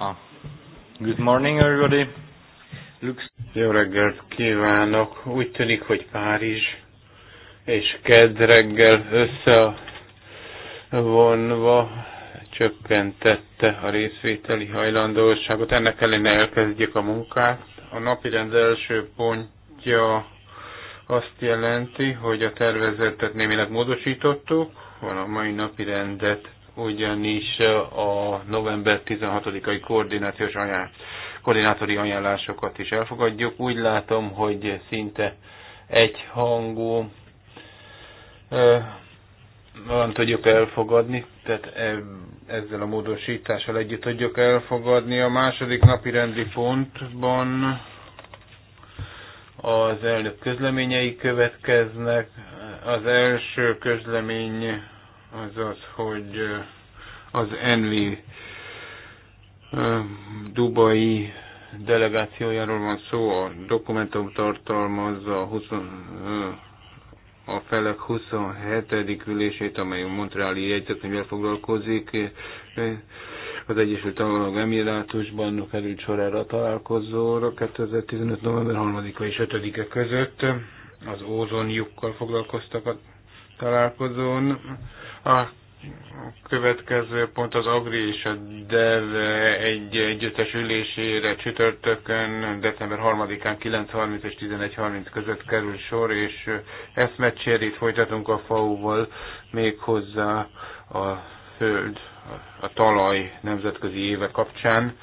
Ah. Good morning, everybody. Looks... Jó reggelt kívánok! Úgy tűnik, hogy Párizs és Ked reggel összevonva csökkentette a részvételi hajlandóságot. Ennek ellenére elkezdjük a munkát. A napirend első pontja azt jelenti, hogy a tervezetet némileg módosítottuk, van a mai napi rendet ugyanis a november 16-ai koordinációs ajánlás, koordinátori ajánlásokat is elfogadjuk. Úgy látom, hogy szinte egyhangú nem tudjuk elfogadni, tehát ezzel a módosítással együtt tudjuk elfogadni. A második napi rendi pontban az elnök közleményei következnek. Az első közlemény az az, hogy az Envi dubai delegációjáról van szó, a dokumentum tartalmazza 20, a felek 27. ülését, amely a Montreali jegyzetkönyvvel foglalkozik. Az Egyesült Államok Emirátusban került sor erre a találkozóra 2015. november 3-a és 5-e között. Az ózonjukkal foglalkoztak a találkozón. A következő pont az Agri és a DEV egy együttes ülésére csütörtökön, december 3-án 9.30 és 11.30 között kerül sor, és ezt meccsérít folytatunk a FAU-val méghozzá a föld, a talaj nemzetközi éve kapcsán.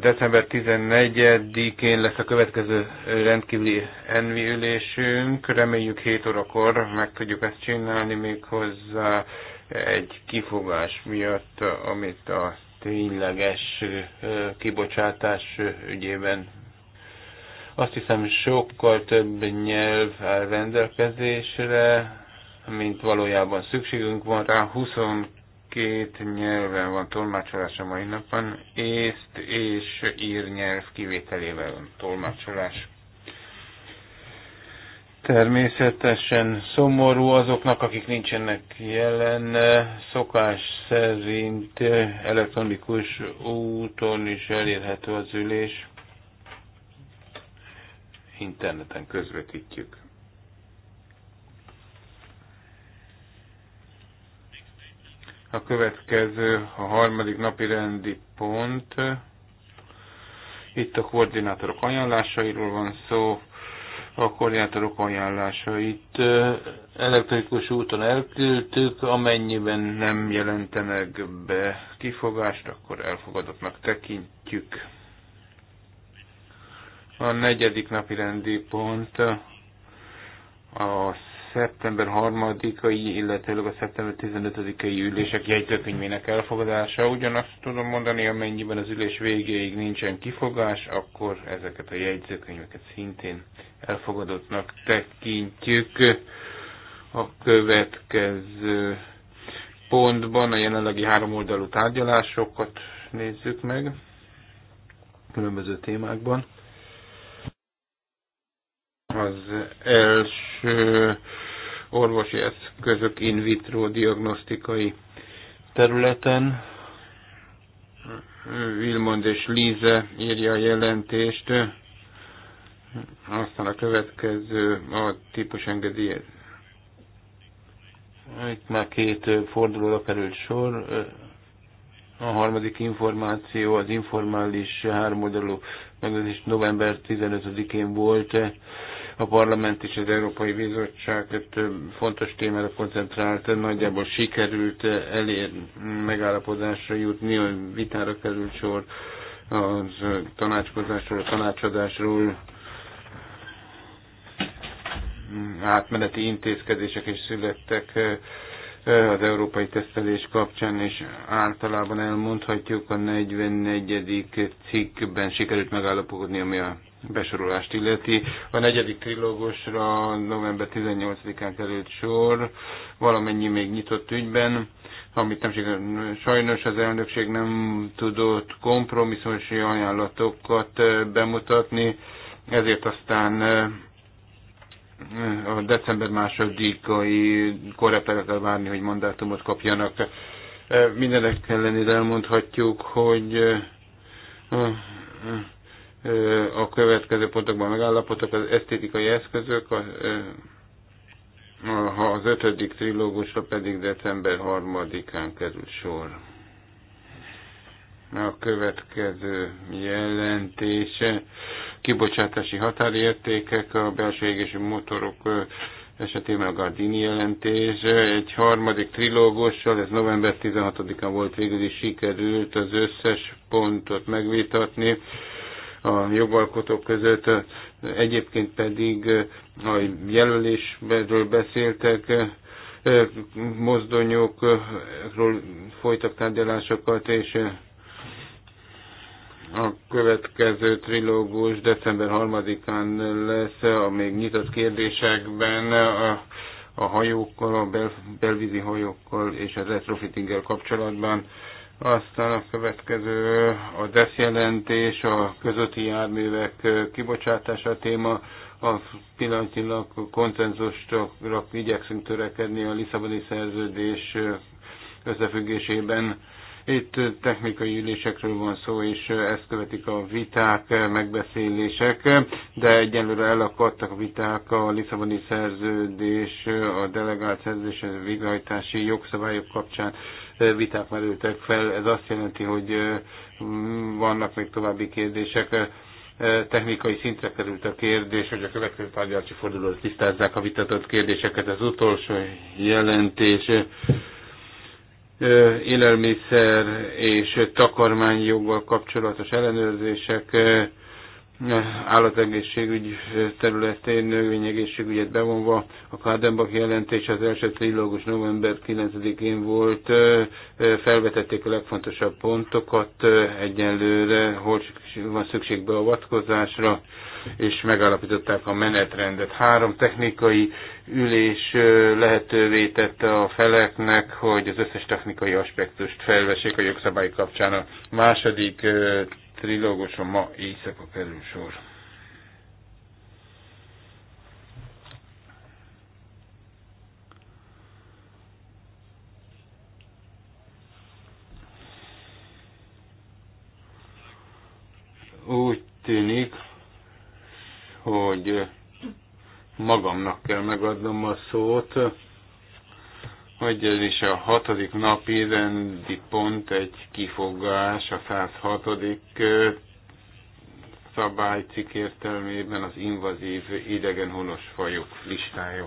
December 14-én lesz a következő rendkívüli envi ülésünk. Reméljük 7 órakor meg tudjuk ezt csinálni még hozzá egy kifogás miatt, amit a tényleges kibocsátás ügyében azt hiszem sokkal több nyelv rendelkezésre, mint valójában szükségünk van rá. 20 Két nyelven van tolmácsolás a mai napon, észt és ír nyelv kivételével van tolmácsolás. Természetesen szomorú azoknak, akik nincsenek jelen, szokás szerint elektronikus úton is elérhető az ülés. Interneten közvetítjük. A következő, a harmadik napi rendi pont. Itt a koordinátorok ajánlásairól van szó. A koordinátorok itt elektronikus úton elküldtük, amennyiben nem jelentenek be kifogást, akkor elfogadottnak tekintjük. A negyedik napi rendi pont a szeptember 3-ai, illetőleg a szeptember 15-ai ülések jegyzőkönyvének elfogadása. Ugyanazt tudom mondani, amennyiben az ülés végéig nincsen kifogás, akkor ezeket a jegyzőkönyveket szintén elfogadottnak tekintjük. A következő pontban a jelenlegi oldalú tárgyalásokat nézzük meg különböző témákban. Az első orvosi eszközök in vitro diagnosztikai területen. Vilmond és Líze írja a jelentést, aztán a következő a típusengedély. Itt már két fordulóra került sor. A harmadik információ az informális háromoldalú megnevezés november 15-én volt a parlament és az Európai Bizottság több fontos témára koncentrált, nagyjából sikerült elér megállapodásra jutni, a vitára került sor az tanácskozásról, a tanácsadásról, átmeneti intézkedések is születtek az európai tesztelés kapcsán, és általában elmondhatjuk a 44. cikkben sikerült megállapodni, ami a besorolást illeti. A negyedik trilógusra november 18-án került sor, valamennyi még nyitott ügyben, amit nem sajnos az elnökség nem tudott kompromisszumos ajánlatokat bemutatni, ezért aztán a december másodikai korepere kell várni, hogy mandátumot kapjanak. Mindenek ellenére elmondhatjuk, hogy a következő pontokban megállapodtak az esztétikai eszközök, a, ha az ötödik trilógusra pedig december harmadikán án kerül sor. A következő jelentése kibocsátási határértékek, a belső égési motorok esetében a Gardini jelentés. Egy harmadik trilógussal, ez november 16-án volt végül is, sikerült az összes pontot megvitatni a jogalkotók között, egyébként pedig a jelölésről beszéltek, mozdonyokról folytak tárgyalásokat, és a következő trilógus december 3-án lesz a még nyitott kérdésekben a, a hajókkal, a bel, belvízi hajókkal és a retrofittinggel kapcsolatban. Aztán a következő a deszjelentés, a közötti járművek kibocsátása téma, a pillanatilag konszenzusra igyekszünk törekedni a Lisszaboni szerződés összefüggésében. Itt technikai ülésekről van szó, és ezt követik a viták, megbeszélések, de egyelőre elakadtak a viták a Lisszaboni szerződés, a delegált szerződés, a végrehajtási jogszabályok kapcsán viták merültek fel. Ez azt jelenti, hogy vannak még további kérdések. Technikai szintre került a kérdés, hogy a következő tárgyalási fordulóra tisztázzák a vitatott kérdéseket. Az utolsó jelentés élelmiszer és takarmányjoggal kapcsolatos ellenőrzések állategészségügy területén növényegészségügyet bevonva. A Kádenbach jelentés az első trilógus november 9-én volt, felvetették a legfontosabb pontokat, egyenlőre hol van szükség beavatkozásra, és megállapították a menetrendet. Három technikai ülés lehetővé tette a feleknek, hogy az összes technikai aspektust felvessék a jogszabály kapcsán. A második trilógusra ma éjszaka kerül sor. Úgy tűnik, hogy magamnak kell megadnom a szót is a hatodik napi rendi pont egy kifogás a 106. szabálycik értelmében az invazív idegenhonos fajok listája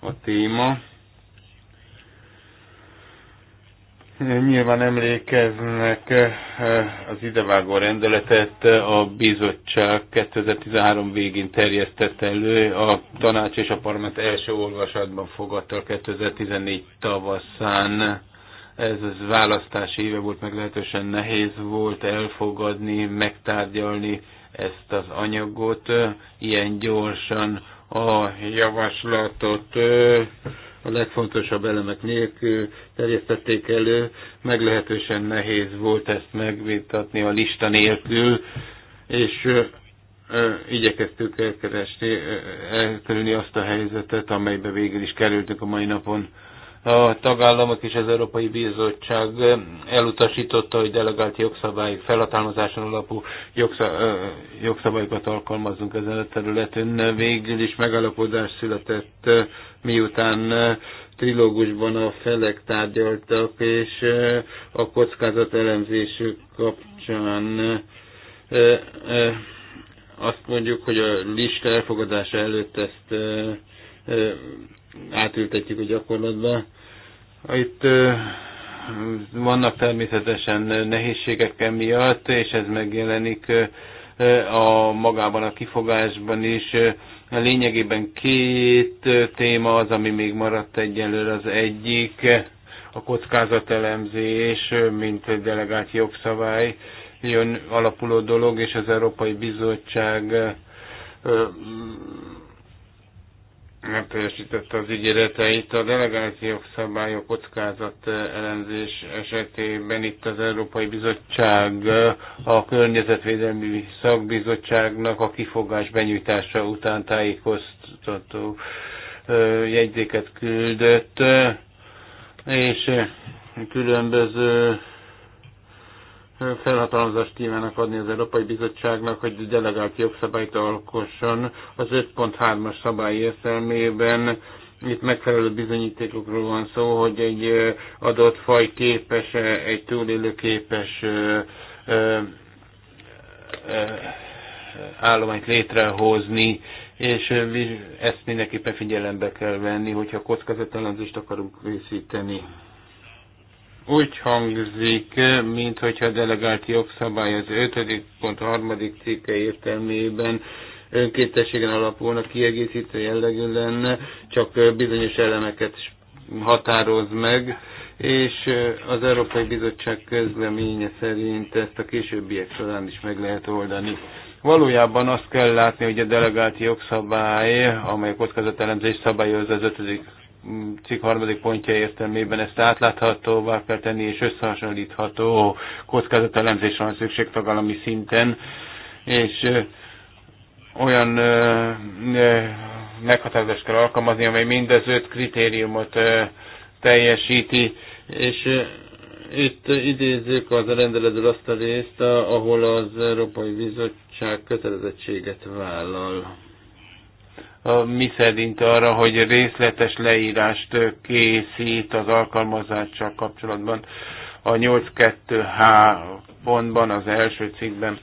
a téma. Nyilván emlékeznek eh, az idevágó rendeletet a bizottság 2013 végén terjesztett elő, a tanács és a parlament első olvasatban fogadta 2014 tavaszán. Ez az választási éve volt, meglehetősen nehéz volt elfogadni, megtárgyalni ezt az anyagot ilyen gyorsan a javaslatot eh, a legfontosabb elemek nélkül terjesztették elő. Meglehetősen nehéz volt ezt megvitatni a lista nélkül, és igyekeztük elkeresni, elkerülni azt a helyzetet, amelybe végül is kerültünk a mai napon a tagállamok és az Európai Bizottság elutasította, hogy delegált jogszabály felhatalmazáson alapú jogszabályokat alkalmazunk ezen a területen. Végül is megalapodás született, miután trilógusban a felek tárgyaltak, és a kockázat elemzésük kapcsán azt mondjuk, hogy a lista elfogadása előtt ezt átültetjük a gyakorlatba. Itt vannak természetesen nehézségek miatt, és ez megjelenik a magában a kifogásban is. Lényegében két téma az, ami még maradt egyelőre. Az egyik a kockázatelemzés, mint delegált jogszabály jön alapuló dolog, és az Európai Bizottság nem teljesítette az ügyeleteit. A delegációk szabályok kockázat eh, ellenzés esetében itt az Európai Bizottság eh, a Környezetvédelmi Szakbizottságnak a kifogás benyújtása után tájékoztató eh, jegyzéket küldött, és különböző felhatalmazást kívánnak adni az Európai Bizottságnak, hogy delegált jogszabályt alkosson az 5.3-as szabály értelmében. Itt megfelelő bizonyítékokról van szó, hogy egy adott faj képes, egy túlélő képes állományt létrehozni, és ezt mindenképpen figyelembe kell venni, hogyha kockázatellenzést akarunk készíteni úgy hangzik, mint hogyha a delegált jogszabály az 5. pont 3. cikke értelmében önkéntességen alapulna, kiegészítő jellegű lenne, csak bizonyos elemeket határoz meg, és az Európai Bizottság közleménye szerint ezt a későbbiek során is meg lehet oldani. Valójában azt kell látni, hogy a delegált jogszabály, amely a kockázatelemzés szabályozza az 5 cikk harmadik pontja értelmében ezt átláthatóvá kell tenni, és összehasonlítható kockázatelemzésre van szükség szinten, és olyan ö, ö, meghatározást kell alkalmazni, amely mindez öt kritériumot ö, teljesíti, és ö, itt idézzük az rendeletből azt a részt, ahol az Európai Bizottság kötelezettséget vállal mi szerint arra, hogy részletes leírást készít az alkalmazással kapcsolatban a 8.2h pontban, az első cikkben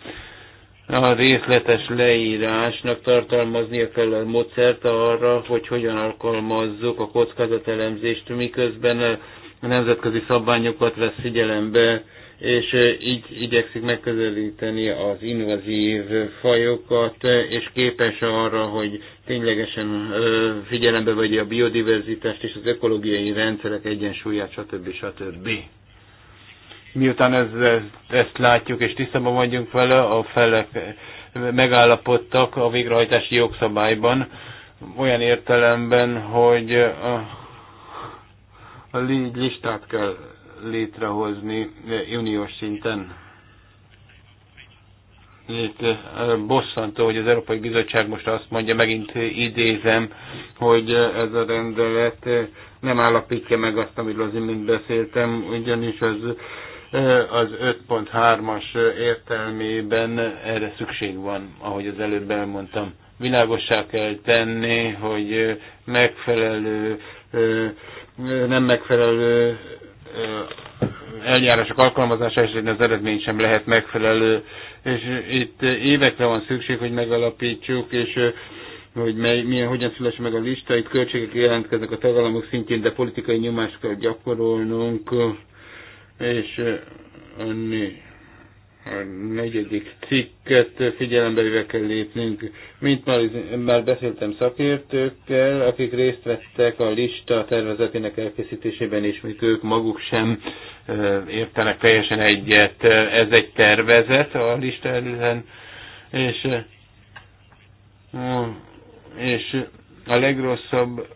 a részletes leírásnak tartalmaznia kell a módszert arra, hogy hogyan alkalmazzuk a kockázatelemzést, miközben a nemzetközi szabványokat vesz figyelembe és így igyekszik megközelíteni az invazív fajokat, és képes arra, hogy ténylegesen figyelembe vegye a biodiverzitást és az ökológiai rendszerek egyensúlyát, stb. stb. Miután ez, ezt látjuk és tisztában vagyunk vele, a felek megállapodtak a végrehajtási jogszabályban, olyan értelemben, hogy a, a listát kell létrehozni uniós szinten. Itt eh, bosszantó, hogy az Európai Bizottság most azt mondja, megint idézem, hogy eh, ez a rendelet eh, nem állapítja meg azt, amiről az imént beszéltem, ugyanis az az 5.3-as értelmében erre szükség van, ahogy az előbb elmondtam. Világossá kell tenni, hogy megfelelő, nem megfelelő eljárások alkalmazása esetén az eredmény sem lehet megfelelő, és itt évekre van szükség, hogy megalapítsuk, és hogy mely, milyen, hogyan szülesse meg a lista, itt költségek jelentkeznek a tagállamok szintjén, de politikai nyomást kell gyakorolnunk, és a negyedik cikket figyelembe véve kell lépnünk. Mint már, már beszéltem szakértőkkel, akik részt vettek a lista tervezetének elkészítésében, és még ők maguk sem értenek teljesen egyet. Ez egy tervezet a lista ellen, és, és a legrosszabb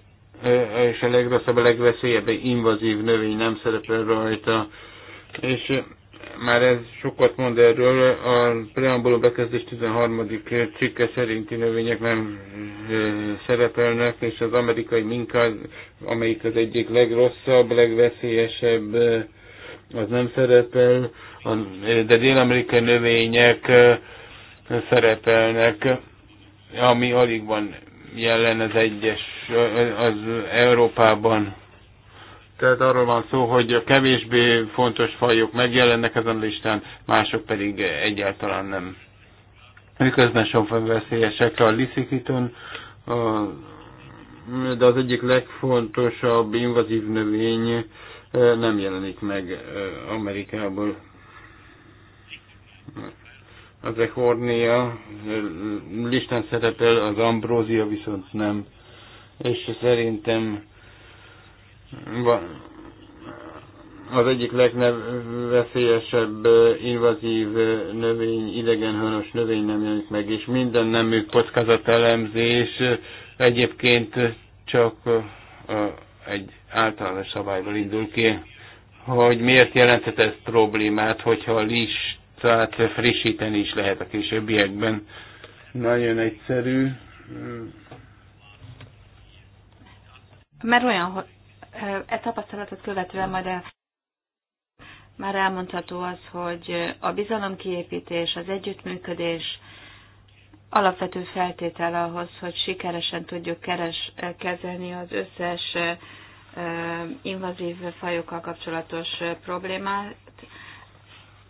és a legrosszabb, a legveszélyebb invazív növény nem szerepel rajta, és már ez sokat mond erről, a preambuló bekezdés 13. cikke szerinti növények nem szerepelnek, és az amerikai minka, amelyik az egyik legrosszabb, legveszélyesebb, az nem szerepel, de dél-amerikai növények szerepelnek, ami alig van jelen az egyes, az Európában tehát arról van szó, hogy a kevésbé fontos fajok megjelennek ezen a listán, mások pedig egyáltalán nem. Miközben veszélyesek a liszikiton, de az egyik legfontosabb invazív növény e, nem jelenik meg e, Amerikából. Az Echornia e, listán szerepel, az Ambrózia viszont nem. És szerintem van, az egyik legveszélyesebb invazív növény, idegenhonos növény nem jönik meg, és minden nemű kockázatelemzés egyébként csak egy általános szabályról indul ki, hogy miért jelenthet ez problémát, hogyha a listát frissíteni is lehet a későbbiekben. Nagyon egyszerű. Mert olyan, e tapasztalatot követően majd el, már elmondható az, hogy a bizalomkiépítés, az együttműködés alapvető feltétel ahhoz, hogy sikeresen tudjuk keres, kezelni az összes invazív fajokkal kapcsolatos problémát.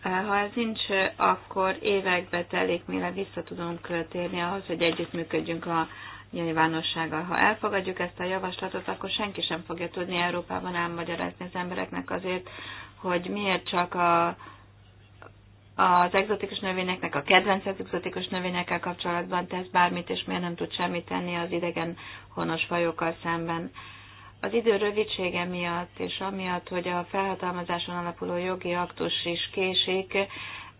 Ha ez nincs, akkor évekbe telik, mire vissza tudunk térni ahhoz, hogy együttműködjünk a nyilvánossággal. Ha elfogadjuk ezt a javaslatot, akkor senki sem fogja tudni Európában elmagyarázni az embereknek azért, hogy miért csak a, az egzotikus növényeknek, a kedvenc egzotikus növényekkel kapcsolatban tesz bármit, és miért nem tud semmit tenni az idegen honos fajokkal szemben. Az idő rövidsége miatt, és amiatt, hogy a felhatalmazáson alapuló jogi aktus is késik,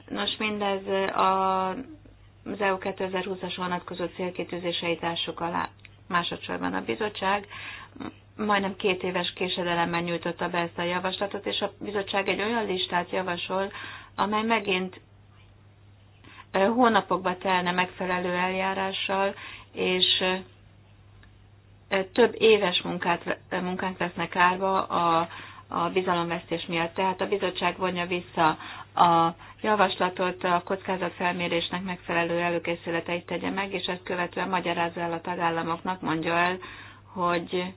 nos mindez a az EU 2020-as vonatkozó célkitűzései társuk alá. Másodszorban a bizottság majdnem két éves késedelemmel nyújtotta be ezt a javaslatot, és a bizottság egy olyan listát javasol, amely megint hónapokba telne megfelelő eljárással, és több éves munkát, munkánk vesznek árva a, a bizalomvesztés miatt. Tehát a bizottság vonja vissza a javaslatot a kockázatfelmérésnek megfelelő előkészületeit tegye meg, és ezt követően magyarázza el a tagállamoknak, mondja el, hogy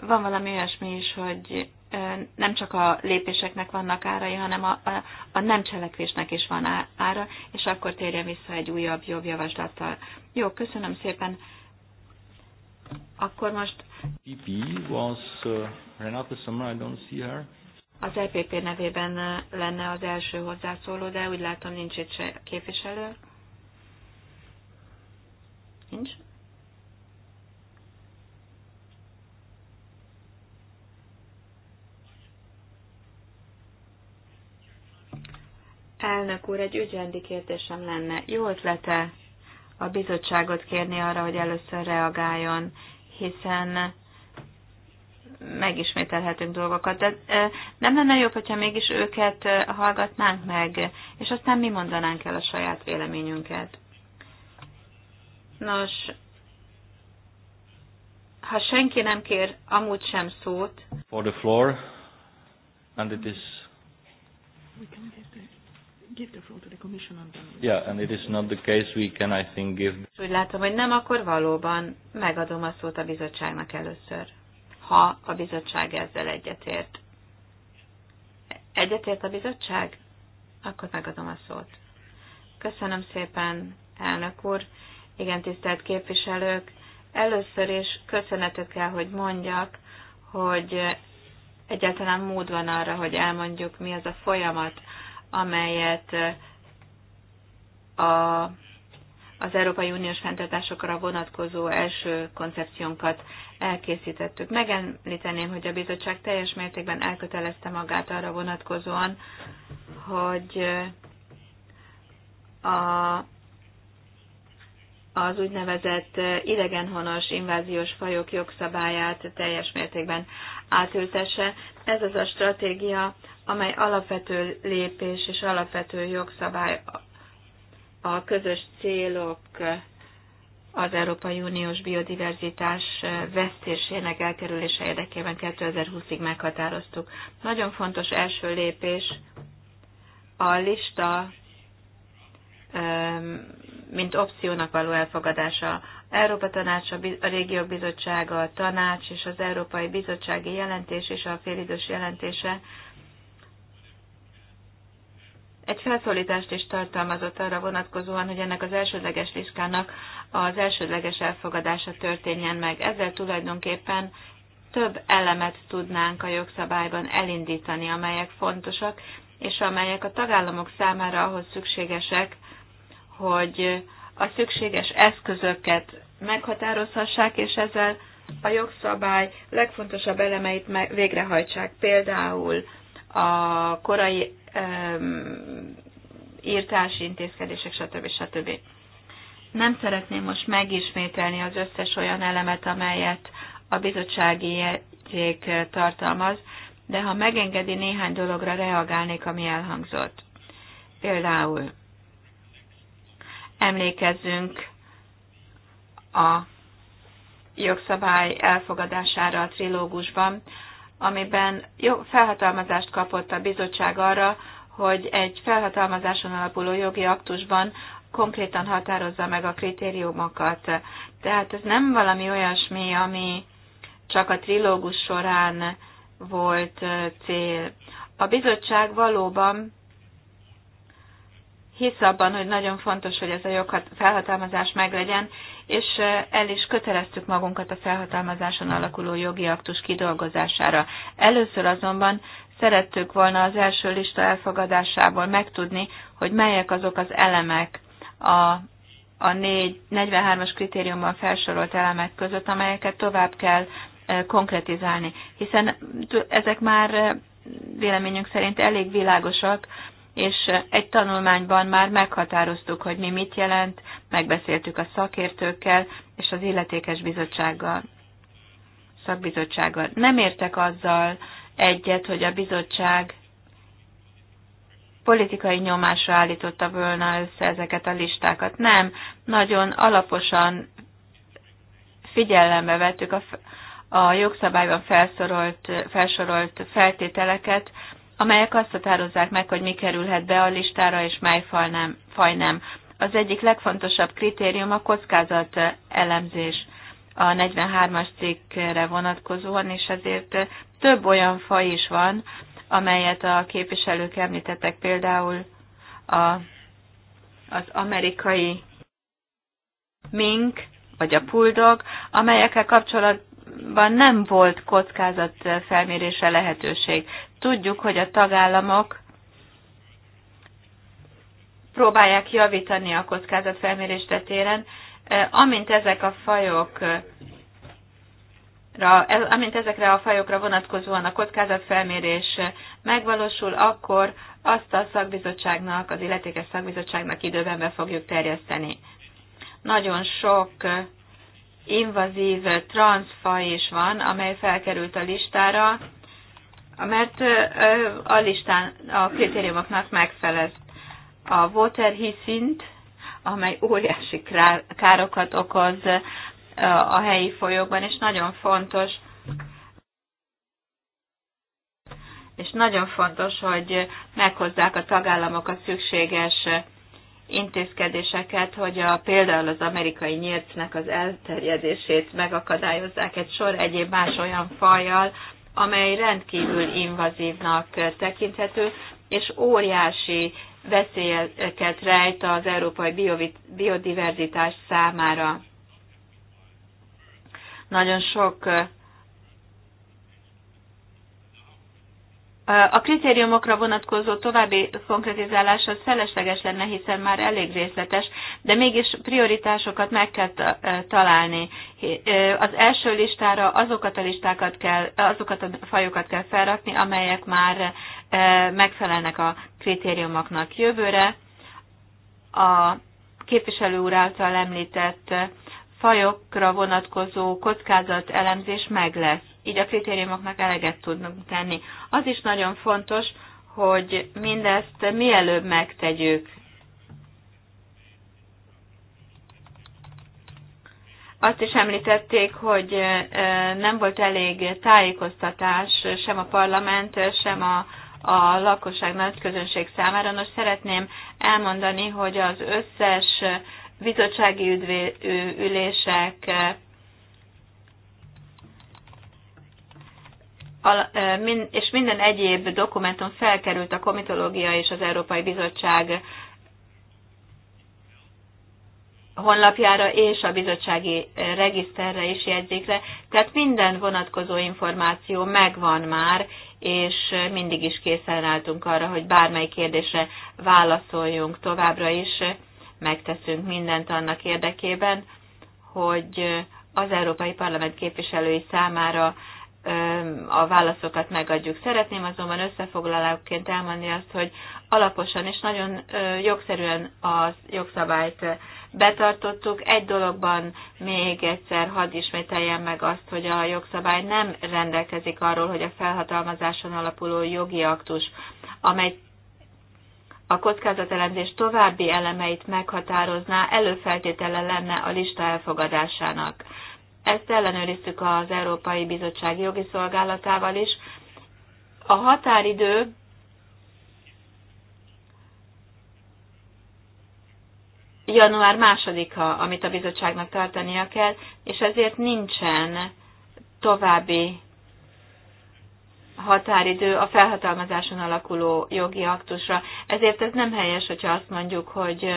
van valami olyasmi is, hogy nem csak a lépéseknek vannak árai, hanem a, a, a nem cselekvésnek is van ára, és akkor térjen vissza egy újabb, jobb javaslattal. Jó, köszönöm szépen. Akkor most... PP was uh, Renata I don't see her. Az EPP nevében lenne az első hozzászóló, de úgy látom nincs itt se képviselő. Nincs? Elnök úr, egy ügyrendi kérdésem lenne. Jó ötlete a bizottságot kérni arra, hogy először reagáljon, hiszen megismételhetünk dolgokat, de nem lenne jobb, hogyha mégis őket hallgatnánk meg, és aztán mi mondanánk el a saját véleményünket. Nos, ha senki nem kér amúgy sem szót. For the floor, and it is. We can give the, give the floor to the then... Yeah, and it is not the case we can, I think, give. Úgy látom, hogy nem, akkor valóban megadom a szót a bizottságnak először ha a bizottság ezzel egyetért. Egyetért a bizottság? Akkor megadom a szót. Köszönöm szépen, elnök úr. Igen, tisztelt képviselők. Először is köszönetet kell, hogy mondjak, hogy egyáltalán mód van arra, hogy elmondjuk, mi az a folyamat, amelyet a az Európai Uniós fenntartásokra vonatkozó első koncepciónkat elkészítettük. Megemlíteném, hogy a bizottság teljes mértékben elkötelezte magát arra vonatkozóan, hogy eh, a, az úgynevezett idegenhonos inváziós fajok jogszabályát teljes mértékben átültesse. Ez az a stratégia, amely alapvető lépés és alapvető jogszabály a közös célok az Európai Uniós biodiverzitás vesztésének elkerülése érdekében 2020-ig meghatároztuk. Nagyon fontos első lépés a lista mint opciónak való elfogadása. Európa Tanács, a Régiók Bizottsága, a Tanács és az Európai Bizottsági Jelentés és a félidős jelentése egy felszólítást is tartalmazott arra vonatkozóan, hogy ennek az elsődleges vizsgának az elsődleges elfogadása történjen meg. Ezzel tulajdonképpen több elemet tudnánk a jogszabályban elindítani, amelyek fontosak, és amelyek a tagállamok számára ahhoz szükségesek, hogy a szükséges eszközöket meghatározhassák, és ezzel a jogszabály legfontosabb elemeit végrehajtsák, például a korai írtási intézkedések, stb. stb. Nem szeretném most megismételni az összes olyan elemet, amelyet a bizottsági jegyzék tartalmaz, de ha megengedi, néhány dologra reagálnék, ami elhangzott. Például emlékezzünk a jogszabály elfogadására a trilógusban, amiben jó felhatalmazást kapott a bizottság arra, hogy egy felhatalmazáson alapuló jogi aktusban konkrétan határozza meg a kritériumokat. Tehát ez nem valami olyasmi, ami csak a trilógus során volt cél. A bizottság valóban hisz abban, hogy nagyon fontos, hogy ez a joghat, felhatalmazás meglegyen, és el is köteleztük magunkat a felhatalmazáson alakuló jogi aktus kidolgozására. Először azonban szerettük volna az első lista elfogadásából megtudni, hogy melyek azok az elemek a, a 43-as kritériumban felsorolt elemek között, amelyeket tovább kell konkretizálni, hiszen ezek már véleményünk szerint elég világosak, és egy tanulmányban már meghatároztuk, hogy mi mit jelent, megbeszéltük a szakértőkkel és az illetékes bizottsággal, szakbizottsággal. Nem értek azzal egyet, hogy a bizottság politikai nyomásra állította volna össze ezeket a listákat. Nem, nagyon alaposan figyelembe vettük a, a jogszabályban felsorolt, felsorolt feltételeket, amelyek azt határozzák meg, hogy mi kerülhet be a listára, és mely faj nem. Faj nem. Az egyik legfontosabb kritérium a kockázat elemzés a 43-as cikkre vonatkozóan, és ezért több olyan faj is van, amelyet a képviselők említettek, például a, az amerikai mink, vagy a puldog, amelyekkel kapcsolatban nem volt felmérése lehetőség. Tudjuk, hogy a tagállamok próbálják javítani a kockázatfelmérés téren. Eh, amint ezek a fajok eh, eh, amint ezekre a fajokra vonatkozóan a kockázatfelmérés megvalósul, akkor azt a szakbizottságnak, az illetékes szakbizottságnak időben be fogjuk terjeszteni. Nagyon sok invazív transzfa is van, amely felkerült a listára, mert a listán a kritériumoknak megfelelt a water hiszint, amely óriási károkat okoz a helyi folyókban, és nagyon fontos, és nagyon fontos, hogy meghozzák a tagállamok a szükséges intézkedéseket, hogy a, például az amerikai nyércnek az elterjedését megakadályozzák egy sor egyéb más olyan fajjal, amely rendkívül invazívnak tekinthető, és óriási veszélyeket rejt az európai biodiverzitás számára. Nagyon sok A kritériumokra vonatkozó további konkretizálás az felesleges lenne, hiszen már elég részletes, de mégis prioritásokat meg kell találni. Az első listára azokat a listákat kell, azokat a fajokat kell felrakni, amelyek már megfelelnek a kritériumoknak jövőre. A képviselő úr által említett fajokra vonatkozó kockázat elemzés meg lesz így a kritériumoknak eleget tudnak tenni. Az is nagyon fontos, hogy mindezt mielőbb megtegyük. Azt is említették, hogy nem volt elég tájékoztatás sem a parlament, sem a, a lakosság nagy közönség számára. Nos, szeretném elmondani, hogy az összes bizottsági üdvé, ülések és minden egyéb dokumentum felkerült a komitológia és az Európai Bizottság honlapjára és a bizottsági regiszterre és jegyzékre, tehát minden vonatkozó információ megvan már, és mindig is készen álltunk arra, hogy bármely kérdésre válaszoljunk továbbra is, megteszünk mindent annak érdekében, hogy az Európai Parlament képviselői számára a válaszokat megadjuk. Szeretném azonban összefoglalóként elmondani azt, hogy alaposan és nagyon jogszerűen a jogszabályt betartottuk. Egy dologban még egyszer hadd ismételjem meg azt, hogy a jogszabály nem rendelkezik arról, hogy a felhatalmazáson alapuló jogi aktus, amely a kockázatelemzés további elemeit meghatározná, előfeltétele lenne a lista elfogadásának. Ezt ellenőriztük az Európai Bizottság jogi szolgálatával is. A határidő január másodika, amit a bizottságnak tartania kell, és ezért nincsen további határidő a felhatalmazáson alakuló jogi aktusra. Ezért ez nem helyes, hogyha azt mondjuk, hogy,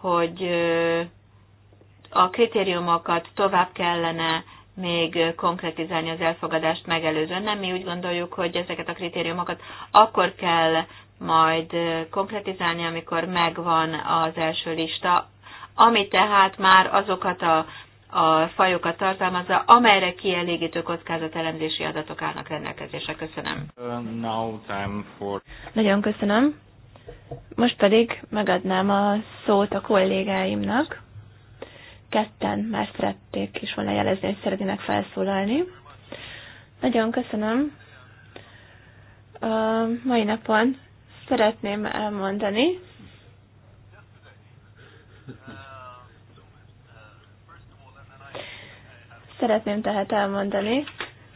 hogy a kritériumokat tovább kellene még konkretizálni az elfogadást megelőzően. Nem mi úgy gondoljuk, hogy ezeket a kritériumokat akkor kell majd konkretizálni, amikor megvan az első lista, ami tehát már azokat a, a fajokat tartalmazza, amelyre kielégítő kockázatelemzési adatok állnak rendelkezésre. Köszönöm. Uh, for... Nagyon köszönöm. Most pedig megadnám a szót a kollégáimnak ketten már szerették is volna jelezni, hogy szeretnének felszólalni. Nagyon köszönöm. A mai napon szeretném elmondani, Szeretném tehát elmondani,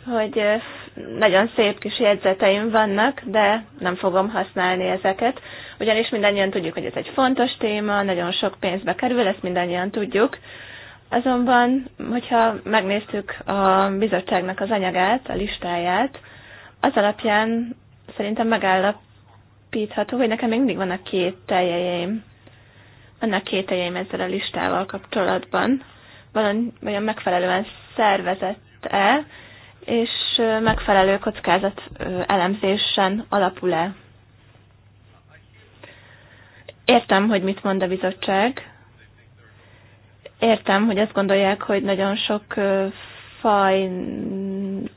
hogy nagyon szép kis jegyzeteim vannak, de nem fogom használni ezeket, ugyanis mindannyian tudjuk, hogy ez egy fontos téma, nagyon sok pénzbe kerül, ezt mindannyian tudjuk. Azonban, hogyha megnéztük a bizottságnak az anyagát, a listáját, az alapján szerintem megállapítható, hogy nekem még mindig vannak két teljeim. Vannak két teljeim ezzel a listával kapcsolatban. Valamilyen megfelelően szervezett-e, és megfelelő kockázat elemzésen alapul-e. Értem, hogy mit mond a bizottság. Értem, hogy azt gondolják, hogy nagyon sok faj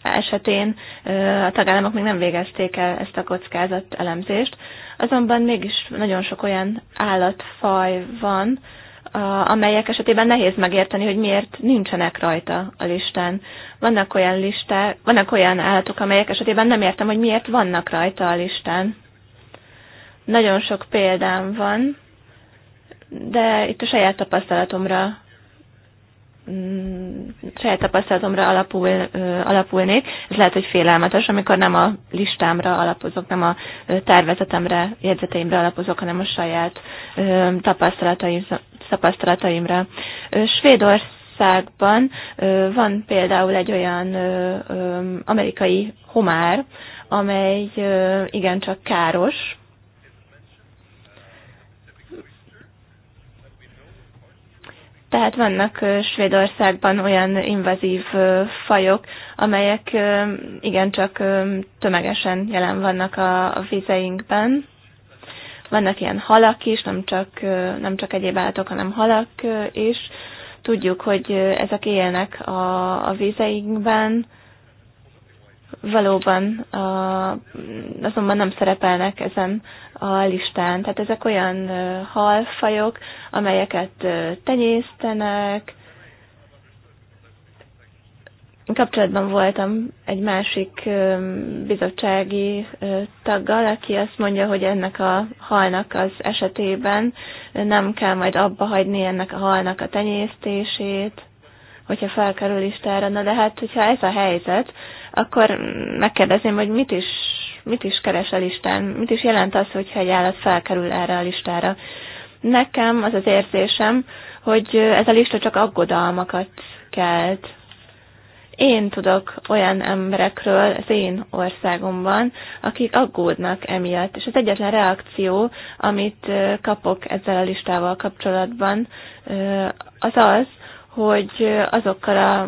esetén a tagállamok még nem végezték el ezt a kockázat elemzést, azonban mégis nagyon sok olyan állatfaj van, amelyek esetében nehéz megérteni, hogy miért nincsenek rajta a listán. Vannak olyan listák, vannak olyan állatok, amelyek esetében nem értem, hogy miért vannak rajta a listán. Nagyon sok példám van, de itt a saját tapasztalatomra mm, saját tapasztalatomra alapul, alapulnék. Ez lehet, hogy félelmetes, amikor nem a listámra alapozok, nem a tervezetemre, jegyzeteimre alapozok, hanem a saját tapasztalataim, tapasztalataimra. Svédországban van például egy olyan amerikai homár, amely igencsak káros, Tehát vannak Svédországban olyan invazív fajok, amelyek igencsak tömegesen jelen vannak a vizeinkben. Vannak ilyen halak is, nem csak, nem csak egyéb állatok, hanem halak is. Tudjuk, hogy ezek élnek a, a vizeinkben, valóban azonban nem szerepelnek ezen a listán. Tehát ezek olyan halfajok, amelyeket tenyésztenek. Kapcsolatban voltam egy másik bizottsági taggal, aki azt mondja, hogy ennek a halnak az esetében nem kell majd abba hagyni ennek a halnak a tenyésztését hogyha felkerül listára. Na de hát, hogyha ez a helyzet, akkor megkérdezném, hogy mit is mit is keres a listán, mit is jelent az, hogyha egy állat felkerül erre a listára. Nekem az az érzésem, hogy ez a lista csak aggodalmakat kelt. Én tudok olyan emberekről az én országomban, akik aggódnak emiatt, és az egyetlen reakció, amit kapok ezzel a listával kapcsolatban, az az, hogy azokkal a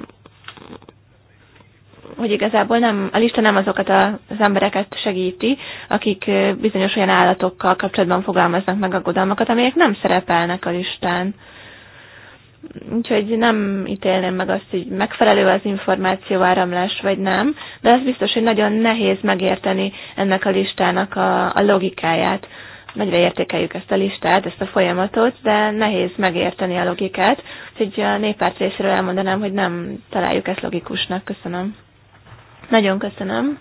hogy igazából nem, a lista nem azokat az embereket segíti, akik bizonyos olyan állatokkal kapcsolatban fogalmaznak meg aggodalmakat, amelyek nem szerepelnek a listán. Úgyhogy nem ítélném meg azt, hogy megfelelő az információ áramlás, vagy nem, de az biztos, hogy nagyon nehéz megérteni ennek a listának a, a logikáját. Nagyra értékeljük ezt a listát, ezt a folyamatot, de nehéz megérteni a logikát. Úgyhogy a néppárt részéről elmondanám, hogy nem találjuk ezt logikusnak. Köszönöm. Nagyon köszönöm.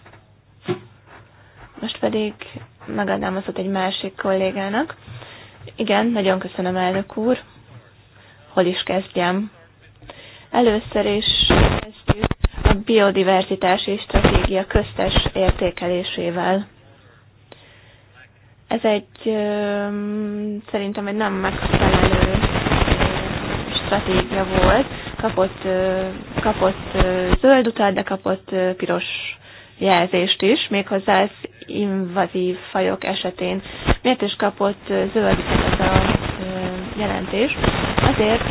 Most pedig megadnám azt egy másik kollégának. Igen, nagyon köszönöm, elnök úr. Hol is kezdjem? Először is kezdjük a biodiverzitási stratégia köztes értékelésével. Ez egy szerintem egy nem megfelelő stratégia volt, kapott, kapott zöld utat, de kapott piros jelzést is, méghozzá az invazív fajok esetén. Miért is kapott zöld utat ez a jelentés? Azért,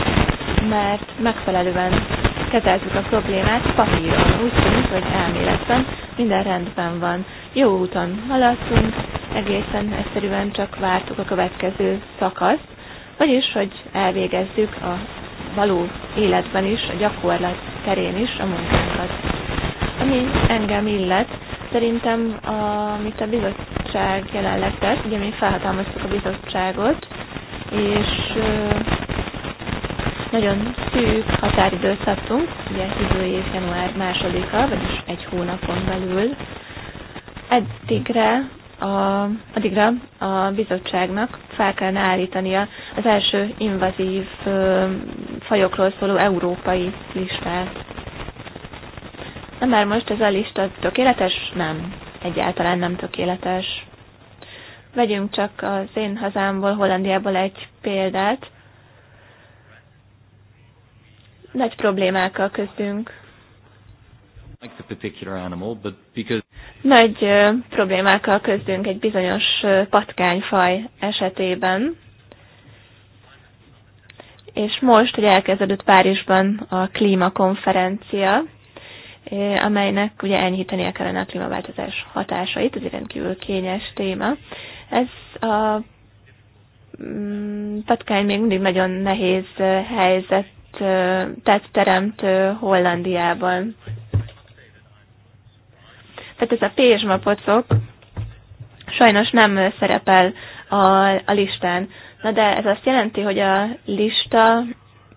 mert megfelelően kezeltük a problémát papíron, úgy tűnik, hogy elméletben minden rendben van. Jó úton haladtunk, egészen egyszerűen csak vártuk a következő szakaszt, vagyis, hogy elvégezzük a való életben is, a gyakorlat terén is a munkánkat. Ami engem illet, szerintem, amit a bizottság jelenleg tesz, ugye mi felhatalmaztuk a bizottságot, és nagyon szűk határidőt szabtunk, ugye idő év január másodika, vagyis egy hónapon belül. Eddigre a, addigra a bizottságnak fel kellene állítania az első invazív ö, fajokról szóló európai listát. Na már most ez a lista tökéletes? Nem. Egyáltalán nem tökéletes. Vegyünk csak az én hazámból, Hollandiából egy példát. Nagy problémákkal közdünk. Nagy problémákkal közdünk egy bizonyos patkányfaj esetében, és most, hogy elkezdődött Párizsban a klímakonferencia, amelynek ugye enyhítenie kellene a klímaváltozás hatásait, ez egy rendkívül kényes téma. Ez a mm, patkány még mindig nagyon nehéz helyzet, tehát teremt Hollandiában. Tehát ez a pézsma pocok sajnos nem szerepel a, a listán. Na de ez azt jelenti, hogy a lista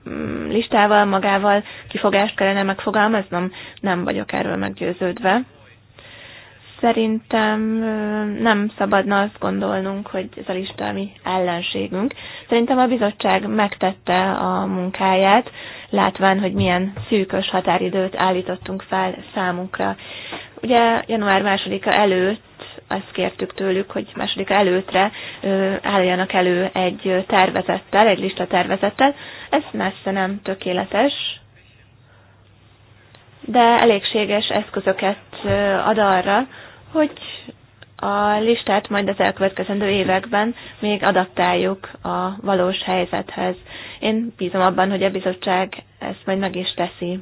mm, listával, magával kifogást kellene megfogalmaznom? Nem vagyok erről meggyőződve. Szerintem nem szabadna azt gondolnunk, hogy ez a lista a mi ellenségünk. Szerintem a bizottság megtette a munkáját, látván, hogy milyen szűkös határidőt állítottunk fel számunkra. Ugye január másodika előtt azt kértük tőlük, hogy másodika előtre álljanak elő egy tervezettel, egy lista tervezettel. Ez messze nem tökéletes, de elégséges eszközöket ad arra, hogy a listát majd az elkövetkezendő években még adaptáljuk a valós helyzethez. Én bízom abban, hogy a bizottság ezt majd meg is teszi.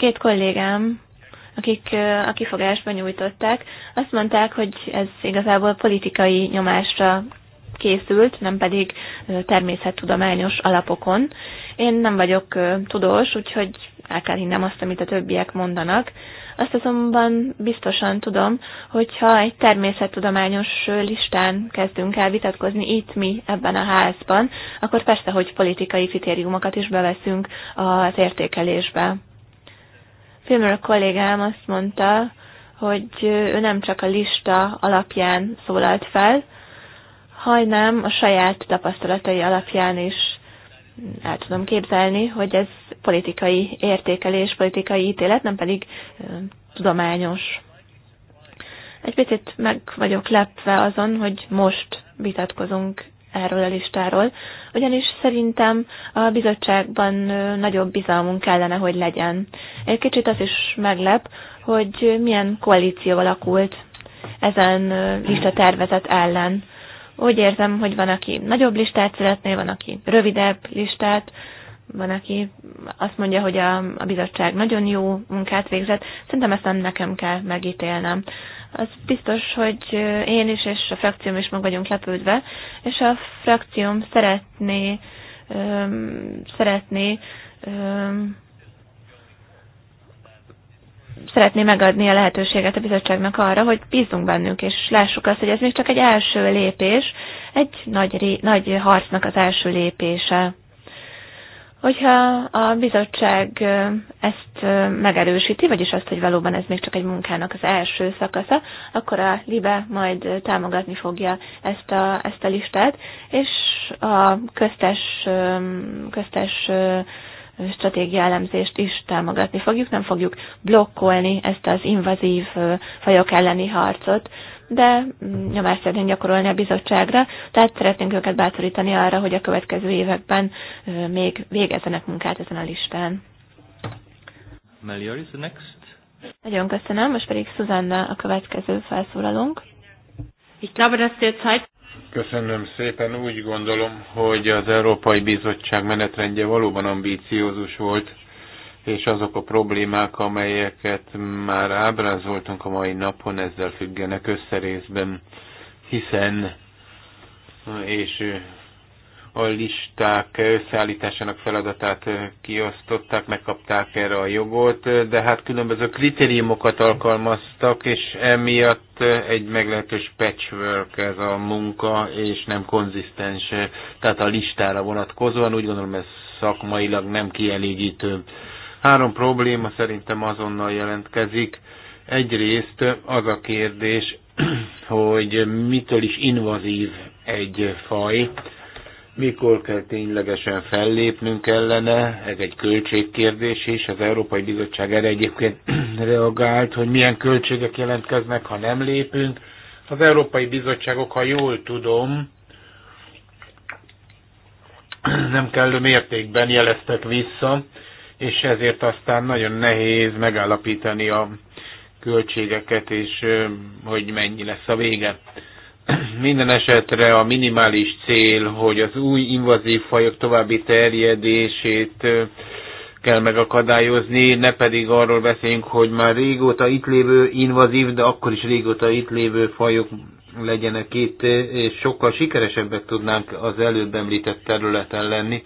Két kollégám, akik a kifogásban nyújtották, azt mondták, hogy ez igazából politikai nyomásra készült, nem pedig természettudományos alapokon. Én nem vagyok tudós, úgyhogy el kell hinnem azt, amit a többiek mondanak. Azt azonban biztosan tudom, hogyha egy természettudományos listán kezdünk el vitatkozni itt mi ebben a házban, akkor persze, hogy politikai kritériumokat is beveszünk az értékelésbe a kollégám azt mondta, hogy ő nem csak a lista alapján szólalt fel, hanem a saját tapasztalatai alapján is el tudom képzelni, hogy ez politikai értékelés, politikai ítélet, nem pedig tudományos. Egy picit meg vagyok lepve azon, hogy most vitatkozunk erről a listáról, ugyanis szerintem a bizottságban nagyobb bizalmunk kellene, hogy legyen. Egy kicsit az is meglep, hogy milyen koalíció alakult ezen lista tervezet ellen. Úgy érzem, hogy van, aki nagyobb listát szeretné, van, aki rövidebb listát, van, aki azt mondja, hogy a, a bizottság nagyon jó munkát végzett. Szerintem ezt nem nekem kell megítélnem. Az biztos, hogy én is és a frakcióm is meg vagyunk lepődve, és a frakcióm szeretné, öm, szeretné öm, szeretné megadni a lehetőséget a bizottságnak arra, hogy bízzunk bennünk, és lássuk azt, hogy ez még csak egy első lépés, egy nagy, nagy harcnak az első lépése. Hogyha a bizottság ezt megerősíti, vagyis azt, hogy valóban ez még csak egy munkának az első szakasza, akkor a LIBE majd támogatni fogja ezt a, ezt a listát, és a köztes, köztes stratégia elemzést is támogatni fogjuk, nem fogjuk blokkolni ezt az invazív fajok elleni harcot, de nyomást szeretnénk gyakorolni a bizottságra, tehát szeretnénk őket bátorítani arra, hogy a következő években még végezzenek munkát ezen a listán. is the next. Nagyon köszönöm, most pedig Szuzanna a következő felszólalónk. Ich glaube, dass Köszönöm szépen. Úgy gondolom, hogy az Európai Bizottság menetrendje valóban ambíciózus volt és azok a problémák, amelyeket már ábrázoltunk a mai napon, ezzel függenek összerészben, hiszen és a listák összeállításának feladatát kiosztották, megkapták erre a jogot, de hát különböző kritériumokat alkalmaztak, és emiatt egy meglehetős patchwork ez a munka, és nem konzisztens, tehát a listára vonatkozóan úgy gondolom ez szakmailag nem kielégítő. Három probléma szerintem azonnal jelentkezik. Egyrészt az a kérdés, hogy mitől is invazív egy faj, mikor kell ténylegesen fellépnünk ellene, ez egy költségkérdés is, az Európai Bizottság erre egyébként reagált, hogy milyen költségek jelentkeznek, ha nem lépünk. Az Európai Bizottságok, ha jól tudom, nem kellő mértékben jeleztek vissza és ezért aztán nagyon nehéz megállapítani a költségeket, és hogy mennyi lesz a vége. Minden esetre a minimális cél, hogy az új invazív fajok további terjedését kell megakadályozni, ne pedig arról beszéljünk, hogy már régóta itt lévő invazív, de akkor is régóta itt lévő fajok legyenek itt, és sokkal sikeresebbek tudnánk az előbb említett területen lenni.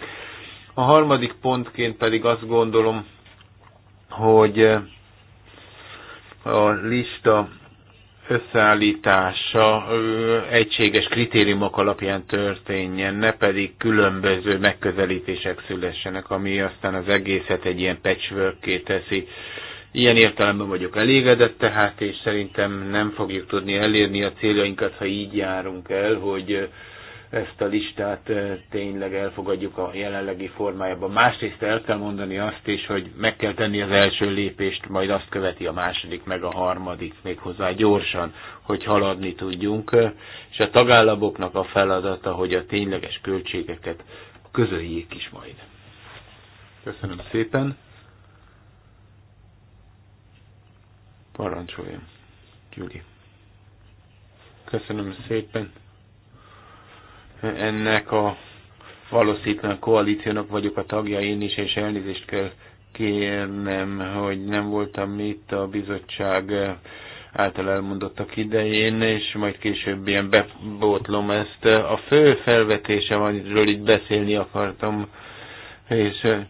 A harmadik pontként pedig azt gondolom, hogy eh, a lista összeállítása egységes kritériumok alapján történjen, ne pedig különböző megközelítések szülessenek, ami aztán az egészet egy ilyen patchwork teszi. Ilyen értelemben vagyok elégedett tehát, és szerintem nem fogjuk tudni elérni a céljainkat, ha így járunk el, hogy eh, ezt a listát tényleg elfogadjuk a jelenlegi formájában. Másrészt el kell mondani azt is, hogy meg kell tenni az első lépést, majd azt követi a második, meg a harmadik, méghozzá gyorsan, hogy haladni tudjunk. És a tagállamoknak a feladata, hogy a tényleges költségeket közöljék is majd. Köszönöm szépen. Parancsoljon, Gyuri. Köszönöm szépen ennek a valószínűleg koalíciónak vagyok a tagja én is, és elnézést kell kérnem, hogy nem voltam itt a bizottság eh, által elmondottak idején, és majd később ilyen bebótlom ezt. A fő felvetése, amiről itt beszélni akartam, és eh,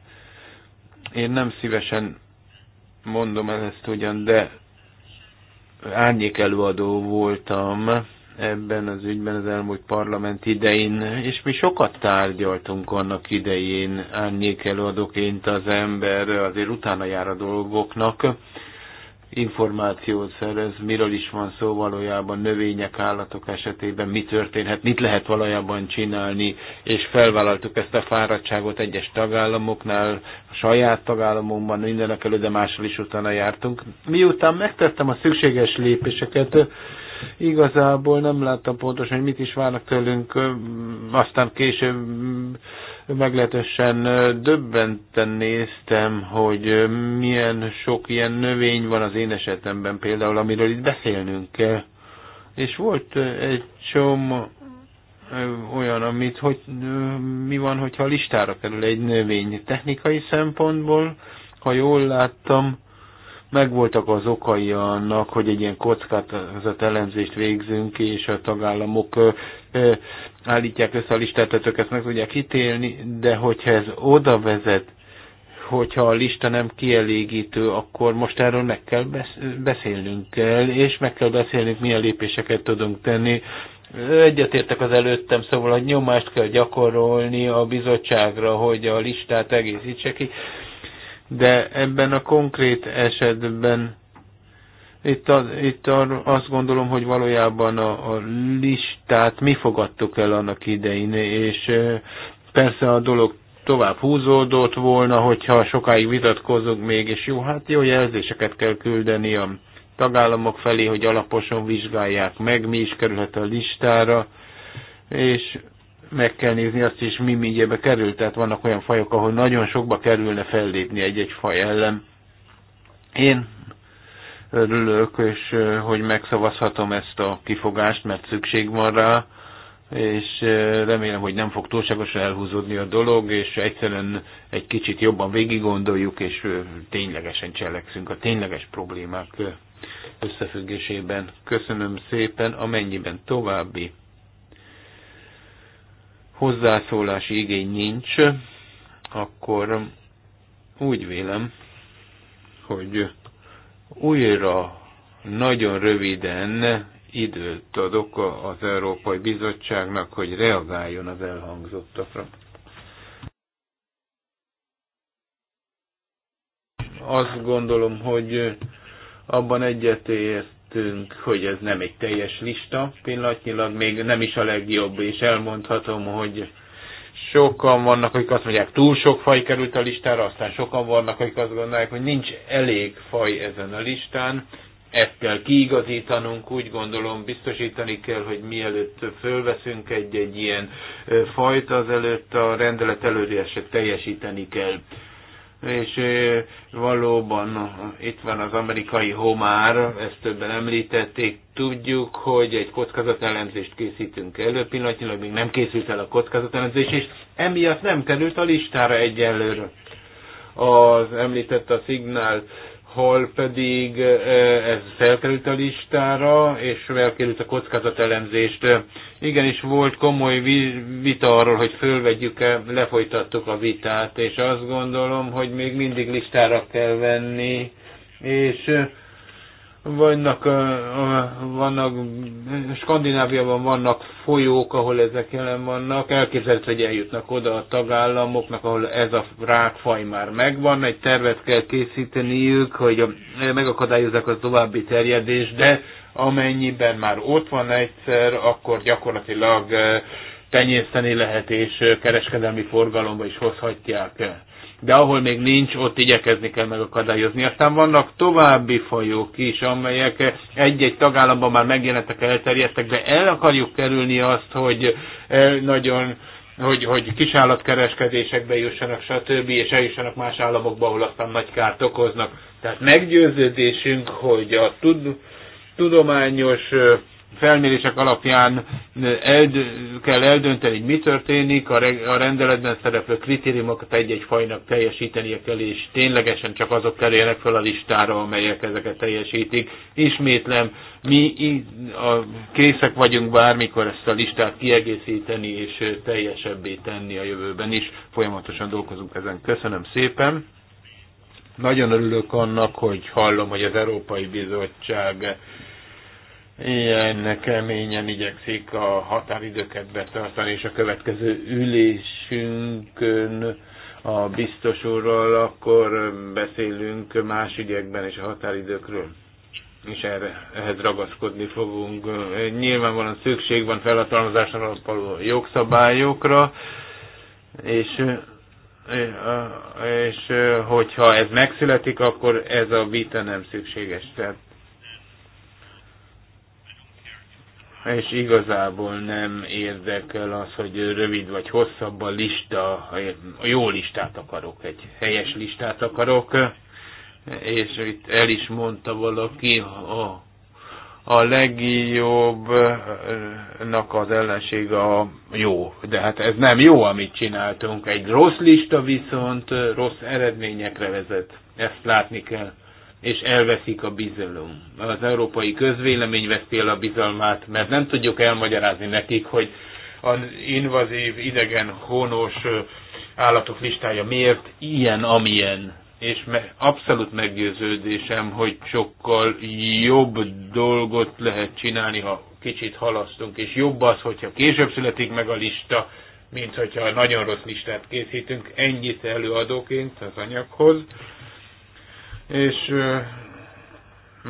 én nem szívesen mondom el ezt ugyan, de árnyék előadó voltam ebben az ügyben az elmúlt parlament idején, és mi sokat tárgyaltunk annak idején, árnyék előadóként az ember azért utána jár a dolgoknak, információt szerez, miről is van szó valójában növények, állatok esetében, mi történhet, mit lehet valójában csinálni, és felvállaltuk ezt a fáradtságot egyes tagállamoknál, a saját tagállamunkban mindenek elő, de máshol is utána jártunk. Miután megtettem a szükséges lépéseket, Igazából nem láttam pontosan, hogy mit is várnak tőlünk, aztán később meglehetősen döbbenten néztem, hogy milyen sok ilyen növény van az én esetemben például, amiről itt beszélnünk kell. És volt egy csomó olyan, amit hogy, mi van, hogyha listára kerül egy növény technikai szempontból, ha jól láttam, megvoltak az okai annak, hogy egy ilyen kockázat elemzést végzünk, és a tagállamok állítják össze a listát, tehát ők ezt meg tudják ítélni, de hogyha ez oda vezet, hogyha a lista nem kielégítő, akkor most erről meg kell beszélnünk kell, és meg kell beszélnünk, milyen lépéseket tudunk tenni. Egyetértek az előttem, szóval a nyomást kell gyakorolni a bizottságra, hogy a listát egészítse ki de ebben a konkrét esetben itt, a, itt a, azt gondolom, hogy valójában a, a listát mi fogadtuk el annak idején, és persze a dolog tovább húzódott volna, hogyha sokáig vitatkozunk még, és jó, hát jó jelzéseket kell küldeni a tagállamok felé, hogy alaposan vizsgálják meg, mi is kerülhet a listára, és meg kell nézni azt is, mi mindjárt kerül. Tehát vannak olyan fajok, ahol nagyon sokba kerülne fellépni egy-egy faj ellen. Én örülök, és hogy megszavazhatom ezt a kifogást, mert szükség van rá, és remélem, hogy nem fog túlságosan elhúzódni a dolog, és egyszerűen egy kicsit jobban végig gondoljuk, és ténylegesen cselekszünk a tényleges problémák összefüggésében. Köszönöm szépen, amennyiben további hozzászólási igény nincs, akkor úgy vélem, hogy újra nagyon röviden időt adok az Európai Bizottságnak, hogy reagáljon az elhangzottakra. Azt gondolom, hogy abban egyetért beszéltünk, hogy ez nem egy teljes lista pillanatnyilag, még nem is a legjobb, és elmondhatom, hogy sokan vannak, akik azt mondják, túl sok faj került a listára, aztán sokan vannak, akik azt gondolják, hogy nincs elég faj ezen a listán, ezt kell kiigazítanunk, úgy gondolom biztosítani kell, hogy mielőtt fölveszünk egy-egy ilyen fajt, azelőtt a rendelet előírását teljesíteni kell és valóban itt van az amerikai homár, ezt többen említették, tudjuk, hogy egy kockázatelemzést készítünk elő, pillanatnyilag még nem készült el a kockázatelemzés, és emiatt nem került a listára egyelőre. Az említett a szignál hol pedig ez felkerült a listára, és felkerült a kockázatelemzést. Igenis volt komoly vita arról, hogy fölvegyük-e, lefolytattuk a vitát, és azt gondolom, hogy még mindig listára kell venni, és vannak, vannak, Skandináviában vannak folyók, ahol ezek jelen vannak, elképzelhető, hogy eljutnak oda a tagállamoknak, ahol ez a rákfaj már megvan, egy tervet kell készíteniük, hogy megakadályozzák a további terjedést, de amennyiben már ott van egyszer, akkor gyakorlatilag tenyészteni lehet, és kereskedelmi forgalomba is hozhatják de ahol még nincs, ott igyekezni kell megakadályozni. Aztán vannak további fajok is, amelyek egy-egy tagállamban már megjelentek, elterjedtek, de el akarjuk kerülni azt, hogy eh, nagyon hogy, hogy kisállatkereskedésekbe jussanak, stb., és eljussanak más államokba, ahol aztán nagy kárt okoznak. Tehát meggyőződésünk, hogy a tud, tudományos eh, felmérések alapján el kell eldönteni, hogy mi történik, a, a rendeletben szereplő kritériumokat egy-egy fajnak teljesítenie kell, és ténylegesen csak azok kerüljenek fel a listára, amelyek ezeket teljesítik. Ismétlem, mi a, készek vagyunk bármikor ezt a listát kiegészíteni és teljesebbé tenni a jövőben is. Folyamatosan dolgozunk ezen. Köszönöm szépen! Nagyon örülök annak, hogy hallom, hogy az Európai Bizottság ilyen keményen igyekszik a határidőket betartani, és a következő ülésünkön a biztos úrral akkor beszélünk más ügyekben és a határidőkről és erre, ehhez ragaszkodni fogunk. Nyilvánvalóan szükség van felhatalmazásra alapuló jogszabályokra, és, és hogyha ez megszületik, akkor ez a vita nem szükséges. Tehát és igazából nem érdekel az, hogy rövid vagy hosszabb a lista, a jó listát akarok, egy helyes listát akarok, és itt el is mondta valaki, a, a legjobbnak az ellensége a jó. De hát ez nem jó, amit csináltunk. Egy rossz lista viszont rossz eredményekre vezet. Ezt látni kell és elveszik a bizalom. Az európai közvélemény veszti el a bizalmát, mert nem tudjuk elmagyarázni nekik, hogy az invazív, idegen, honos állatok listája miért ilyen, amilyen. És abszolút meggyőződésem, hogy sokkal jobb dolgot lehet csinálni, ha kicsit halasztunk, és jobb az, hogyha később születik meg a lista, mint hogyha nagyon rossz listát készítünk. Ennyit előadóként az anyaghoz és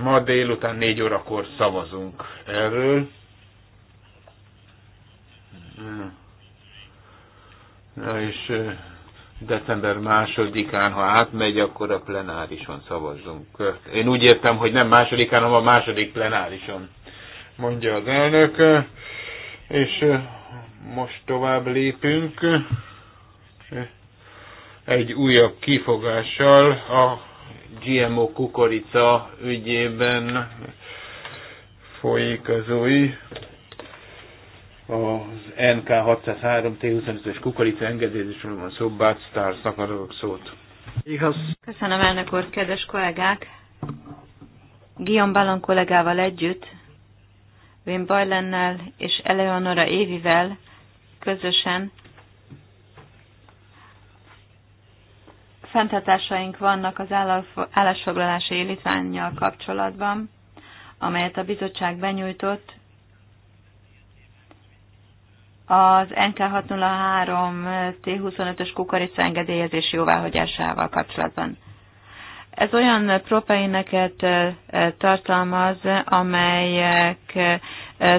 ma délután négy órakor szavazunk erről. Na és december másodikán, ha átmegy, akkor a plenárison szavazzunk. Én úgy értem, hogy nem másodikán, hanem a második plenárison, mondja az elnök. És most tovább lépünk egy újabb kifogással a GMO kukorica ügyében folyik az új az NK 603 T25-ös kukorica engedélyezésről van szó, Bud Starsnak szót. Igaz. Köszönöm elnök úr, kedves kollégák! Guillaume Ballon kollégával együtt, Wim Bajlennel és Eleonora Évivel közösen fenntartásaink vannak az állásfoglalási indítványjal kapcsolatban, amelyet a bizottság benyújtott az NK603 T25-ös kukorica engedélyezés jóváhagyásával kapcsolatban. Ez olyan proteineket tartalmaz, amelyek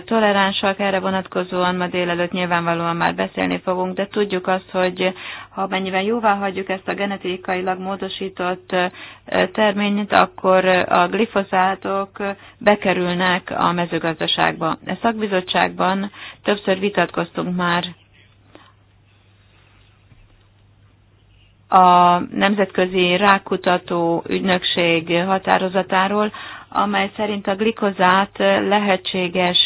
toleránsak erre vonatkozóan, ma délelőtt nyilvánvalóan már beszélni fogunk, de tudjuk azt, hogy ha mennyiben jóvá hagyjuk ezt a genetikailag módosított terményt, akkor a glifoszátok bekerülnek a mezőgazdaságba. A e szakbizottságban többször vitatkoztunk már a Nemzetközi Rákutató Ügynökség határozatáról, amely szerint a glikozát lehetséges,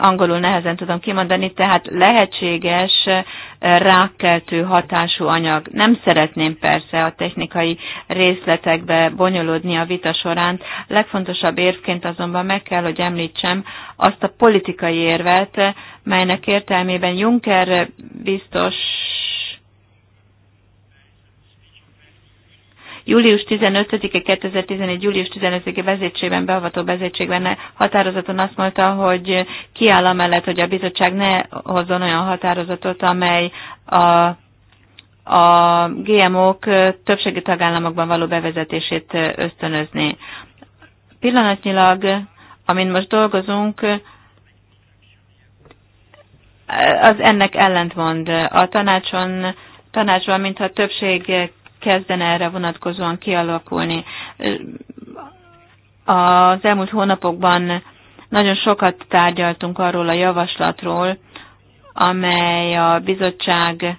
angolul nehezen tudom kimondani, tehát lehetséges rákkeltő hatású anyag. Nem szeretném persze a technikai részletekbe bonyolódni a vita során. Legfontosabb érvként azonban meg kell, hogy említsem azt a politikai érvet, melynek értelmében Juncker biztos július 15-e 2011. július 15-e vezetségben, beavató vezetségben határozaton azt mondta, hogy kiáll amellett, hogy a bizottság ne hozzon olyan határozatot, amely a a GMO-k többségi tagállamokban való bevezetését ösztönözni. Pillanatnyilag, amin most dolgozunk, az ennek ellentmond. A tanácson, tanácsban, mintha többség kezden erre vonatkozóan kialakulni. Az elmúlt hónapokban nagyon sokat tárgyaltunk arról a javaslatról, amely a bizottság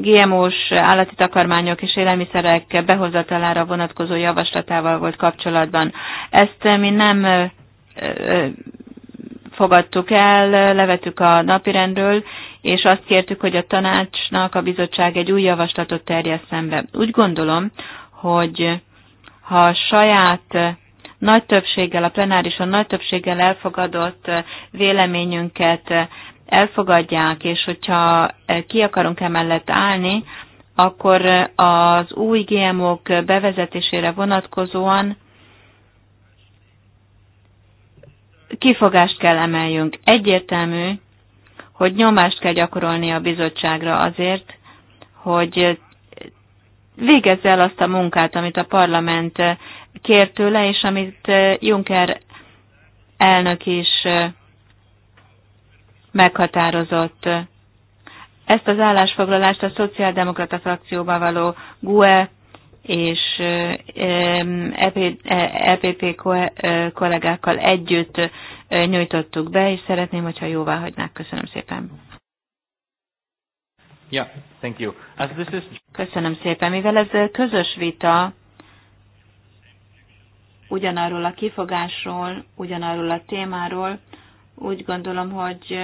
GMO-s állati takarmányok és élelmiszerek behozatalára vonatkozó javaslatával volt kapcsolatban. Ezt mi nem fogadtuk el, levettük a napirendről, és azt kértük, hogy a tanácsnak a bizottság egy új javaslatot terjesszen be. Úgy gondolom, hogy ha a saját nagy többséggel, a plenárison nagy többséggel elfogadott véleményünket elfogadják, és hogyha ki akarunk emellett állni, akkor az új GMO-k bevezetésére vonatkozóan kifogást kell emeljünk. Egyértelmű, hogy nyomást kell gyakorolni a bizottságra azért, hogy végezze el azt a munkát, amit a parlament kért tőle, és amit Juncker elnök is meghatározott. Ezt az állásfoglalást a Szociáldemokrata frakcióba való GUE és EPP e e e, kollégákkal együtt nyújtottuk be, és szeretném, hogyha jóvá hagynák. Köszönöm szépen. Yeah, thank you. As this is... Köszönöm szépen. Mivel ez közös vita, ugyanarról a kifogásról, ugyanarról a témáról, úgy gondolom, hogy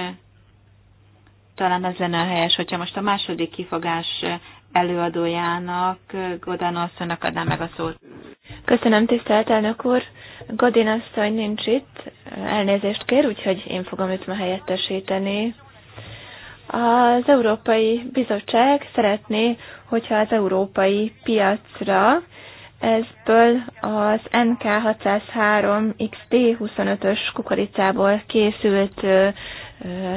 talán ez lenne a helyes, hogyha most a második kifogás előadójának, Godán asszonynak adnám meg a szót. Köszönöm, tisztelt elnök úr. Godin asszony nincs itt, elnézést kér, úgyhogy én fogom őt ma helyettesíteni. Az Európai Bizottság szeretné, hogyha az európai piacra ezből az NK603XT25-ös kukoricából készült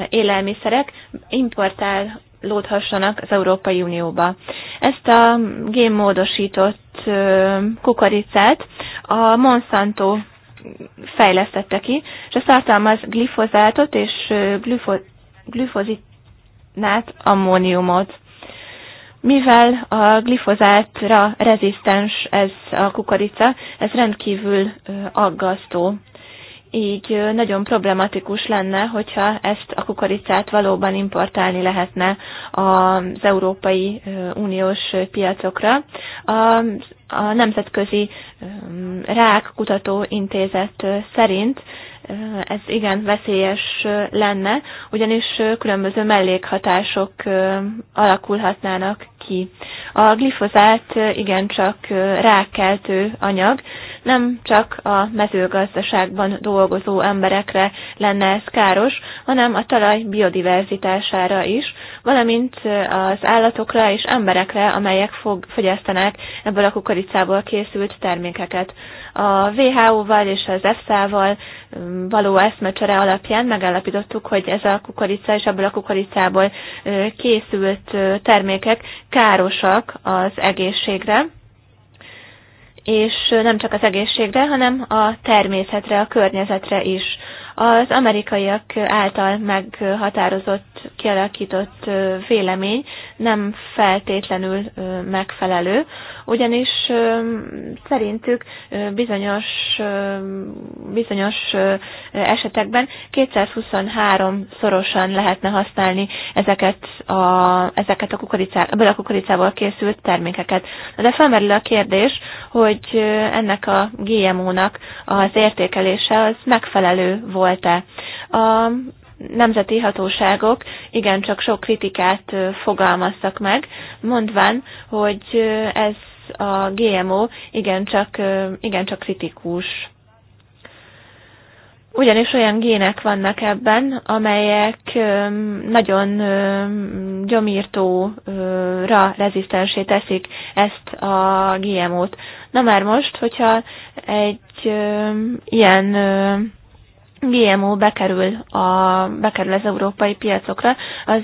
élelmiszerek importál, lódhassanak az Európai Unióba. Ezt a génmódosított kukoricát a Monsanto fejlesztette ki, és ez tartalmaz glifozátot és glifo, ammóniumot. Mivel a glifozátra rezisztens ez a kukorica, ez rendkívül aggasztó így nagyon problematikus lenne, hogyha ezt a kukoricát valóban importálni lehetne az Európai Uniós piacokra. A, a Nemzetközi Rák Kutató Intézet szerint ez igen veszélyes lenne, ugyanis különböző mellékhatások alakulhatnának ki. A glifozát igencsak rákeltő anyag, nem csak a mezőgazdaságban dolgozó emberekre lenne ez káros, hanem a talaj biodiverzitására is, valamint az állatokra és emberekre, amelyek fog, fogyasztanak ebből a kukoricából készült termékeket. A WHO-val és az EFSA-val való eszmecsere alapján megállapítottuk, hogy ez a kukorica és ebből a kukoricából készült termékek károsak az egészségre és nem csak az egészségre, hanem a természetre, a környezetre is az amerikaiak által meghatározott, kialakított vélemény nem feltétlenül megfelelő ugyanis szerintük bizonyos, bizonyos esetekben 223 szorosan lehetne használni ezeket a, ezeket a, kukoricá, ebből a kukoricából készült termékeket. De felmerül a kérdés, hogy ennek a GMO-nak az értékelése az megfelelő volt-e. A nemzeti hatóságok igencsak sok kritikát fogalmaztak meg, mondván, hogy ez a GMO igencsak, igencsak kritikus. Ugyanis olyan gének vannak ebben, amelyek nagyon gyomírtóra rezisztensé teszik ezt a GMO-t. Na már most, hogyha egy ilyen GMO bekerül, a, bekerül az európai piacokra, az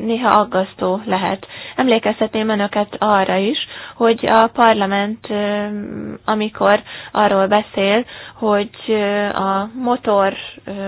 néha aggasztó lehet. Emlékeztetném önöket arra is, hogy a parlament, amikor arról beszél, hogy a motor,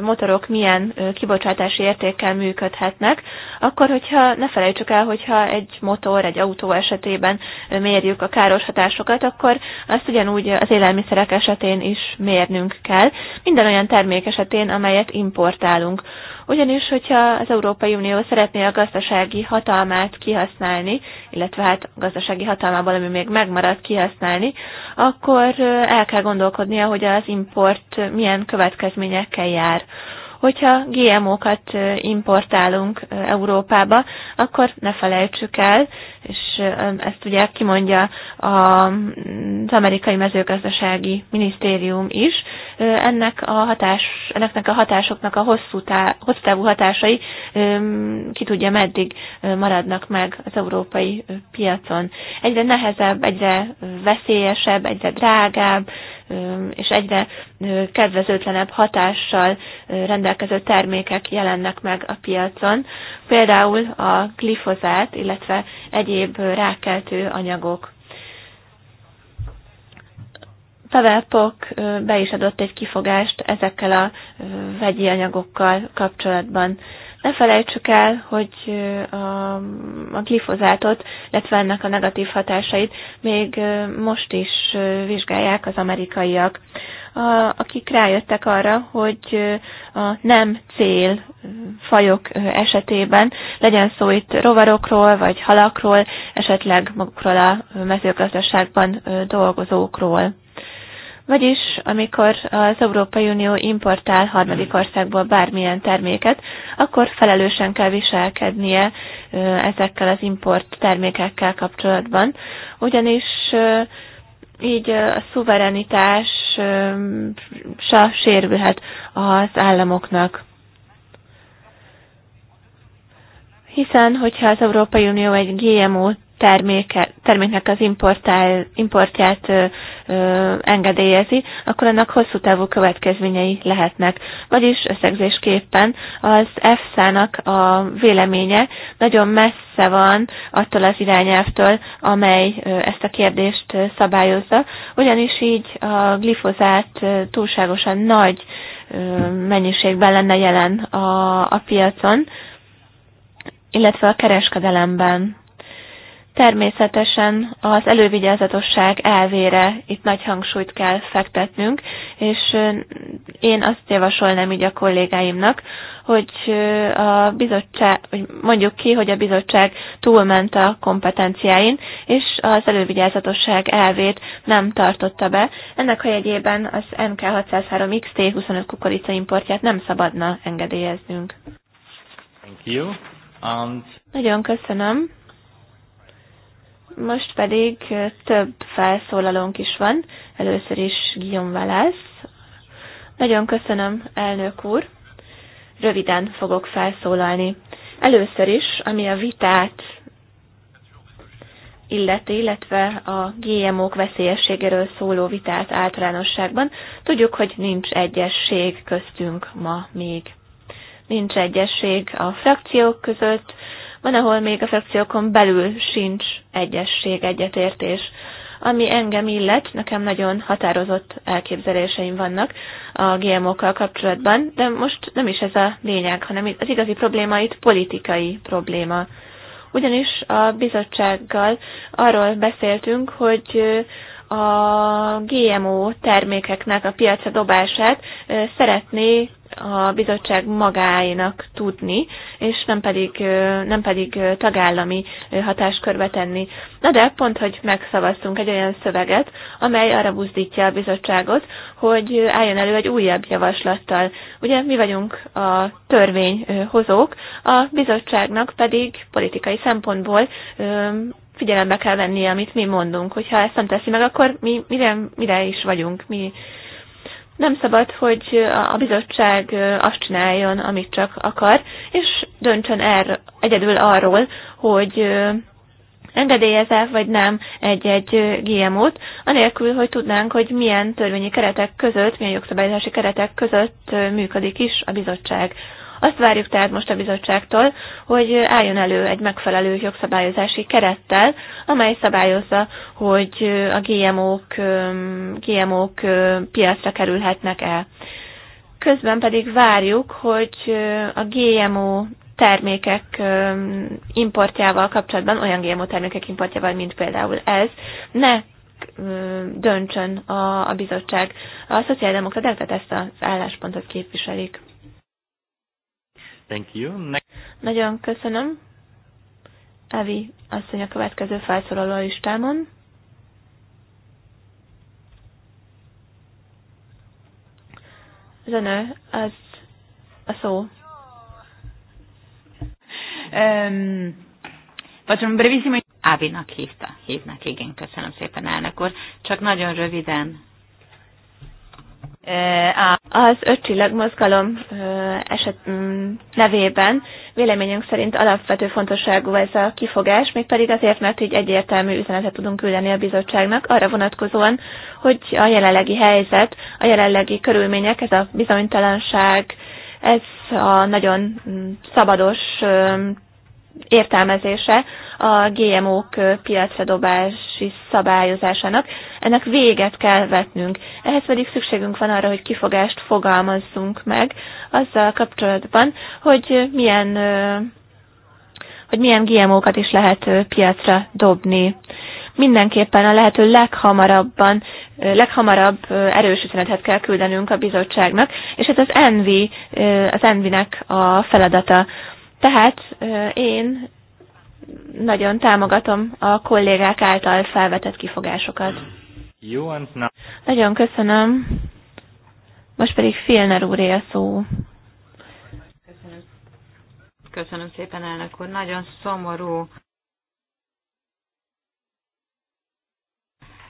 motorok milyen kibocsátási értékkel működhetnek, akkor hogyha ne felejtsük el, hogyha egy motor, egy autó esetében mérjük a káros hatásokat, akkor azt ugyanúgy az élelmiszerek esetén is mérnünk kell. Minden olyan termék esetében, esetén, amelyet importálunk. Ugyanis, hogyha az Európai Unió szeretné a gazdasági hatalmát kihasználni, illetve hát gazdasági hatalmából, ami még megmaradt kihasználni, akkor el kell gondolkodnia, hogy az import milyen következményekkel jár. Hogyha GMO-kat importálunk Európába, akkor ne felejtsük el, és ezt ugye kimondja az amerikai mezőgazdasági minisztérium is, ennek a, hatás, ennek a hatásoknak a hosszú, tá, hosszú távú hatásai ki tudja meddig maradnak meg az európai piacon. Egyre nehezebb, egyre veszélyesebb, egyre drágább, és egyre kedvezőtlenebb hatással rendelkező termékek jelennek meg a piacon, például a glifozát, illetve egyéb rákeltő anyagok. Pavel Pok be is adott egy kifogást ezekkel a vegyi anyagokkal kapcsolatban ne felejtsük el, hogy a, a glifozátot, illetve ennek a negatív hatásait még most is vizsgálják az amerikaiak, akik rájöttek arra, hogy a nem cél fajok esetében, legyen szó itt rovarokról, vagy halakról, esetleg magukról a mezőgazdaságban dolgozókról. Vagyis, amikor az Európai Unió importál harmadik országból bármilyen terméket, akkor felelősen kell viselkednie ezekkel az import termékekkel kapcsolatban, ugyanis így a szuverenitás se sérülhet az államoknak. hiszen hogyha az Európai Unió egy GMO terméke, terméknek az importál, importját ö, ö, engedélyezi, akkor annak hosszú távú következményei lehetnek. Vagyis összegzésképpen az EFSA-nak a véleménye nagyon messze van attól az irányelvtől, amely ezt a kérdést szabályozza, ugyanis így a glifozát túlságosan nagy mennyiségben lenne jelen a, a piacon, illetve a kereskedelemben. Természetesen az elővigyázatosság elvére itt nagy hangsúlyt kell fektetnünk, és én azt javasolnám így a kollégáimnak, hogy a bizottság, hogy mondjuk ki, hogy a bizottság túlment a kompetenciáin, és az elővigyázatosság elvét nem tartotta be. Ennek a jegyében az MK603 XT25 kukorica importját nem szabadna engedélyeznünk. Thank you. And... Nagyon köszönöm. Most pedig több felszólalónk is van. Először is Guillaume Valász. Nagyon köszönöm, elnök úr. Röviden fogok felszólalni. Először is, ami a vitát illeti, illetve a GMO-k veszélyességéről szóló vitát általánosságban, tudjuk, hogy nincs egyesség köztünk ma még. Nincs egyesség a frakciók között, van, ahol még a frakciókon belül sincs egyesség, egyetértés. Ami engem illet, nekem nagyon határozott elképzeléseim vannak a GMO-kkal kapcsolatban, de most nem is ez a lényeg, hanem az igazi probléma itt politikai probléma ugyanis a bizottsággal arról beszéltünk, hogy a GMO termékeknek a piacra dobását szeretné a bizottság magáinak tudni, és nem pedig, nem pedig tagállami hatáskörbe tenni. Na de pont, hogy megszavaztunk egy olyan szöveget, amely arra buzdítja a bizottságot, hogy álljon elő egy újabb javaslattal. Ugye mi vagyunk a törvényhozók, a bizottságnak pedig politikai szempontból figyelembe kell venni, amit mi mondunk. Hogyha ezt nem teszi meg, akkor mi mire, mire is vagyunk. Mi nem szabad, hogy a bizottság azt csináljon, amit csak akar, és döntsön er, egyedül arról, hogy engedélyez-e vagy nem egy-egy GMO-t, anélkül, hogy tudnánk, hogy milyen törvényi keretek között, milyen jogszabályozási keretek között működik is a bizottság. Azt várjuk tehát most a bizottságtól, hogy álljon elő egy megfelelő jogszabályozási kerettel, amely szabályozza, hogy a GMO-k, GMO-k piacra kerülhetnek el. Közben pedig várjuk, hogy a GMO termékek importjával kapcsolatban, olyan GMO termékek importjával, mint például ez, ne döntsön a, a bizottság. A szociáldemokraták ezt az álláspontot képviselik. Thank you. Next. Nagyon köszönöm. Evi asszony a következő felszólaló listámon. Zene, az a szó. Um, Facciamo brevissimo. Ávinak hívta, hívnak, igen, köszönöm szépen, elnök úr. Csak nagyon röviden az ötcsillag mozgalom eset mm, nevében véleményünk szerint alapvető fontosságú ez a kifogás, mégpedig azért, mert így egyértelmű üzenetet tudunk küldeni a bizottságnak arra vonatkozóan, hogy a jelenlegi helyzet, a jelenlegi körülmények, ez a bizonytalanság, ez a nagyon mm, szabados értelmezése a GMO-k piacra szabályozásának. Ennek véget kell vetnünk. Ehhez pedig szükségünk van arra, hogy kifogást fogalmazzunk meg azzal kapcsolatban, hogy milyen, hogy milyen GMO-kat is lehet piacra dobni. Mindenképpen a lehető leghamarabban, leghamarabb erős üzenetet kell küldenünk a bizottságnak, és ez az ENVI, az ENVI-nek a feladata, tehát én nagyon támogatom a kollégák által felvetett kifogásokat. Jó, Nagyon köszönöm. Most pedig Filner úré a szó. Köszönöm. Köszönöm szépen, elnök úr. Nagyon szomorú.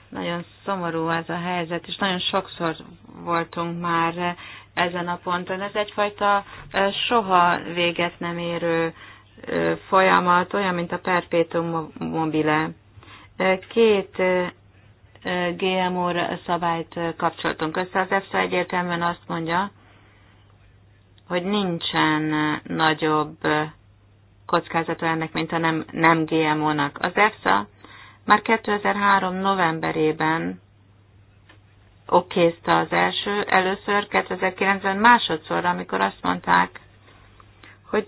Nagyon szomorú ez a helyzet, és nagyon sokszor voltunk már ezen a ponton. Ez egyfajta soha véget nem érő folyamat, olyan, mint a perpétum mobile. Két GMO szabályt kapcsoltunk össze. Az EFSA egyértelműen azt mondja, hogy nincsen nagyobb kockázata ennek, mint a nem, nem GMO-nak. Az EFSA már 2003. novemberében okézta az első, először 2009-ben Másodszor amikor azt mondták, hogy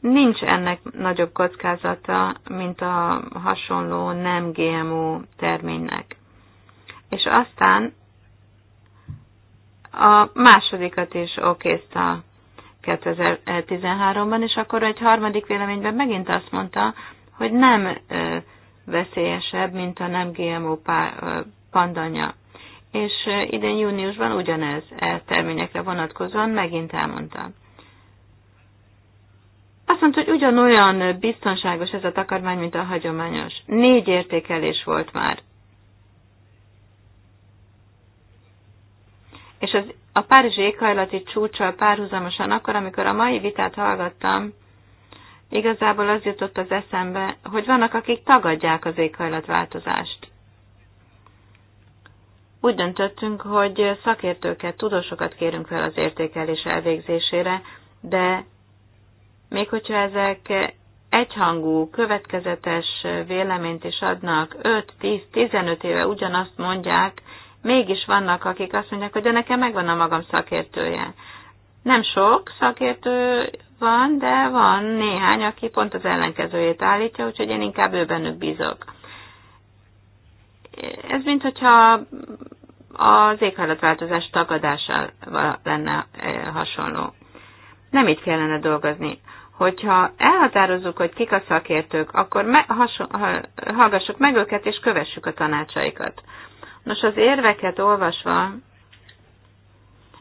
nincs ennek nagyobb kockázata, mint a hasonló nem GMO terménynek. És aztán a másodikat is okézta 2013-ban, és akkor egy harmadik véleményben megint azt mondta, hogy nem veszélyesebb, mint a nem GMO pandanya. És idén júniusban ugyanez e terményekre vonatkozóan megint elmondta. Azt mondta, hogy ugyanolyan biztonságos ez a takarmány, mint a hagyományos. Négy értékelés volt már. És az, a Párizsi éghajlati csúcsal párhuzamosan akkor, amikor a mai vitát hallgattam, igazából az jutott az eszembe, hogy vannak, akik tagadják az éghajlatváltozást. Úgy döntöttünk, hogy szakértőket, tudósokat kérünk fel az értékelés elvégzésére, de még hogyha ezek egyhangú, következetes véleményt is adnak, 5-10-15 éve ugyanazt mondják, mégis vannak, akik azt mondják, hogy de nekem megvan a magam szakértője. Nem sok szakértő van, de van néhány, aki pont az ellenkezőjét állítja, úgyhogy én inkább őbenük bízok. Ez mint hogyha az éghajlatváltozás tagadásával lenne eh, hasonló. Nem így kellene dolgozni. Hogyha elhatározzuk, hogy kik a szakértők, akkor me- hason- ha- hallgassuk meg őket, és kövessük a tanácsaikat. Nos, az érveket olvasva,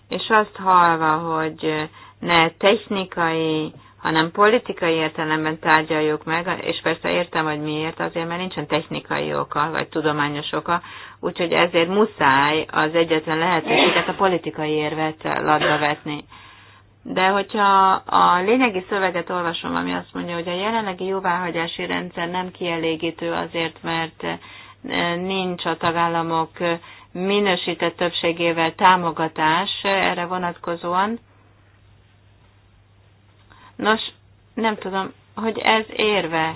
és azt hallva, hogy ne technikai hanem politikai értelemben tárgyaljuk meg, és persze értem, hogy miért, azért, mert nincsen technikai oka, vagy tudományos oka, úgyhogy ezért muszáj az egyetlen lehetőséget, a politikai érvet ladba vetni. De hogyha a lényegi szöveget olvasom, ami azt mondja, hogy a jelenlegi jóváhagyási rendszer nem kielégítő azért, mert eh, nincs a tagállamok minősített többségével támogatás eh, erre vonatkozóan, Nos, nem tudom, hogy ez érve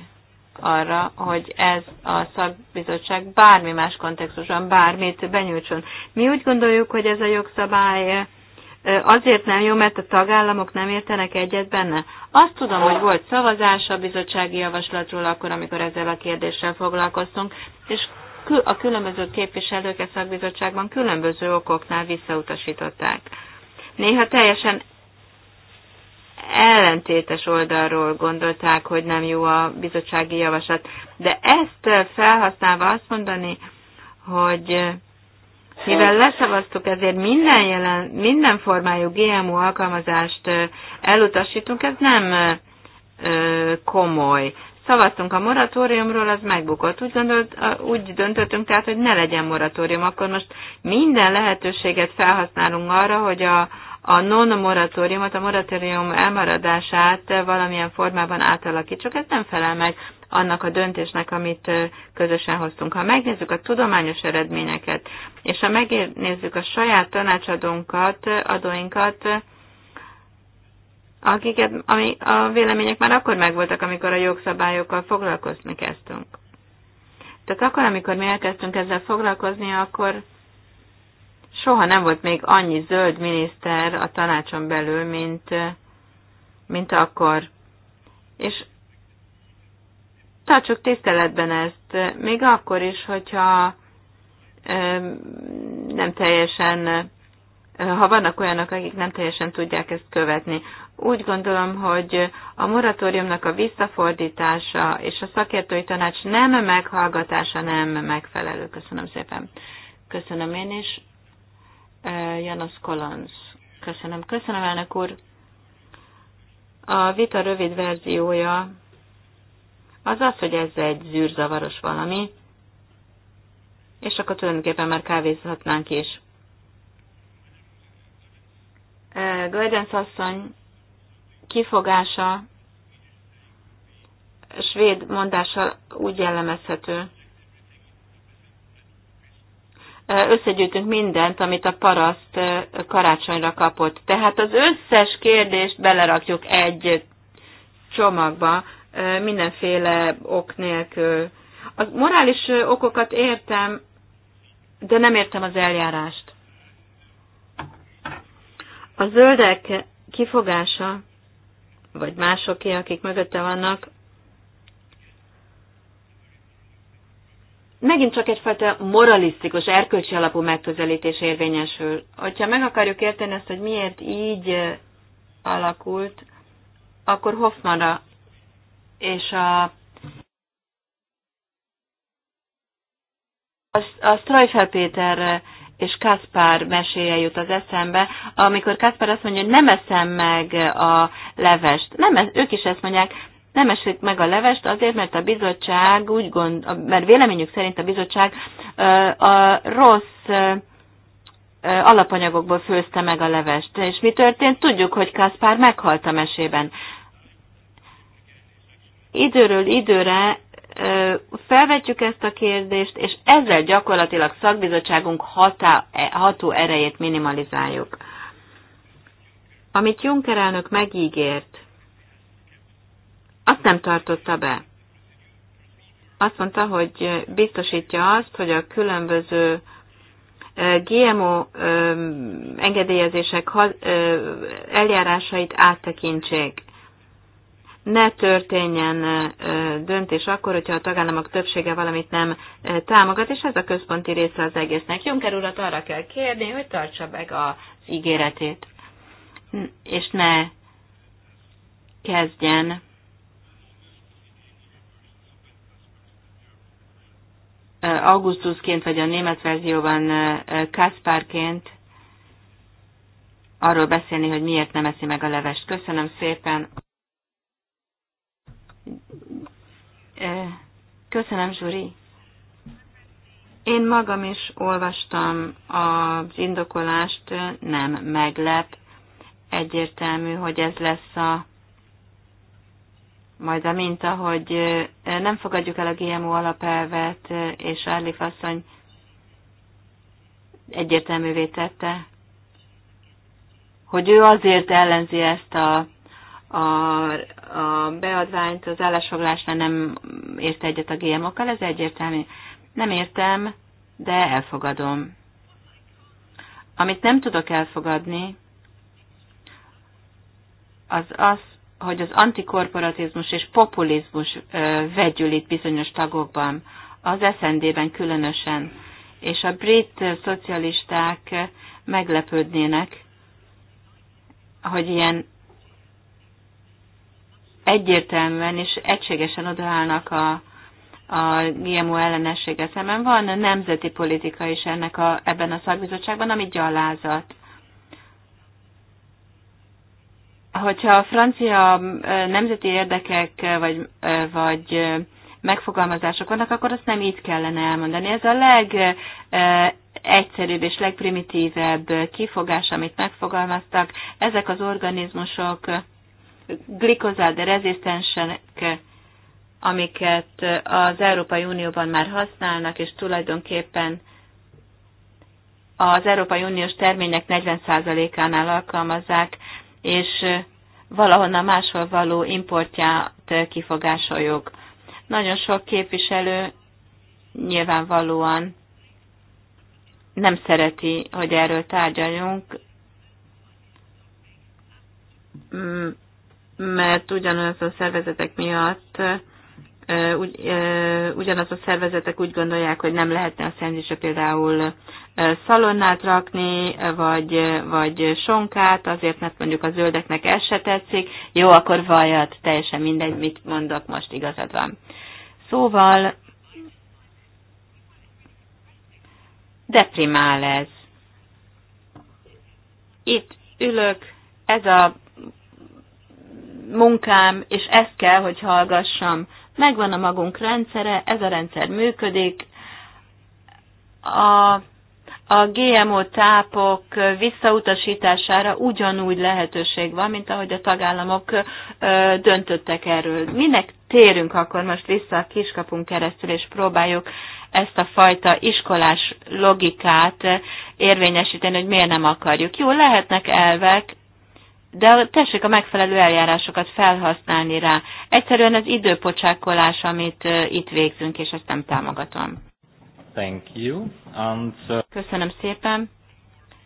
arra, hogy ez a szakbizottság bármi más kontextusban bármit benyújtson. Mi úgy gondoljuk, hogy ez a jogszabály azért nem jó, mert a tagállamok nem értenek egyet benne. Azt tudom, hogy volt szavazás a bizottsági javaslatról akkor, amikor ezzel a kérdéssel foglalkoztunk, és a különböző képviselők a szakbizottságban különböző okoknál visszautasították. Néha teljesen ellentétes oldalról gondolták, hogy nem jó a bizottsági javaslat. De ezt felhasználva azt mondani, hogy mivel leszavaztuk, ezért minden, jelen, minden formájú GMO alkalmazást elutasítunk, ez nem komoly. Szavaztunk a moratóriumról, az megbukott. Úgy, gondolt, úgy döntöttünk tehát, hogy ne legyen moratórium. Akkor most minden lehetőséget felhasználunk arra, hogy a, a non-moratóriumot, a moratórium elmaradását valamilyen formában átalakít. Csak Ez nem felel meg annak a döntésnek, amit közösen hoztunk. Ha megnézzük a tudományos eredményeket, és ha megnézzük a saját tanácsadónkat, adóinkat, akiket, ami, a vélemények már akkor megvoltak, amikor a jogszabályokkal foglalkozni kezdtünk. Tehát akkor, amikor mi elkezdtünk ezzel foglalkozni, akkor soha nem volt még annyi zöld miniszter a tanácson belül, mint, mint akkor. És tartsuk tiszteletben ezt, még akkor is, hogyha nem teljesen, ha vannak olyanok, akik nem teljesen tudják ezt követni. Úgy gondolom, hogy a moratóriumnak a visszafordítása és a szakértői tanács nem meghallgatása nem megfelelő. Köszönöm szépen. Köszönöm én is. Janos Kolanz. Köszönöm. Köszönöm, elnök úr. A vita rövid verziója az az, hogy ez egy zűrzavaros valami, és akkor tulajdonképpen már kávézhatnánk is. E, Göldönc asszony kifogása svéd mondással úgy jellemezhető, összegyűjtünk mindent, amit a paraszt karácsonyra kapott. Tehát az összes kérdést belerakjuk egy csomagba, mindenféle ok nélkül. A morális okokat értem, de nem értem az eljárást. A zöldek kifogása, vagy másoké, akik mögötte vannak, megint csak egyfajta moralisztikus, erkölcsi alapú megközelítés érvényesül. Hogyha meg akarjuk érteni ezt, hogy miért így alakult, akkor Hoffmanra és a a, a Streufel Péter és Kaspar meséje jut az eszembe, amikor Kaspar azt mondja, hogy nem eszem meg a levest. Nem, ők is ezt mondják, nem esik meg a levest azért, mert a bizottság úgy gond, mert véleményük szerint a bizottság a rossz alapanyagokból főzte meg a levest. És mi történt? Tudjuk, hogy Kaspár meghalt a mesében. Időről időre felvetjük ezt a kérdést, és ezzel gyakorlatilag szakbizottságunk hatá, e, ható erejét minimalizáljuk. Amit Juncker elnök megígért, azt nem tartotta be. Azt mondta, hogy biztosítja azt, hogy a különböző GMO engedélyezések eljárásait áttekintsék. Ne történjen döntés akkor, hogyha a tagállamok többsége valamit nem támogat, és ez a központi része az egésznek. Juncker urat arra kell kérni, hogy tartsa meg az ígéretét, és ne kezdjen augusztusként, vagy a német verzióban Kaspárként arról beszélni, hogy miért nem eszi meg a levest. Köszönöm szépen. Köszönöm, Zsuri. Én magam is olvastam az indokolást, nem meglep. Egyértelmű, hogy ez lesz a majd amint, hogy nem fogadjuk el a GMO alapelvet, és Arlif asszony egyértelművé tette, hogy ő azért ellenzi ezt a, a, a beadványt, az állásfoglásnál nem ért egyet a GMO-kkal, ez egyértelmű. Nem értem, de elfogadom. Amit nem tudok elfogadni, az az, hogy az antikorporatizmus és populizmus vegyül itt bizonyos tagokban, az SND-ben különösen, és a brit szocialisták meglepődnének, hogy ilyen egyértelműen és egységesen odaállnak a, a GMO ellenessége szemben. Van a nemzeti politika is ennek a, ebben a szakbizottságban, ami gyalázat. hogyha a francia nemzeti érdekek vagy, vagy megfogalmazások vannak, akkor azt nem így kellene elmondani. Ez a legegyszerűbb és legprimitívebb kifogás, amit megfogalmaztak. Ezek az organizmusok glikozád rezisztensek, amiket az Európai Unióban már használnak, és tulajdonképpen az Európai Uniós termények 40%-ánál alkalmazzák és valahonnan máshol való importját kifogásoljuk. Nagyon sok képviselő nyilvánvalóan nem szereti, hogy erről tárgyaljunk, mert ugyanaz a szervezetek miatt ugy, ugyanaz a szervezetek úgy gondolják, hogy nem lehetne a szendvicsre például szalonnát rakni, vagy, vagy sonkát, azért, mert mondjuk a zöldeknek ez se tetszik, jó, akkor vajat, teljesen mindegy, mit mondok, most igazad van. Szóval deprimál ez. Itt ülök, ez a munkám, és ezt kell, hogy hallgassam megvan a magunk rendszere, ez a rendszer működik, a, a GMO tápok visszautasítására ugyanúgy lehetőség van, mint ahogy a tagállamok ö, döntöttek erről. Minek térünk akkor most vissza a kiskapunk keresztül, és próbáljuk ezt a fajta iskolás logikát érvényesíteni, hogy miért nem akarjuk. Jó, lehetnek elvek, de tessék a megfelelő eljárásokat felhasználni rá. Egyszerűen az időpocsákolás, amit itt végzünk, és ezt nem támogatom. Thank you. And, uh... Köszönöm szépen.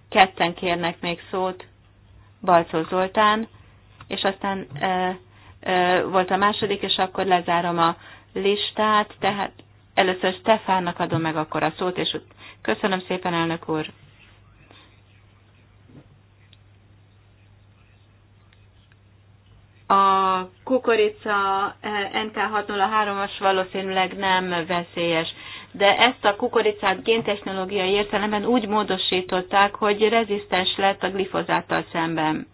Ketten kérnek még szót. Balcó Zoltán, és aztán uh, uh, volt a második, és akkor lezárom a listát, tehát először Stefánnak adom meg akkor a szót, és köszönöm szépen, elnök úr. A kukorica eh, NK603-as valószínűleg nem veszélyes, de ezt a kukoricát géntechnológiai értelemben úgy módosították, hogy rezisztens lett a glifozáttal szemben.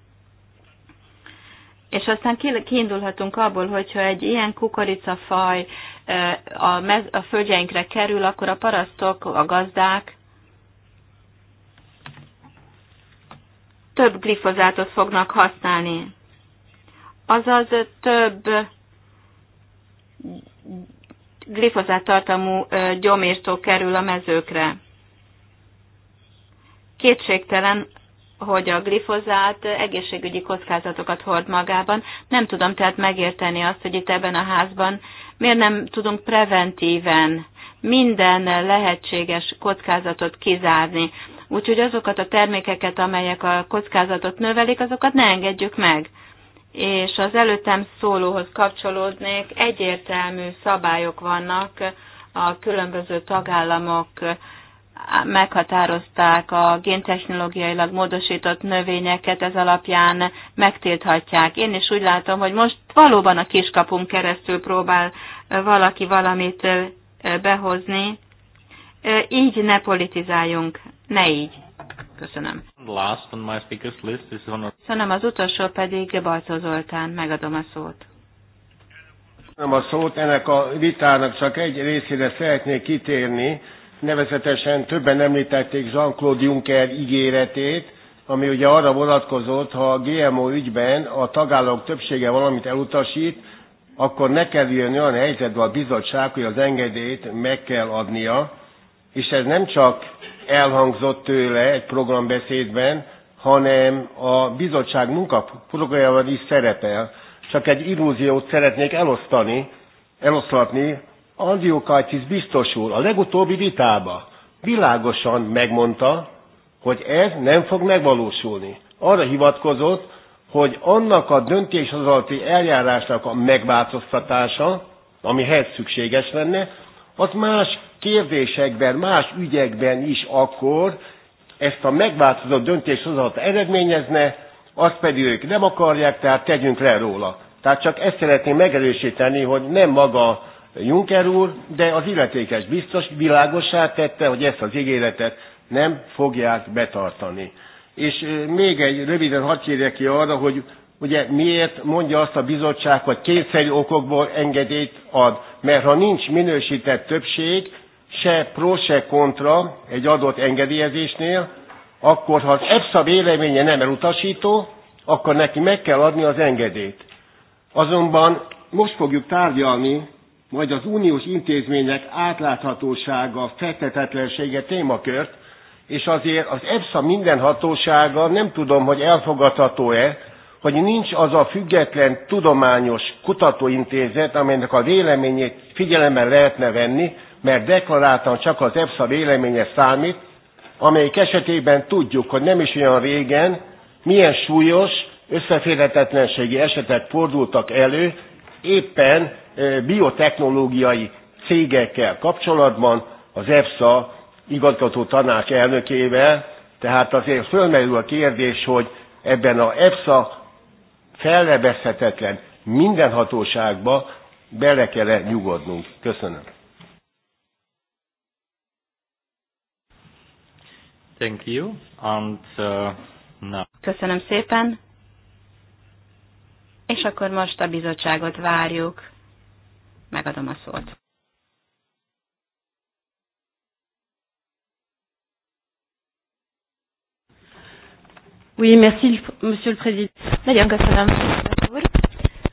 És aztán kiindulhatunk abból, hogyha egy ilyen kukoricafaj eh, a, mez, a földjeinkre kerül, akkor a parasztok, a gazdák több glifozátot fognak használni azaz több glifozát tartalmú gyomírtó kerül a mezőkre. Kétségtelen, hogy a glifozát egészségügyi kockázatokat hord magában. Nem tudom tehát megérteni azt, hogy itt ebben a házban miért nem tudunk preventíven minden lehetséges kockázatot kizárni. Úgyhogy azokat a termékeket, amelyek a kockázatot növelik, azokat ne engedjük meg és az előttem szólóhoz kapcsolódnék, egyértelmű szabályok vannak, a különböző tagállamok meghatározták a géntechnológiailag módosított növényeket, ez alapján megtilthatják. Én is úgy látom, hogy most valóban a kiskapunk keresztül próbál valaki valamit behozni. Így ne politizáljunk, ne így. Köszönöm. Last on my speakers list is on a... Köszönöm, az utolsó pedig Balcó Zoltán, megadom a szót. Köszönöm a szót, ennek a vitának csak egy részére szeretnék kitérni, nevezetesen többen említették Jean-Claude Juncker ígéretét, ami ugye arra vonatkozott, ha a GMO ügyben a tagállamok többsége valamit elutasít, akkor ne jönni olyan helyzetbe a bizottság, hogy az engedélyt meg kell adnia, és ez nem csak elhangzott tőle egy programbeszédben, hanem a bizottság munkaprogramjában is szerepel. Csak egy illúziót szeretnék elosztani, eloszlatni. Andriukaitis biztos úr a legutóbbi vitába világosan megmondta, hogy ez nem fog megvalósulni. Arra hivatkozott, hogy annak a döntéshozati eljárásnak a megváltoztatása, amihez szükséges lenne, az más kérdésekben, más ügyekben is akkor ezt a megváltozott döntéshozat eredményezne, azt pedig ők nem akarják, tehát tegyünk le róla. Tehát csak ezt szeretném megerősíteni, hogy nem maga Juncker úr, de az illetékes biztos világossá tette, hogy ezt az ígéretet nem fogják betartani. És még egy röviden hadd kérjek ki arra, hogy ugye miért mondja azt a bizottság, hogy kényszerű okokból engedélyt ad. Mert ha nincs minősített többség, se pro, se kontra egy adott engedélyezésnél, akkor ha az EFSA véleménye nem elutasító, akkor neki meg kell adni az engedélyt. Azonban most fogjuk tárgyalni majd az uniós intézmények átláthatósága, fektetetlensége témakört, és azért az EFSA minden hatósága nem tudom, hogy elfogadható-e, hogy nincs az a független tudományos kutatóintézet, amelynek a véleményét figyelemmel lehetne venni, mert deklaráltan csak az EFSA véleménye számít, amelyik esetében tudjuk, hogy nem is olyan régen, milyen súlyos, összeférhetetlenségi esetek fordultak elő, éppen biotechnológiai cégekkel kapcsolatban az EFSA igazgató tanács elnökével, tehát azért fölmerül a kérdés, hogy ebben a EFSA fellebezhetetlen minden hatóságba bele kell -e nyugodnunk. Köszönöm. Thank you. And, uh, no. Köszönöm szépen. És akkor most a bizottságot várjuk. Megadom a szót. Oui, merci, monsieur le président. Nagyon köszönöm, úr.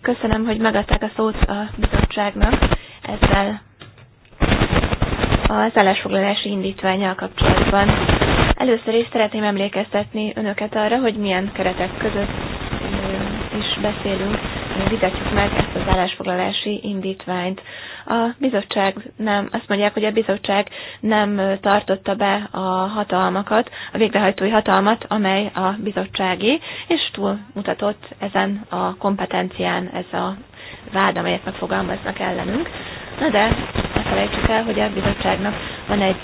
Köszönöm, hogy megadták a szót a bizottságnak ezzel az állásfoglalási indítványjal kapcsolatban. Először is szeretném emlékeztetni önöket arra, hogy milyen keretek között is beszélünk, vitatjuk meg ezt az állásfoglalási indítványt. A bizottság nem, azt mondják, hogy a bizottság nem tartotta be a hatalmakat, a végrehajtói hatalmat, amely a bizottsági, és túlmutatott ezen a kompetencián ez a vád, amelyet megfogalmaznak ellenünk. Na de ne felejtsük el, hogy a bizottságnak van egy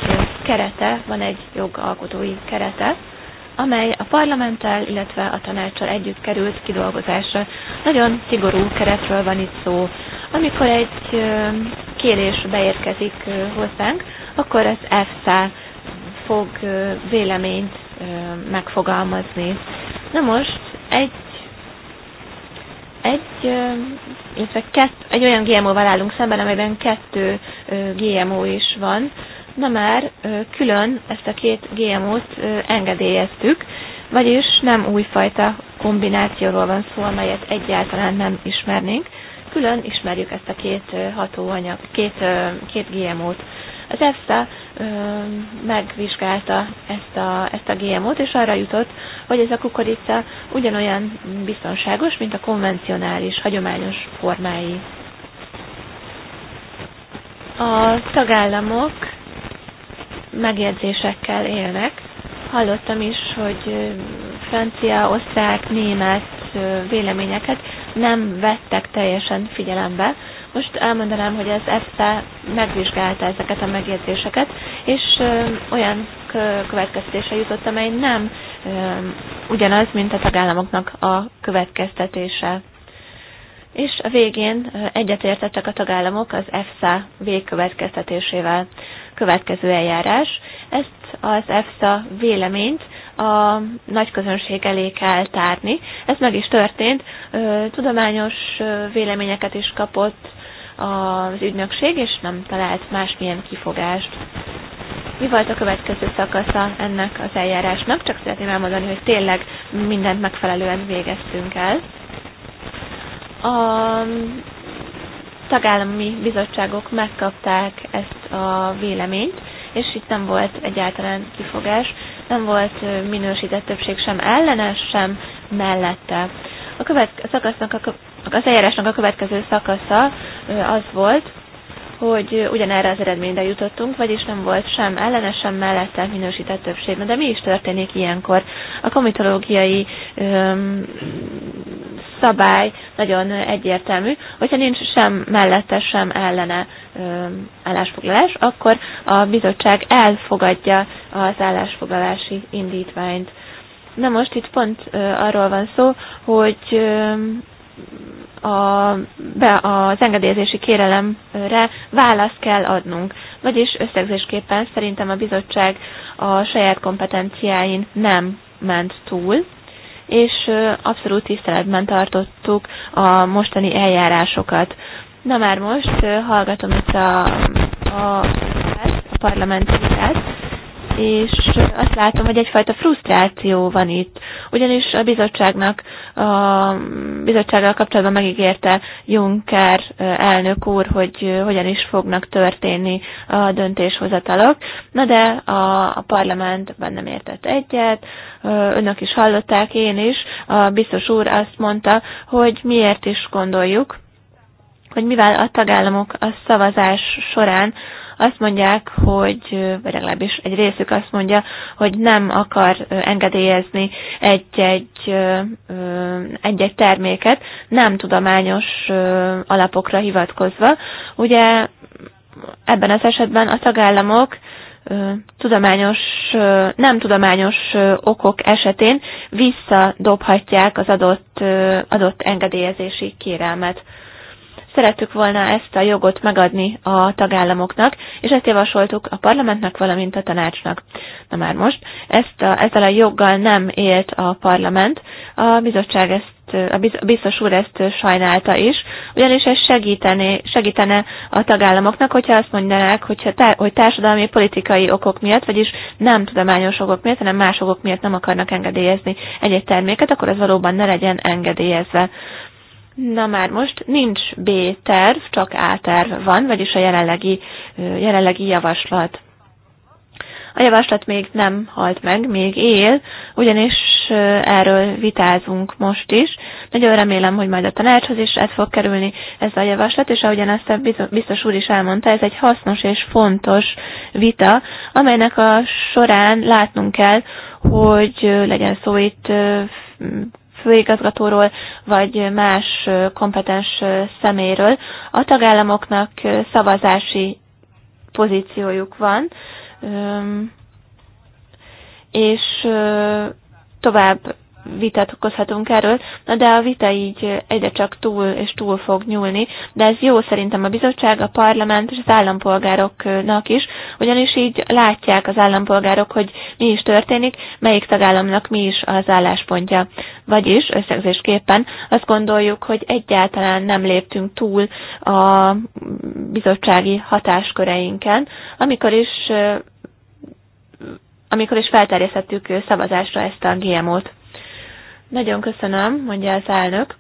kerete, van egy jogalkotói kerete, amely a parlamenttel, illetve a tanácssal együtt került kidolgozásra. Nagyon szigorú keretről van itt szó. Amikor egy kérés beérkezik hozzánk, akkor az EFSA fog véleményt megfogalmazni. Na most egy egy, illetve kett, egy olyan GMO-val állunk szemben, amelyben kettő GMO is van. Na már külön ezt a két GMO-t engedélyeztük, vagyis nem újfajta kombinációról van szó, amelyet egyáltalán nem ismernénk. Külön ismerjük ezt a két hatóanyag, két, két GMO-t. Az EFSA ö, megvizsgálta ezt a, ezt a GMO-t, és arra jutott, hogy ez a kukorica ugyanolyan biztonságos, mint a konvencionális, hagyományos formái. A tagállamok megjegyzésekkel élnek. Hallottam is, hogy francia, osztrák, német véleményeket nem vettek teljesen figyelembe, most elmondanám, hogy az EFSA megvizsgálta ezeket a megjegyzéseket, és olyan következtése jutott, amely nem ugyanaz, mint a tagállamoknak a következtetése. És a végén egyetértettek a tagállamok az EFSA végkövetkeztetésével. Következő eljárás. Ezt az EFSA véleményt a nagy közönség elé kell tárni. Ez meg is történt, tudományos véleményeket is kapott az ügynökség, és nem talált másmilyen kifogást. Mi volt a következő szakasza ennek az eljárásnak? Csak szeretném elmondani, hogy tényleg mindent megfelelően végeztünk el. A tagállami bizottságok megkapták ezt a véleményt, és itt nem volt egyáltalán kifogás, nem volt minősített többség sem ellenes, sem mellette. A következő szakasznak, a, az eljárásnak a következő szakasza az volt, hogy ugyanerre az eredményre jutottunk, vagyis nem volt sem ellene, sem mellette minősített többség. De mi is történik ilyenkor? A komitológiai öm, szabály nagyon egyértelmű, hogyha nincs sem mellette, sem ellene öm, állásfoglalás, akkor a bizottság elfogadja az állásfoglalási indítványt. Na most itt pont arról van szó, hogy a, be, az engedélyezési kérelemre választ kell adnunk. Vagyis összegzésképpen szerintem a bizottság a saját kompetenciáin nem ment túl, és abszolút tiszteletben tartottuk a mostani eljárásokat. Na már most hallgatom itt a, a, a parlamenti vitát, és azt látom, hogy egyfajta frusztráció van itt, ugyanis a bizottságnak, a bizottsággal kapcsolatban megígérte Juncker elnök úr, hogy hogyan is fognak történni a döntéshozatalok, na de a, a parlamentben nem értett egyet, önök is hallották, én is, a biztos úr azt mondta, hogy miért is gondoljuk, hogy mivel a tagállamok a szavazás során azt mondják, hogy, vagy legalábbis egy részük azt mondja, hogy nem akar engedélyezni egy-egy, egy-egy terméket, nem tudományos alapokra hivatkozva. Ugye ebben az esetben a tagállamok tudományos, nem tudományos okok esetén visszadobhatják az adott, adott engedélyezési kérelmet. Szerettük volna ezt a jogot megadni a tagállamoknak, és ezt javasoltuk a parlamentnek, valamint a tanácsnak. Na már most, ezt a, ezzel a joggal nem élt a parlament, a bizottság ezt a biztos úr ezt sajnálta is, ugyanis ez segítené, segítene a tagállamoknak, hogyha azt mondanák, hogyha hogy társadalmi politikai okok miatt, vagyis nem tudományos okok miatt, hanem más okok miatt nem akarnak engedélyezni egy-egy terméket, akkor ez valóban ne legyen engedélyezve. Na már most nincs B-terv, csak A-terv van, vagyis a jelenlegi, jelenlegi javaslat. A javaslat még nem halt meg, még él, ugyanis erről vitázunk most is. Nagyon remélem, hogy majd a tanácshoz is ez fog kerülni ez a javaslat, és ahogyan azt a biztos úr is elmondta, ez egy hasznos és fontos vita, amelynek a során látnunk kell, hogy legyen szó itt főigazgatóról, vagy más kompetens szeméről. A tagállamoknak szavazási pozíciójuk van, és tovább vitatkozhatunk erről, na de a vita így egyre csak túl és túl fog nyúlni, de ez jó szerintem a bizottság, a parlament és az állampolgároknak is, ugyanis így látják az állampolgárok, hogy mi is történik, melyik tagállamnak mi is az álláspontja. Vagyis összegzésképpen azt gondoljuk, hogy egyáltalán nem léptünk túl a bizottsági hatásköreinken, amikor is amikor is felterjesztettük szavazásra ezt a GMO-t. Nagyon köszönöm, mondja az elnök.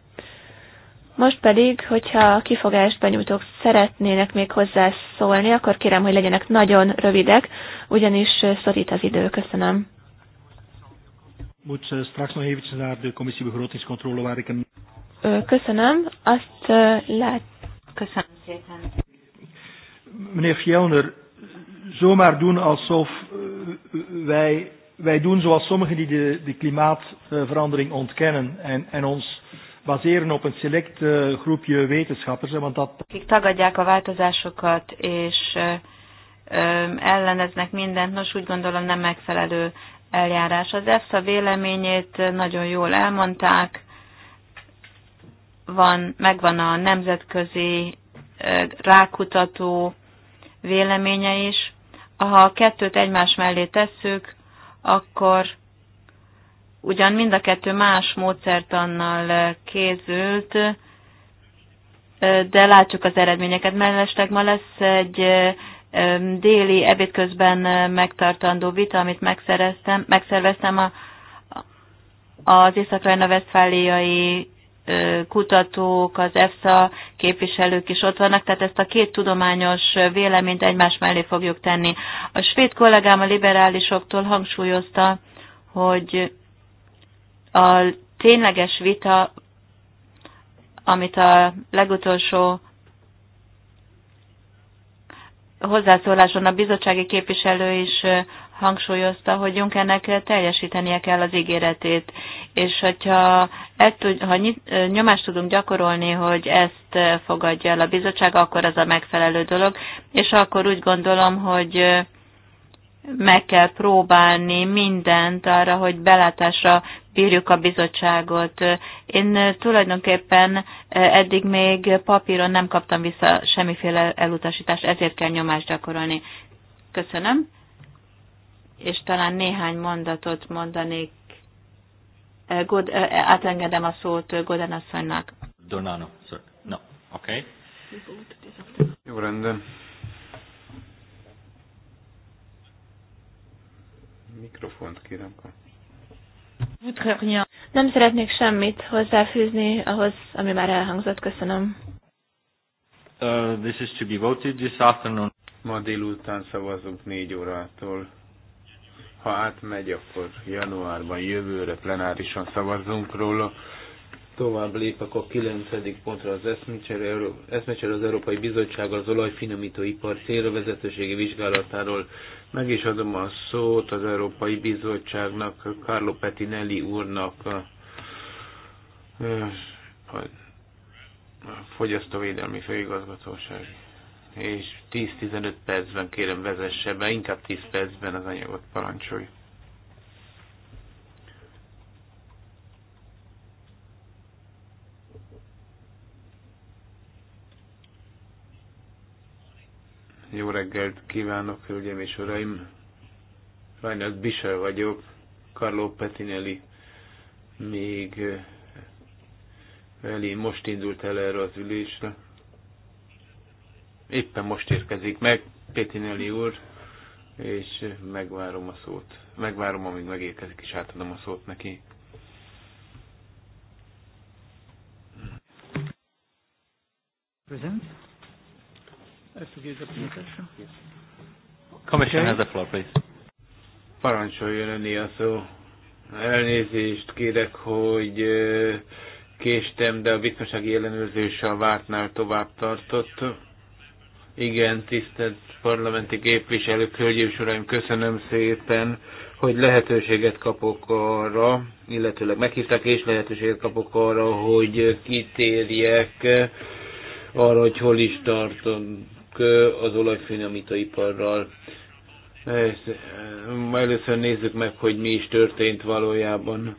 Most pedig, hogyha a kifogást benyújtók szeretnének még hozzászólni, akkor kérem, hogy legyenek nagyon rövidek, ugyanis szorít az idő. Köszönöm moet uh, straks nog eventjes naar de commissie begrotingscontrole waar ik een... Uh, Köszönöm, azt lát... Köszönöm szépen. Meneer Fjellner, zomaar doen alsof uh, wij, wij doen zoals sommigen die de, de klimaatverandering ontkennen en, en ons baseren op een select uh, groepje wetenschappers. Want dat... Akik tagadják a változásokat és uh, elleneznek mindent, nos úgy gondolom nem megfelelő eljárás. Az EFSA véleményét nagyon jól elmondták, van, megvan a nemzetközi rákutató véleménye is. Ha a kettőt egymás mellé tesszük, akkor ugyan mind a kettő más módszertannal kézült, de látjuk az eredményeket. Mellesleg ma lesz egy déli ebéd közben megtartandó vita, amit megszereztem, megszerveztem a, az észak-rajna-vesztfáliai kutatók, az EFSA képviselők is ott vannak, tehát ezt a két tudományos véleményt egymás mellé fogjuk tenni. A svéd kollégám a liberálisoktól hangsúlyozta, hogy a tényleges vita, amit a legutolsó hozzászóláson a bizottsági képviselő is hangsúlyozta, hogy Junckernek teljesítenie kell az ígéretét, és hogyha e tud, ha nyomást tudunk gyakorolni, hogy ezt fogadja el a bizottság, akkor az a megfelelő dolog, és akkor úgy gondolom, hogy meg kell próbálni mindent arra, hogy belátásra bírjuk a bizottságot. Én eh, tulajdonképpen eh, eddig még papíron nem kaptam vissza semmiféle elutasítást, ezért kell nyomást gyakorolni. Köszönöm. És talán néhány mondatot mondanék. Eh, God, átengedem a szót Godan asszonynak. Donano, sir. No, okay. Jó rendben. Mikrofont kérem. Nem szeretnék semmit hozzáfűzni ahhoz, ami már elhangzott. Köszönöm. Uh, this is to be voted this afternoon. Ma délután szavazunk négy órától. Ha átmegy, akkor januárban jövőre plenárisan szavazunk róla. Tovább lépek a 9. pontra az eszmecsere, eszmecsere az Európai Bizottsággal az olajfinomítóipar célvezetőségi vizsgálatáról meg is adom a szót az Európai Bizottságnak, Carlo Petinelli úrnak, a Fogyasztóvédelmi Főigazgatóság. És 10-15 percben kérem vezesse be, inkább 10 percben az anyagot parancsolj. Jó reggelt kívánok, hölgyeim és uraim! Rajnak Bisa vagyok, Carlo Petinelli még elé most indult el erre az ülésre. Éppen most érkezik meg Petinelli úr, és megvárom a szót. Megvárom, amíg megérkezik, és átadom a szót neki. Present. Ezt a presentation? Yes. Commission okay. has the floor, please. Parancsoljon önni a szó. Elnézést kérek, hogy késtem, de a biztonsági ellenőrzés a vártnál tovább tartott. Igen, tisztelt parlamenti képviselők, hölgyeim és uraim, köszönöm szépen, hogy lehetőséget kapok arra, illetőleg meghívták, és lehetőséget kapok arra, hogy kitérjek arra, hogy hol is tartom az olajfinomítóiparral. Először nézzük meg, hogy mi is történt valójában.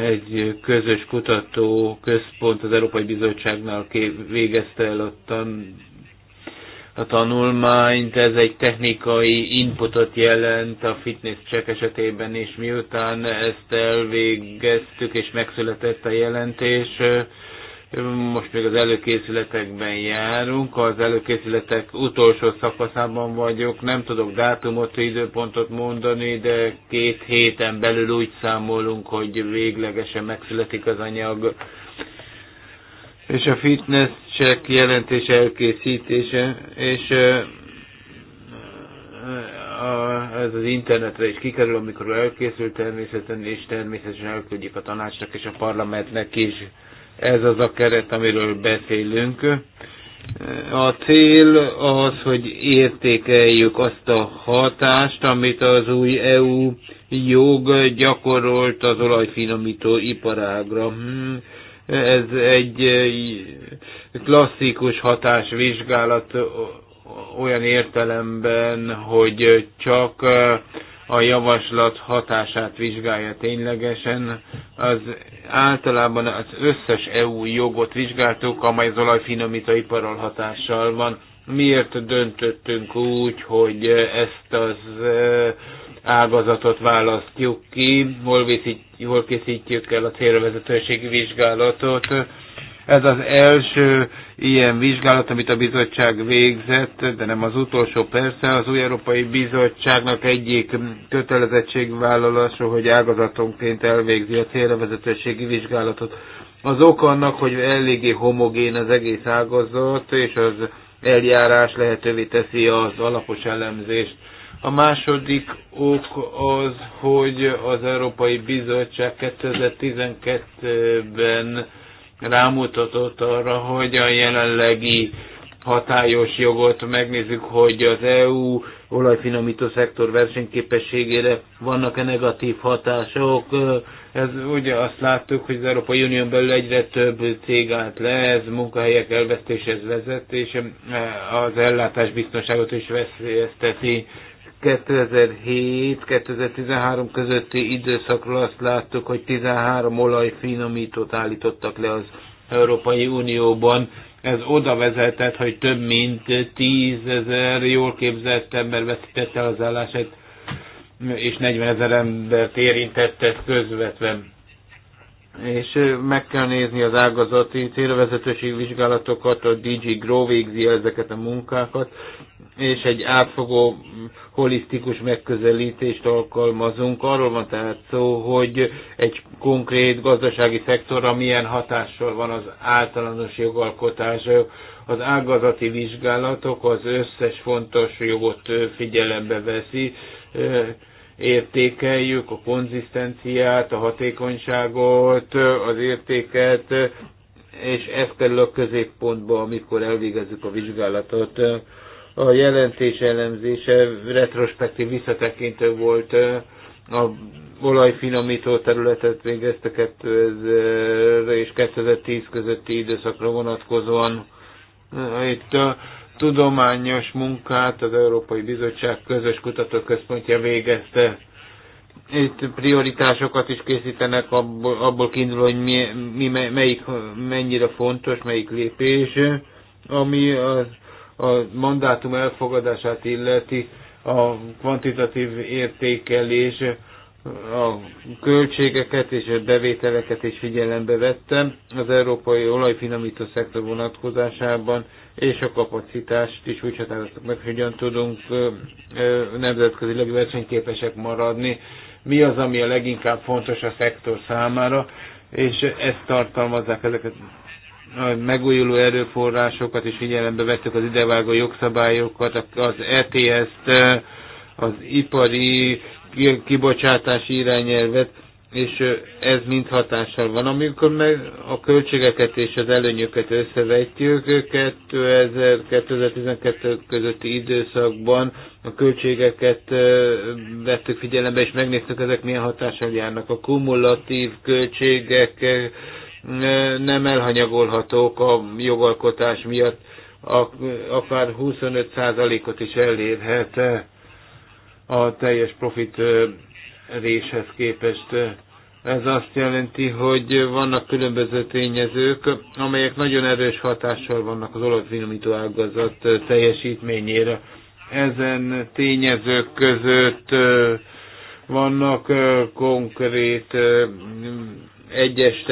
Egy közös kutató központ az Európai Bizottságnál végezte el a, a tanulmányt. Ez egy technikai inputot jelent a fitness check esetében, és miután ezt elvégeztük és megszületett a jelentés, most még az előkészületekben járunk, az előkészületek utolsó szakaszában vagyok, nem tudok dátumot, időpontot mondani, de két héten belül úgy számolunk, hogy véglegesen megszületik az anyag. És a fitness check jelentés elkészítése, és ez az internetre is kikerül, amikor elkészül természetesen, és természetesen elküldjük a tanácsnak és a parlamentnek is. Ez az a keret, amiről beszélünk. A cél az, hogy értékeljük azt a hatást, amit az új EU jog gyakorolt az olajfinomító iparágra. Hmm. Ez egy klasszikus hatásvizsgálat olyan értelemben, hogy csak a javaslat hatását vizsgálja ténylegesen. Az általában az összes EU jogot vizsgáltuk, amely az olajfinomítóiparral hatással van. Miért döntöttünk úgy, hogy ezt az e, ágazatot választjuk ki, hol, viszít, hol készítjük el a célvezetőségi vizsgálatot? Ez az első ilyen vizsgálat, amit a bizottság végzett, de nem az utolsó persze, az új Európai Bizottságnak egyik kötelezettségvállalása, hogy ágazatonként elvégzi a célrevezetőségi vizsgálatot. Az ok annak, hogy eléggé homogén az egész ágazat, és az eljárás lehetővé teszi az alapos elemzést. A második ok az, hogy az Európai Bizottság 2012-ben rámutatott arra, hogy a jelenlegi hatályos jogot megnézzük, hogy az EU olajfinomító szektor versenyképességére vannak-e negatív hatások. Ez ugye azt láttuk, hogy az Európai Unión belül egyre több cég állt le, ez munkahelyek elvesztéshez vezet, és az ellátás biztonságot is veszélyezteti 2007-2013 közötti időszakról azt láttuk, hogy 13 olajfinomítót állítottak le az Európai Unióban. Ez oda vezetett, hogy több mint 10 ezer jól képzett ember veszítette el az állását, és 40 ezer embert érintette közvetve. és meg kell nézni az ágazati célvezetőség vizsgálatokat, a DG Grow végzi ezeket a munkákat, és egy átfogó holisztikus megközelítést alkalmazunk. Arról van tehát szó, hogy egy konkrét gazdasági szektorra milyen hatással van az általános jogalkotás, az ágazati vizsgálatok az összes fontos jogot figyelembe veszi, értékeljük a konzisztenciát, a hatékonyságot, az értéket, és ez kerül a középpontba, amikor elvégezzük a vizsgálatot a jelentés elemzése retrospektív visszatekintő volt, a olajfinomító területet végezte 2000 és 2010 közötti időszakra vonatkozóan. Itt a tudományos munkát az Európai Bizottság közös kutatóközpontja végezte. Itt prioritásokat is készítenek abból, abból kiindul, hogy mi, mi, melyik mennyire fontos, melyik lépés, ami az a mandátum elfogadását illeti a kvantitatív értékelés a költségeket és a bevételeket is figyelembe vettem az európai olajfinomító szektor vonatkozásában, és a kapacitást is úgy határoztuk meg, hogyan tudunk nemzetközileg versenyképesek maradni, mi az, ami a leginkább fontos a szektor számára, és ezt tartalmazzák ezeket a megújuló erőforrásokat is figyelembe vettük az idevágó jogszabályokat, az ETS-t, az ipari kibocsátási irányelvet, és ez mind hatással van. Amikor meg a költségeket és az előnyöket összevetjük, 2000-2012 közötti időszakban a költségeket vettük figyelembe, és megnéztük, ezek milyen hatással járnak. A kumulatív költségek nem elhanyagolhatók a jogalkotás miatt, akár 25%-ot is elérhet a teljes profit réshez képest. Ez azt jelenti, hogy vannak különböző tényezők, amelyek nagyon erős hatással vannak az olajfinomító ágazat teljesítményére. Ezen tényezők között vannak konkrét egyes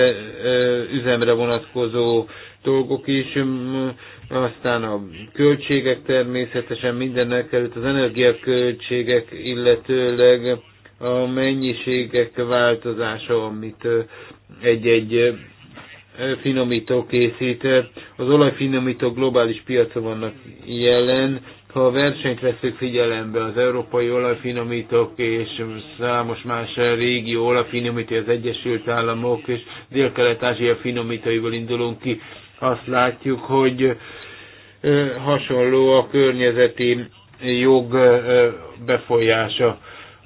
üzemre vonatkozó dolgok is, aztán a költségek természetesen mindennek előtt, az energiaköltségek, illetőleg a mennyiségek változása, amit egy-egy finomító készít. Az olajfinomító globális piacon vannak jelen, ha a versenyt veszük figyelembe, az európai olajfinomítók és számos más régió olajfinomítói, az Egyesült Államok és Dél-Kelet-Ázsia finomítóiból indulunk ki, azt látjuk, hogy eh, hasonló a környezeti jog eh, befolyása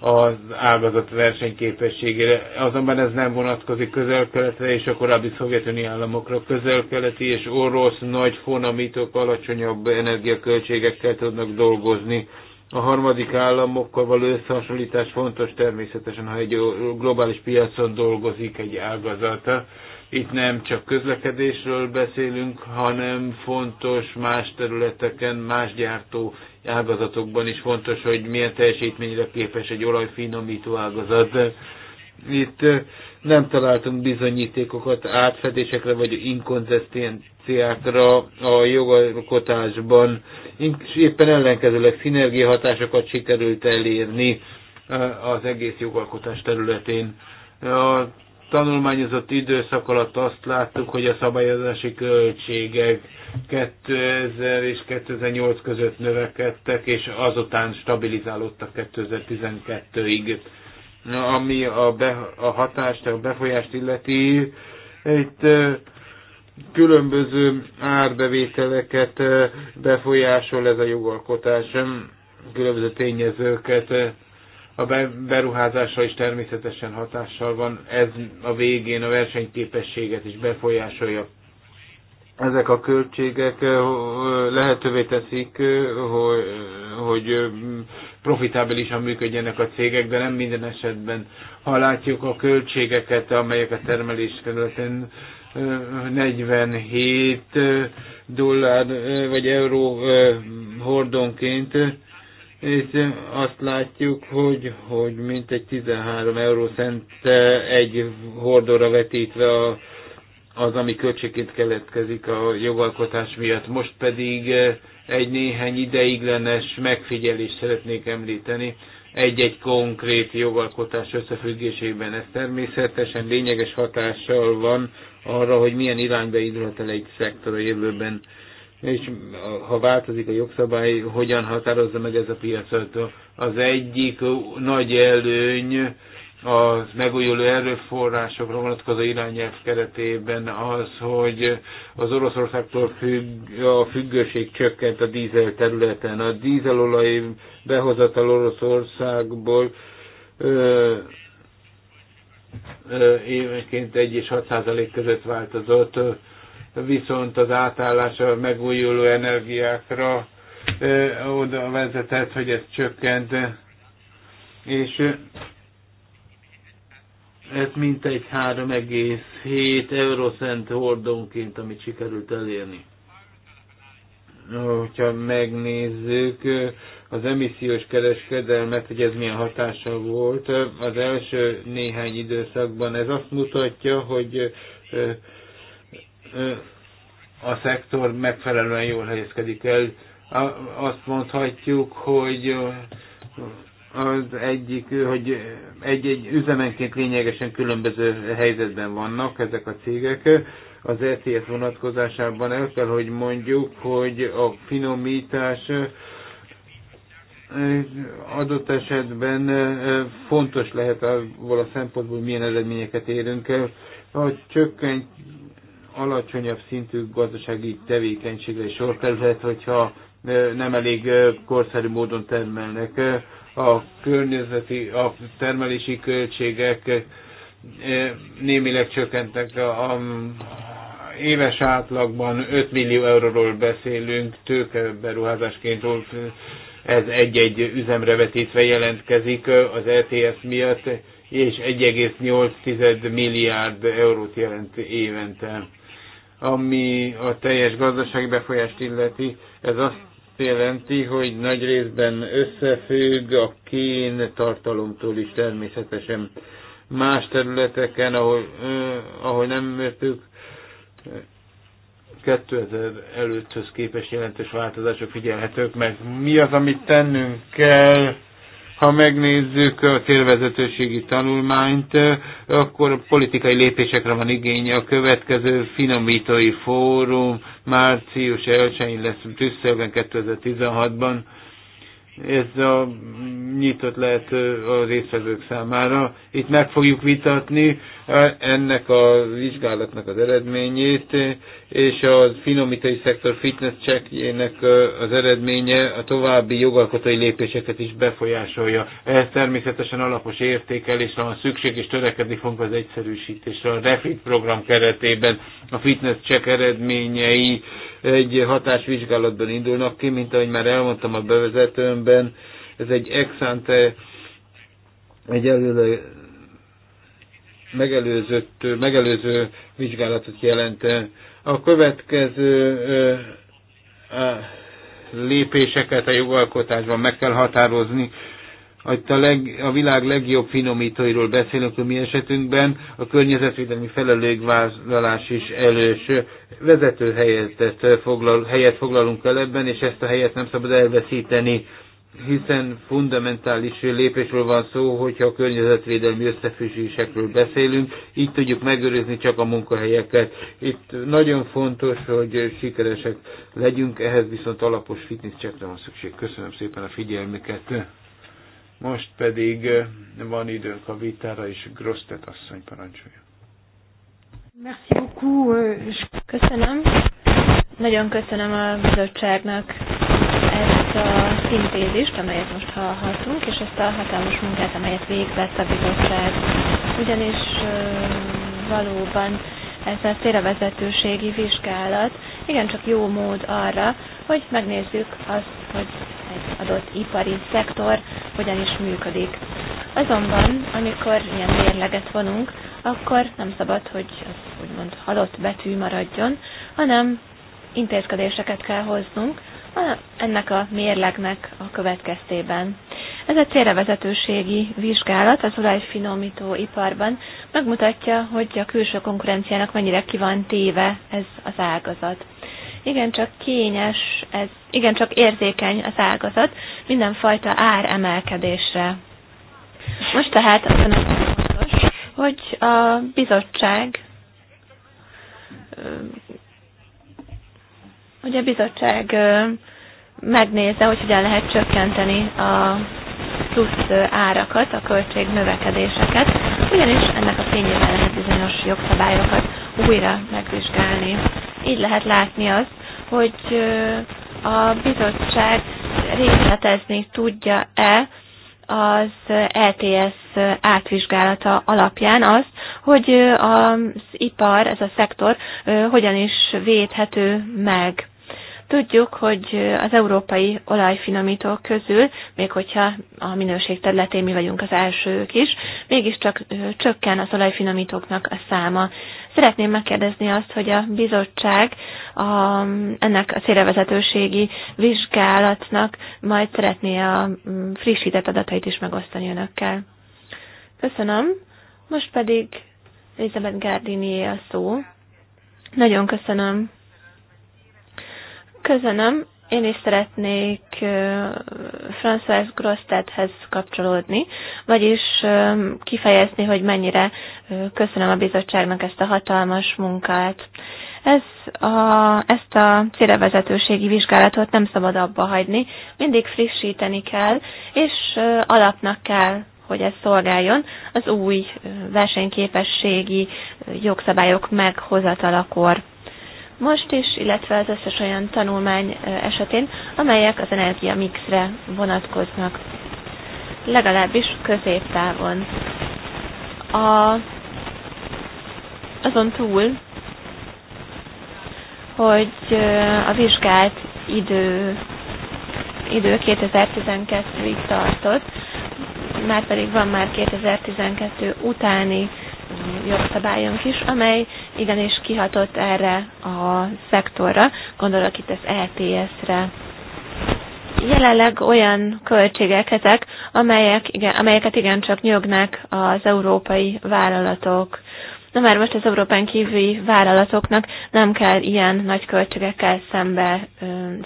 az ágazat versenyképességére. Azonban ez nem vonatkozik közel-keletre és a korábbi szovjetuni államokra. Közel-keleti és orosz nagy fonamítok alacsonyabb energiaköltségekkel tudnak dolgozni. A harmadik államokkal való összehasonlítás fontos természetesen, ha egy globális piacon dolgozik egy ágazata. Itt nem csak közlekedésről beszélünk, hanem fontos más területeken, más gyártó ágazatokban is fontos, hogy milyen teljesítményre képes egy olajfinomító ágazat. Itt nem találtunk bizonyítékokat átfedésekre vagy inkonzisztenciákra a jogalkotásban, és éppen ellenkezőleg szinergiahatásokat sikerült elérni az egész jogalkotás területén. A tanulmányozott időszak alatt azt láttuk, hogy a szabályozási költségek 2000 és 2008 között növekedtek, és azután stabilizálódtak 2012-ig. Ami a, be, a hatást, a befolyást illeti, itt különböző árbevételeket befolyásol ez a jogalkotás, különböző tényezőket a beruházásra is természetesen hatással van, ez a végén a versenyképességet is befolyásolja. Ezek a költségek lehetővé teszik, hogy profitábilisan működjenek a cégek, de nem minden esetben. Ha látjuk a költségeket, amelyek a termelés területén 47 dollár vagy euró hordonként és azt látjuk, hogy, hogy mintegy 13 eurócent egy hordóra vetítve a, az, ami költségként keletkezik a jogalkotás miatt. Most pedig egy néhány ideiglenes megfigyelést szeretnék említeni egy-egy konkrét jogalkotás összefüggésében. Ez természetesen lényeges hatással van arra, hogy milyen irányba indulhat el egy szektor a jövőben és ha változik a jogszabály, hogyan határozza meg ez a piacot. Az egyik nagy előny a megújuló erőforrásokra vonatkozó irányelv keretében az, hogy az Oroszországtól függ, a függőség csökkent a dízel területen. A dízelolaj behozatal Oroszországból ö, évenként 1 és 6 százalék között változott viszont az átállás a megújuló energiákra oda vezetett, hogy ez csökkent, és ez mintegy 3,7 eurocent hordónként, amit sikerült elérni. Hogyha megnézzük az emissziós kereskedelmet, hogy ez milyen hatása volt, az első néhány időszakban ez azt mutatja, hogy a szektor megfelelően jól helyezkedik el. Azt mondhatjuk, hogy az egyik, hogy egy-egy üzemenként lényegesen különböző helyzetben vannak ezek a cégek. Az ETF vonatkozásában el kell, hogy mondjuk, hogy a finomítás adott esetben fontos lehet abból a szempontból, hogy milyen eredményeket érünk el. Ha csökkent, alacsonyabb szintű gazdasági tevékenységre is sor kerülhet, hogyha nem elég korszerű módon termelnek. A környezeti, a termelési költségek némileg csökkentek. A éves átlagban 5 millió euróról beszélünk, tőkeberuházásként ez egy-egy üzemre vetítve jelentkezik az ETS miatt, és 1,8 milliárd eurót jelent évente ami a teljes gazdasági befolyást illeti, ez azt jelenti, hogy nagy részben összefügg a kén tartalomtól is természetesen. Más területeken, ahol, eh, ahol nem mértük, 2000 előtthöz képes jelentős változások figyelhetők meg. Mi az, amit tennünk kell? Ha megnézzük a célvezetőségi tanulmányt, eh, akkor politikai lépésekre van igény. A következő finomítói fórum március 1-én lesz Brüsszelben 2016-ban. Ez a nyitott lehet eh, a résztvevők számára. Itt meg fogjuk vitatni eh, ennek a vizsgálatnak az eredményét, és a finomítai szektor fitness checkjének az eredménye a további jogalkotói lépéseket is befolyásolja. Ehhez természetesen alapos értékelésre van szükség, és törekedni fogunk az egyszerűsítésre. A REFIT program keretében a fitness check eredményei egy hatásvizsgálatban indulnak ki, mint ahogy már elmondtam a bevezetőmben, ez egy exante egy előle megelőzött, megelőző vizsgálatot jelent a következő lépéseket a jogalkotásban meg kell határozni. hogy a, leg, a világ legjobb finomítóiról beszélünk a mi esetünkben, a környezetvédelmi felelőgvállalás is elős vezető helyet, foglal, helyet foglalunk el ebben, és ezt a helyet nem szabad elveszíteni hiszen fundamentális lépésről van szó, hogyha a környezetvédelmi összefüggésekről beszélünk, így tudjuk megőrizni csak a munkahelyeket. Itt nagyon fontos, hogy sikeresek legyünk, ehhez viszont alapos fitness checkre van szükség. Köszönöm szépen a figyelmüket. Most pedig eh, van időnk a vitára, és Grosztet asszony parancsolja. Merci beaucoup. Euh, köszönöm. Nagyon köszönöm a bizottságnak ezt a szintézist, amelyet most hallhatunk, és ezt a hatalmas munkát, amelyet végzett a bizottság. Ugyanis valóban ez a félrevezetőségi vizsgálat igencsak jó mód arra, hogy megnézzük azt, hogy egy adott ipari szektor hogyan is működik. Azonban, amikor ilyen mérleget vonunk, akkor nem szabad, hogy az úgymond halott betű maradjon, hanem intézkedéseket kell hoznunk, ennek a mérlegnek a következtében. Ez a célrevezetőségi vizsgálat az olajfinomító iparban megmutatja, hogy a külső konkurenciának mennyire ki van téve ez az ágazat. Igen, csak kényes, ez, igen, csak érzékeny az ágazat mindenfajta ár emelkedésre. Most tehát az fontos, hogy a bizottság hogy a bizottság megnézze, hogy hogyan lehet csökkenteni a plusz árakat, a költség növekedéseket, ugyanis ennek a fényében lehet bizonyos jogszabályokat újra megvizsgálni. Így lehet látni azt, hogy a bizottság részletezni tudja-e az ETS átvizsgálata alapján azt, hogy az ipar, ez a szektor hogyan is védhető meg. Tudjuk, hogy az európai olajfinomítók közül, még hogyha a minőség területén mi vagyunk az elsők is, mégiscsak csökken az olajfinomítóknak a száma. Szeretném megkérdezni azt, hogy a bizottság a, ennek a célrevezetőségi vizsgálatnak majd szeretné a frissített adatait is megosztani önökkel. Köszönöm. Most pedig Elizabeth Gardini a szó. Nagyon köszönöm. Köszönöm. Én is szeretnék François Grosztethez kapcsolódni, vagyis kifejezni, hogy mennyire köszönöm a bizottságnak ezt a hatalmas munkát. Ez a, ezt a célvezetőségi vizsgálatot nem szabad abba hagyni, mindig frissíteni kell, és alapnak kell hogy ez szolgáljon az új versenyképességi jogszabályok meghozatalakor most is, illetve az összes olyan tanulmány esetén, amelyek az energia mixre vonatkoznak, legalábbis középtávon. A, azon túl, hogy a vizsgált idő, idő 2012-ig tartott, már pedig van már 2012 utáni jogszabályunk is, amely igenis kihatott erre a szektorra, gondolok itt az EPS-re. Jelenleg olyan költségek ezek, amelyek, igen, amelyeket igencsak nyögnek az európai vállalatok de már most az Európán kívüli vállalatoknak nem kell ilyen nagy költségekkel szembe,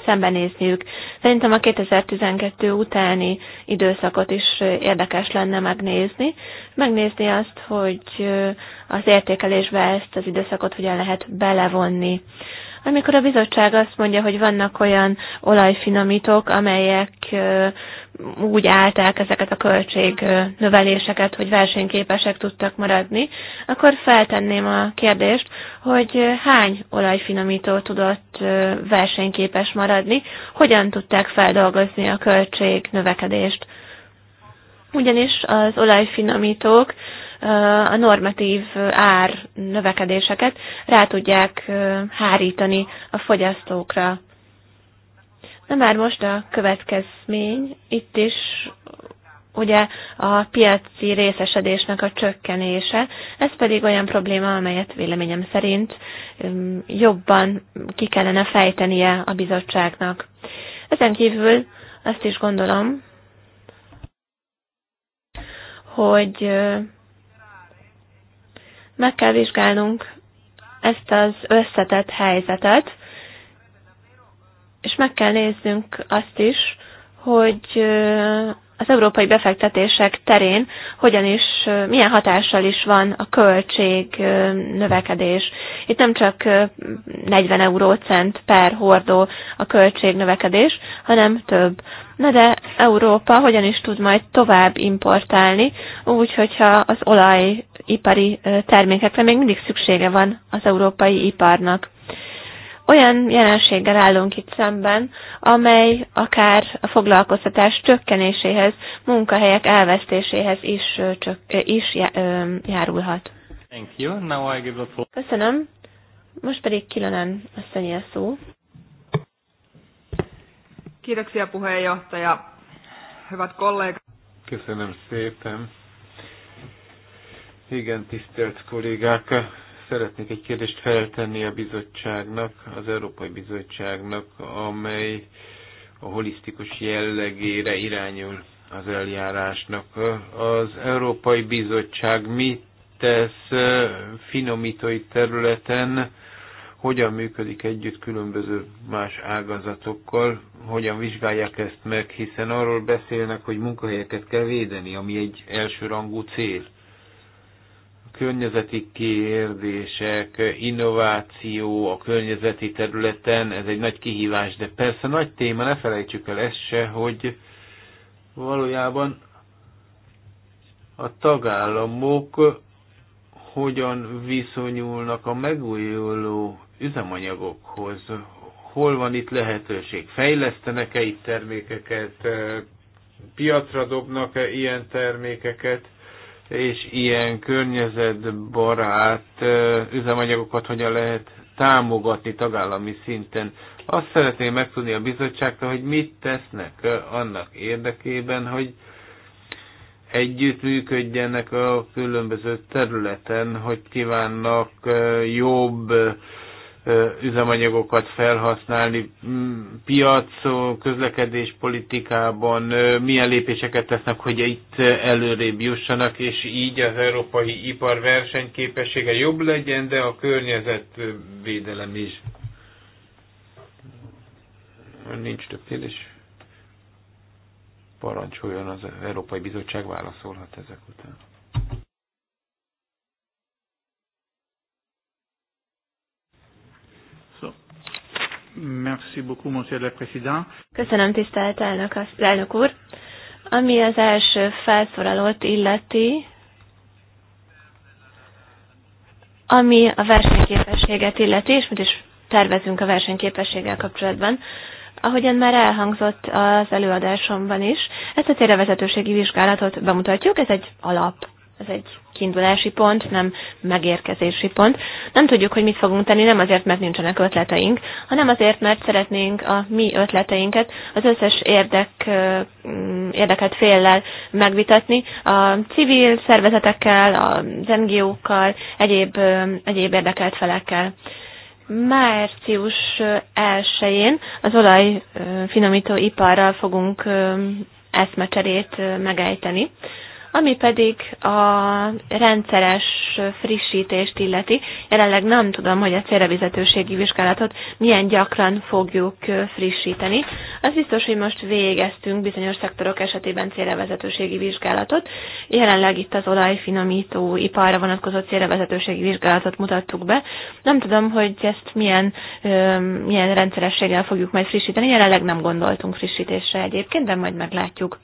szembenézniük. Szerintem a 2012 utáni időszakot is érdekes lenne megnézni, megnézni azt, hogy az értékelésbe ezt az időszakot hogyan lehet belevonni. Amikor a bizottság azt mondja, hogy vannak olyan olajfinomítók, amelyek úgy állták ezeket a növeléseket, hogy versenyképesek tudtak maradni, akkor feltenném a kérdést, hogy hány olajfinomító tudott versenyképes maradni, hogyan tudták feldolgozni a növekedést? Ugyanis az olajfinomítók a normatív ár növekedéseket rá tudják hárítani a fogyasztókra. Na már most a következmény itt is ugye a piaci részesedésnek a csökkenése, ez pedig olyan probléma, amelyet véleményem szerint jobban ki kellene fejtenie a bizottságnak. Ezen kívül azt is gondolom, hogy meg kell vizsgálnunk ezt az összetett helyzetet, és meg kell néznünk azt is, hogy az európai befektetések terén hogyan is, milyen hatással is van a költség növekedés. Itt nem csak 40 eurócent per hordó a költség növekedés, hanem több. Na de Európa hogyan is tud majd tovább importálni, úgy, hogyha az olajipari termékekre még mindig szüksége van az európai iparnak. Olyan jelenséggel állunk itt szemben, amely akár a foglalkoztatás csökkenéséhez, munkahelyek elvesztéséhez is, csök, is járulhat. Thank you. Now I give the floor. Köszönöm. Most pedig Kilonen azt a szó. Kiitoksia puheenjohtaja. Hyvät kollegat. Köszönöm szépen. Igen, tisztelt kollégák, szeretnék egy kérdést feltenni a bizottságnak, az Európai Bizottságnak, amely a holisztikus jellegére irányul az eljárásnak. Az Európai Bizottság mit tesz finomítói területen hogyan működik együtt különböző más ágazatokkal, hogyan vizsgálják ezt meg, hiszen arról beszélnek, hogy munkahelyeket kell védeni, ami egy elsőrangú cél. A környezeti kérdések, innováció a környezeti területen, ez egy nagy kihívás, de persze nagy téma, ne felejtsük el ezt se, hogy valójában a tagállamok hogyan viszonyulnak a megújuló üzemanyagokhoz. Hol van itt lehetőség? Fejlesztenek-e itt termékeket? Piacra dobnak-e ilyen termékeket? És ilyen környezetbarát üzemanyagokat hogyan lehet támogatni tagállami szinten? Azt szeretném megtudni a bizottságtól, hogy mit tesznek annak érdekében, hogy együttműködjenek a különböző területen, hogy kívánnak jobb üzemanyagokat felhasználni, piac, közlekedés politikában milyen lépéseket tesznek, hogy itt előrébb jussanak, és így az európai ipar versenyképessége jobb legyen, de a környezetvédelem is. Nincs több kérdés. Parancsoljon az Európai Bizottság, válaszolhat ezek után. Merci beaucoup, monsieur le président. Köszönöm, tisztelt elnök, elnök úr. Ami az első felszólalót illeti, ami a versenyképességet illeti, és mit is tervezünk a versenyképességgel kapcsolatban, ahogyan már elhangzott az előadásomban is, ezt a célra vizsgálatot bemutatjuk, ez egy alap ez egy kiindulási pont, nem megérkezési pont. Nem tudjuk, hogy mit fogunk tenni, nem azért, mert nincsenek ötleteink, hanem azért, mert szeretnénk a mi ötleteinket az összes érdek, mm, érdeket féllel megvitatni, a civil szervezetekkel, a NGO-kkal, egyéb, mm, egyéb érdekelt felekkel. Március 1-én mm, az olajfinomító iparral fogunk eszmecserét megejteni. Ami pedig a rendszeres frissítést illeti, jelenleg nem tudom, hogy a célrevizetőségi vizsgálatot milyen gyakran fogjuk frissíteni. Az biztos, hogy most végeztünk bizonyos szektorok esetében célrevezetőségi vizsgálatot. Jelenleg itt az olajfinomító iparra vonatkozó célrevezetőségi vizsgálatot mutattuk be. Nem tudom, hogy ezt milyen, milyen rendszerességgel fogjuk majd frissíteni. Jelenleg nem gondoltunk frissítésre egyébként, de majd meglátjuk.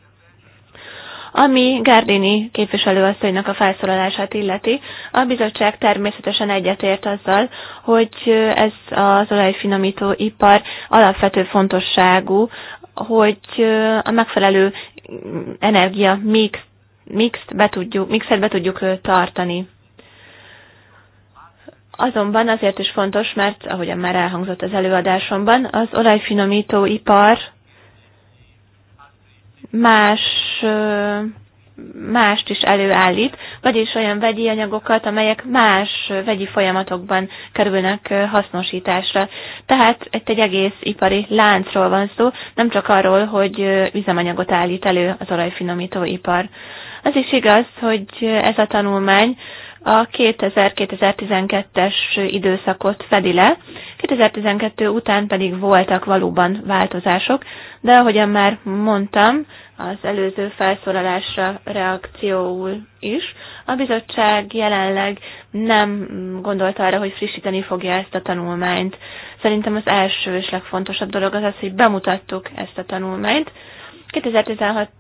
Ami Gárdini képviselőasszonynak a felszólalását illeti, a bizottság természetesen egyetért azzal, hogy ez az olajfinomító ipar alapvető fontosságú, hogy a megfelelő energia mix, mixt be tudjuk, mixet be tudjuk tartani. Azonban azért is fontos, mert ahogyan már elhangzott az előadásomban, az olajfinomító ipar más mást is előállít, vagyis olyan vegyi anyagokat, amelyek más vegyi folyamatokban kerülnek hasznosításra. Tehát itt egy egész ipari láncról van szó, nem csak arról, hogy üzemanyagot állít elő az olajfinomítóipar. ipar. Az is igaz, hogy ez a tanulmány a 2000-2012-es időszakot fedi le, 2012 után pedig voltak valóban változások, de ahogyan már mondtam, az előző felszólalásra reakcióul is. A bizottság jelenleg nem gondolta arra, hogy frissíteni fogja ezt a tanulmányt. Szerintem az első és legfontosabb dolog az az, hogy bemutattuk ezt a tanulmányt. 2016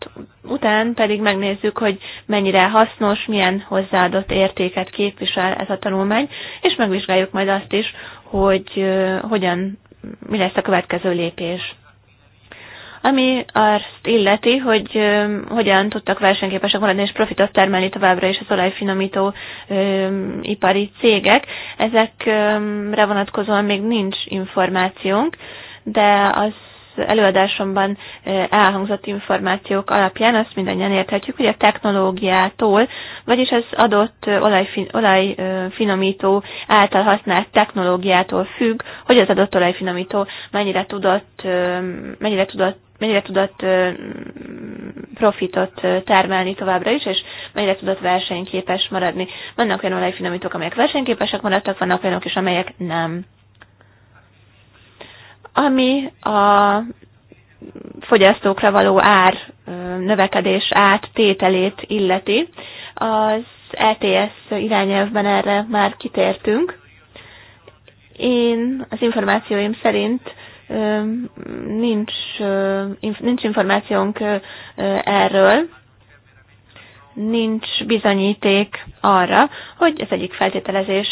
után pedig megnézzük, hogy mennyire hasznos, milyen hozzáadott értéket képvisel ez a tanulmány, és megvizsgáljuk majd azt is, hogy hogyan, mi lesz a következő lépés ami azt illeti, hogy hogyan tudtak versenyképesek maradni és profitot termelni továbbra is az olajfinomító ipari cégek. Ezekre vonatkozóan még nincs információnk, de az előadásomban elhangzott információk alapján azt mindannyian érthetjük, hogy a technológiától, vagyis az adott olajfin, olajfinomító által használt technológiától függ, hogy az adott olajfinomító mennyire tudott, mennyire tudott mennyire tudott profitot termelni továbbra is, és mennyire tudott versenyképes maradni. Vannak olyan olajfinomítók, amelyek versenyképesek maradtak, vannak olyanok is, amelyek nem. Ami a fogyasztókra való ár növekedés áttételét illeti, az ETS irányelvben erre már kitértünk. Én az információim szerint nincs, nincs információnk erről, nincs bizonyíték arra, hogy ez egyik feltételezés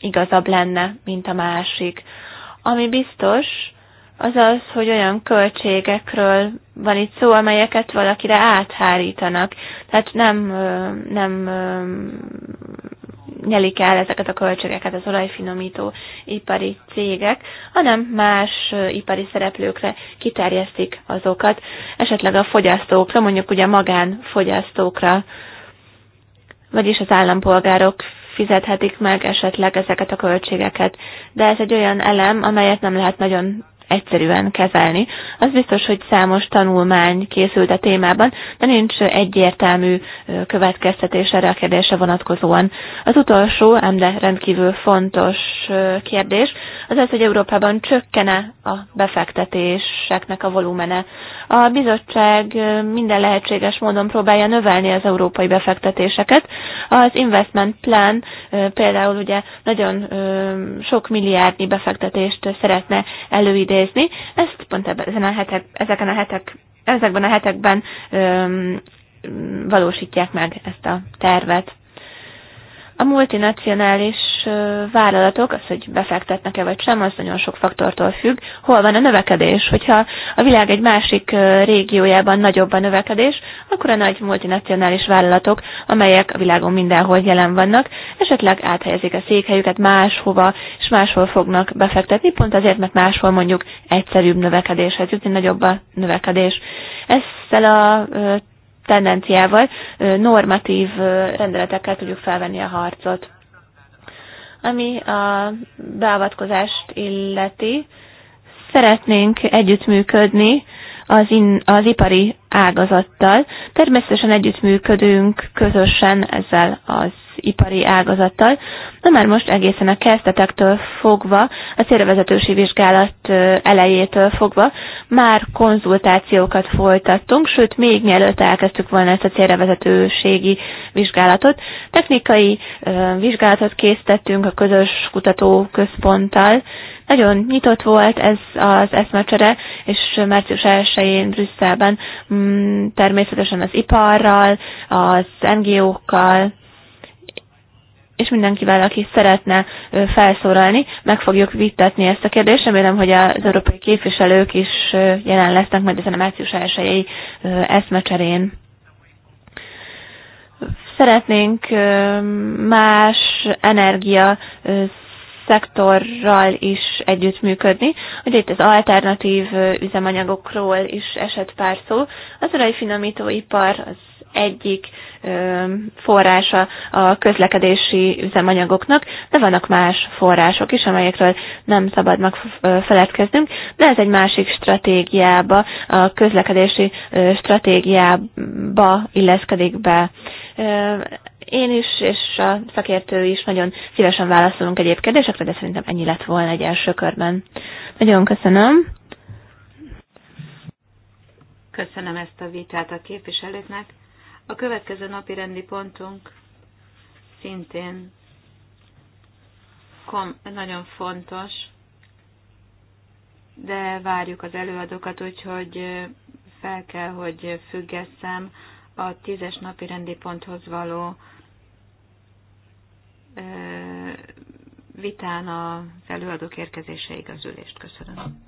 igazabb lenne, mint a másik. Ami biztos, az az, hogy olyan költségekről van itt szó, amelyeket valakire áthárítanak. Tehát nem, nem nyelik el ezeket a költségeket az olajfinomító ipari cégek, hanem más ipari szereplőkre kiterjesztik azokat, esetleg a fogyasztókra, mondjuk ugye magánfogyasztókra, vagyis az állampolgárok fizethetik meg esetleg ezeket a költségeket. De ez egy olyan elem, amelyet nem lehet nagyon egyszerűen kezelni. Az biztos, hogy számos tanulmány készült a témában, de nincs egyértelmű következtetés erre a kérdésre vonatkozóan. Az utolsó, ám de rendkívül fontos kérdés, az az, hogy Európában csökkene a befektetéseknek a volumene. A bizottság minden lehetséges módon próbálja növelni az európai befektetéseket. Az investment plan például ugye nagyon sok milliárdnyi befektetést szeretne előidézni. Ezt pont ezen a hetek, ezeken a hetek, ezekben a hetekben valósítják meg ezt a tervet. A multinacionális vállalatok, az, hogy befektetnek-e vagy sem, az nagyon sok faktortól függ. Hol van a növekedés? Hogyha a világ egy másik régiójában nagyobb a növekedés, akkor a nagy multinacionális vállalatok, amelyek a világon mindenhol jelen vannak, esetleg áthelyezik a székhelyüket máshova, és máshol fognak befektetni, pont azért, mert máshol mondjuk egyszerűbb növekedéshez jutni, nagyobb a növekedés. Ezzel a tendenciával normatív rendeletekkel tudjuk felvenni a harcot. Ami a beavatkozást illeti, szeretnénk együttműködni az, in, az ipari ágazattal. Természetesen együttműködünk közösen ezzel az ipari ágazattal, de már most egészen a kezdetektől fogva, a célvezetősi vizsgálat elejétől fogva már konzultációkat folytattunk, sőt, még mielőtt elkezdtük volna ezt a célvezetőségi vizsgálatot, technikai vizsgálatot készítettünk a közös kutatóközponttal, nagyon nyitott volt ez az eszmecsere, és március 1-én Brüsszelben mm, természetesen az iparral, az NGO-kkal, és mindenkivel, aki szeretne felszólalni, meg fogjuk vitatni ezt a kérdést. Remélem, hogy az európai képviselők is jelen lesznek majd ezen a március 1 eszmecserén. Szeretnénk más energia szektorral is együttműködni. Ugye itt az alternatív üzemanyagokról is esett pár szó. Az olajfinomítóipar az egyik forrása a közlekedési üzemanyagoknak, de vannak más források is, amelyekről nem szabad megfeledkeznünk, de ez egy másik stratégiába, a közlekedési stratégiába illeszkedik be én is, és a szakértő is nagyon szívesen válaszolunk egyéb kérdésekre, de szerintem ennyi lett volna egy első körben. Nagyon köszönöm. Köszönöm ezt a vitát a képviselőknek. A következő napi rendi pontunk szintén kom- nagyon fontos, de várjuk az előadókat, úgyhogy fel kell, hogy függesszem a tízes napi rendi ponthoz való vitán az előadók érkezéseig az ülést. Köszönöm.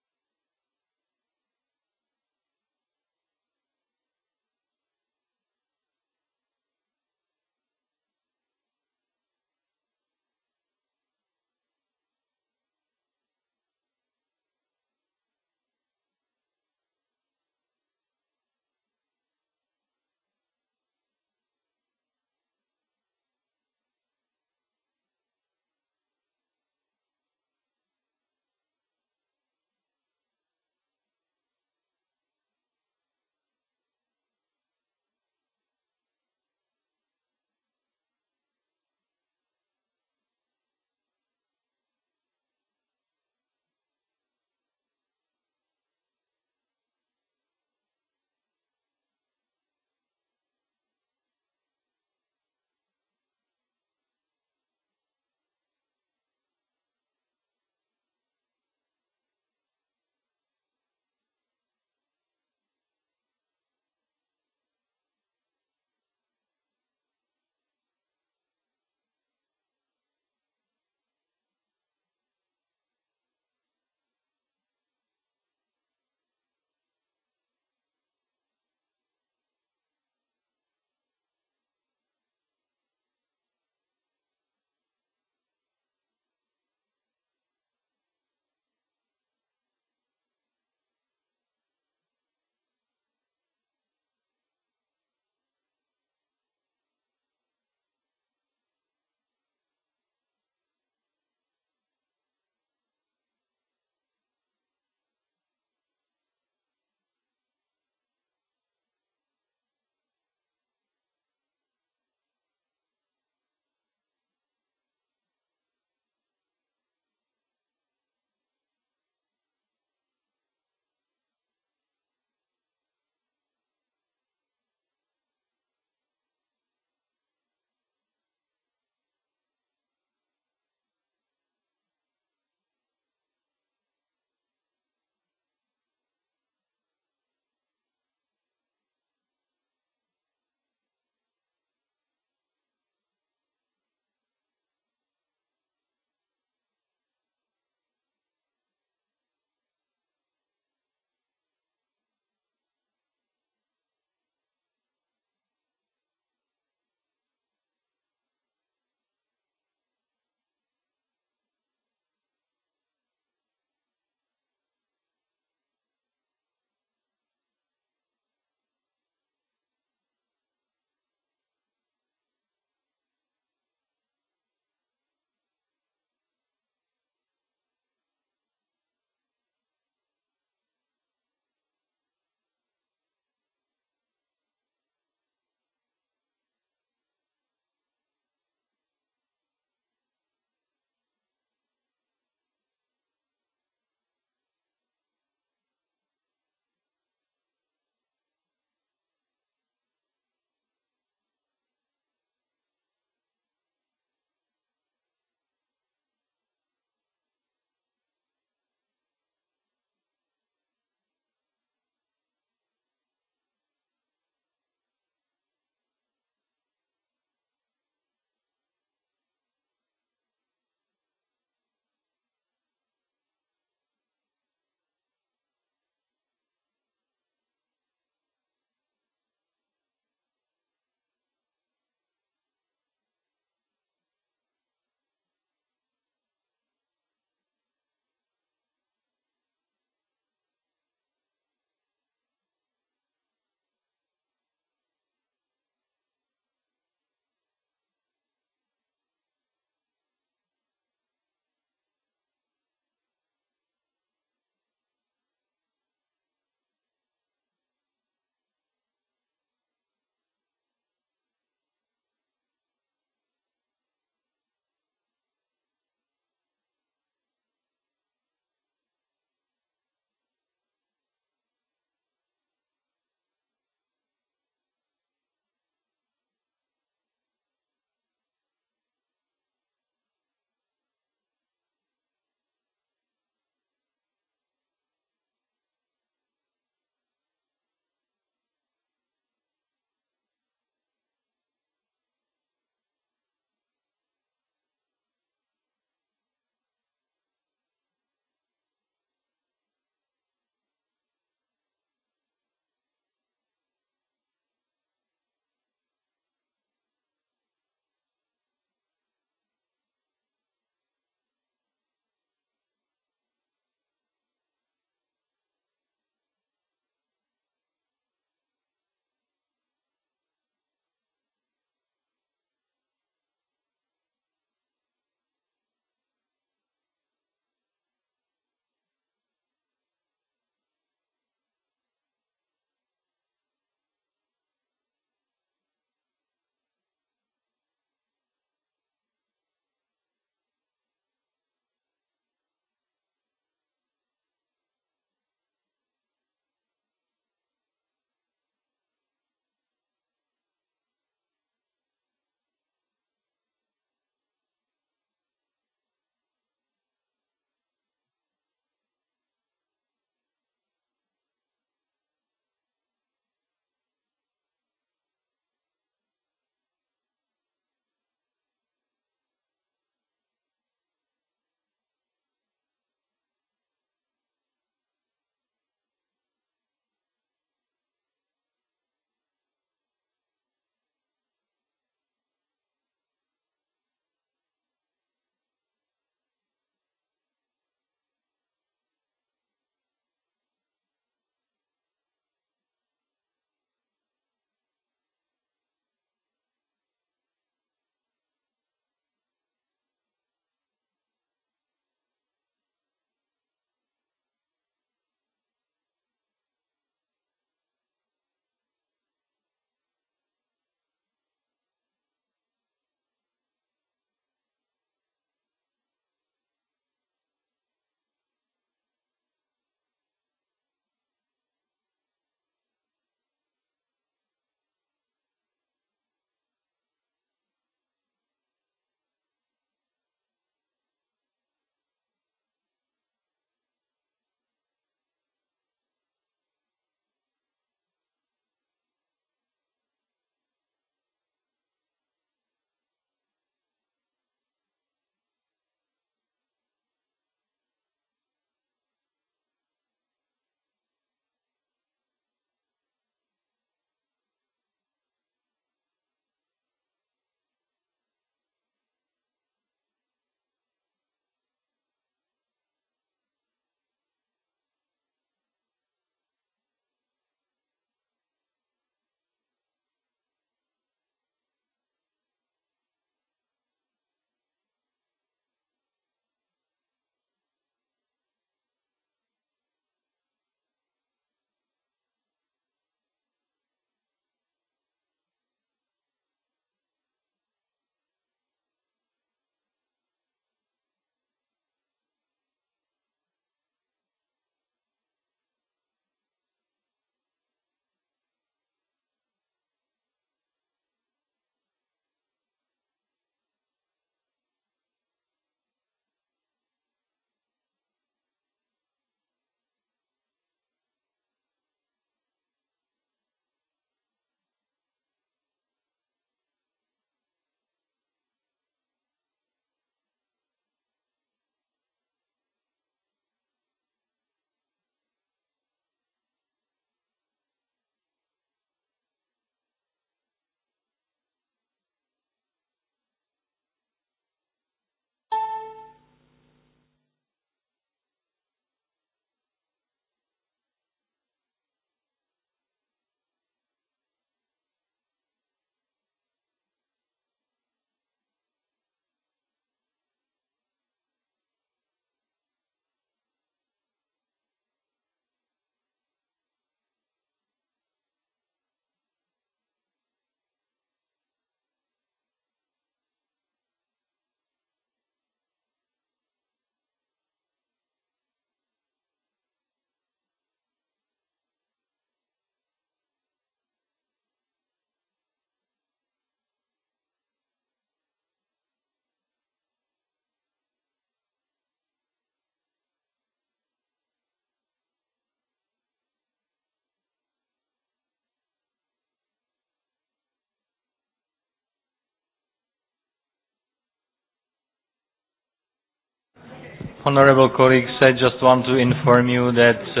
honorable colleagues, I just want to inform you that uh,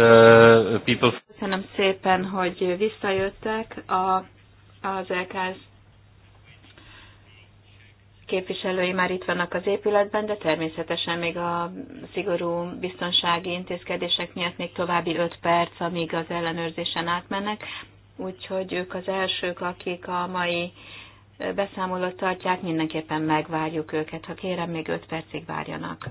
people... Köszönöm szépen, hogy visszajöttek a, az LKS képviselői már itt vannak az épületben, de természetesen még a szigorú biztonsági intézkedések miatt még további 5 perc, amíg az ellenőrzésen átmennek, úgyhogy ők az elsők, akik a mai beszámolót tartják, mindenképpen megvárjuk őket. Ha kérem, még 5 percig várjanak.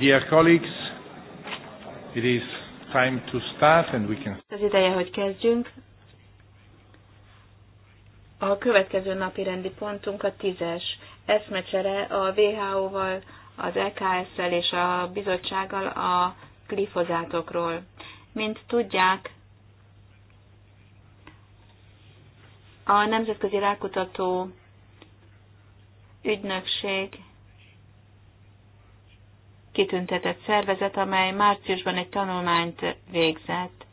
Dear colleagues, it is time to start and we can... Az ideje, hogy kezdjünk. A következő napi rendi pontunk a tízes eszmecsere a WHO-val, az EKS-szel és a bizottsággal a glifozátokról. Mint tudják, a Nemzetközi Rákutató Ügynökség kitüntetett szervezet, amely márciusban egy tanulmányt végzett.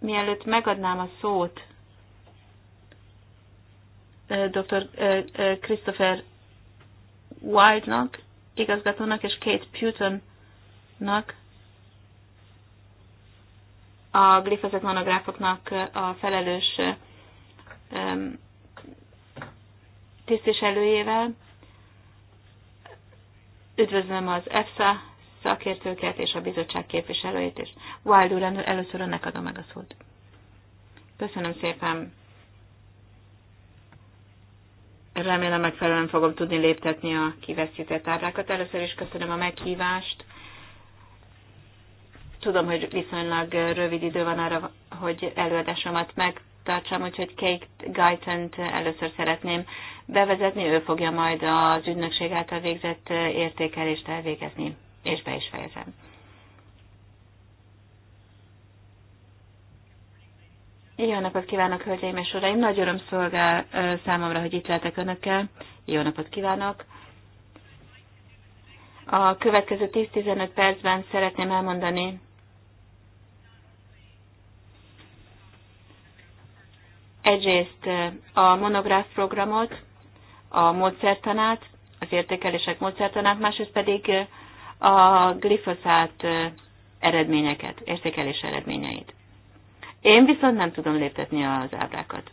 Mielőtt megadnám a szót dr. Christopher Wildnak, igazgatónak és Kate Putonnak, a glifozat monográfoknak a felelős tisztviselőjével, Üdvözlöm az EFSA szakértőket és a bizottság képviselőit és Wild úr, először önnek adom meg a szót. Köszönöm szépen. Remélem megfelelően fogom tudni léptetni a kiveszített táblákat. Először is köszönöm a meghívást. Tudom, hogy viszonylag rövid idő van arra, hogy előadásomat megtartsam, úgyhogy Kate Guyton-t először szeretném bevezetni, ő fogja majd az ügynökség által végzett értékelést elvégezni, és be is fejezem. Jó napot kívánok, hölgyeim és uraim! Nagy öröm szolgál számomra, hogy itt lehetek önökkel. Jó napot kívánok! A következő 10-15 percben szeretném elmondani egyrészt a monográf programot, a módszertanát, az értékelések módszertanát, másrészt pedig a glifoszát eredményeket, értékelés eredményeit. Én viszont nem tudom léptetni az ábrákat.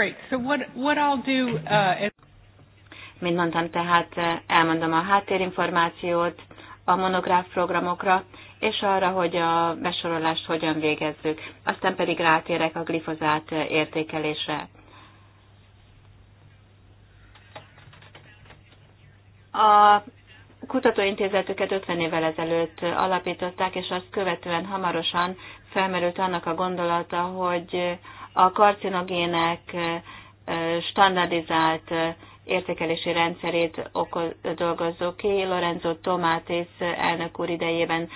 Great. So what, what I'll do, uh, is... Mint mondtam, tehát uh, elmondom a háttérinformációt a monográf programokra, és arra, hogy a besorolást hogyan végezzük. Aztán pedig rátérek a glifozát uh, értékelésre. A kutatóintézetüket 50 évvel ezelőtt uh, alapították, és azt követően hamarosan felmerült annak a gondolata, hogy a karcinogének standardizált értékelési rendszerét dolgozó ki. Lorenzo Tomátész elnök úr idejében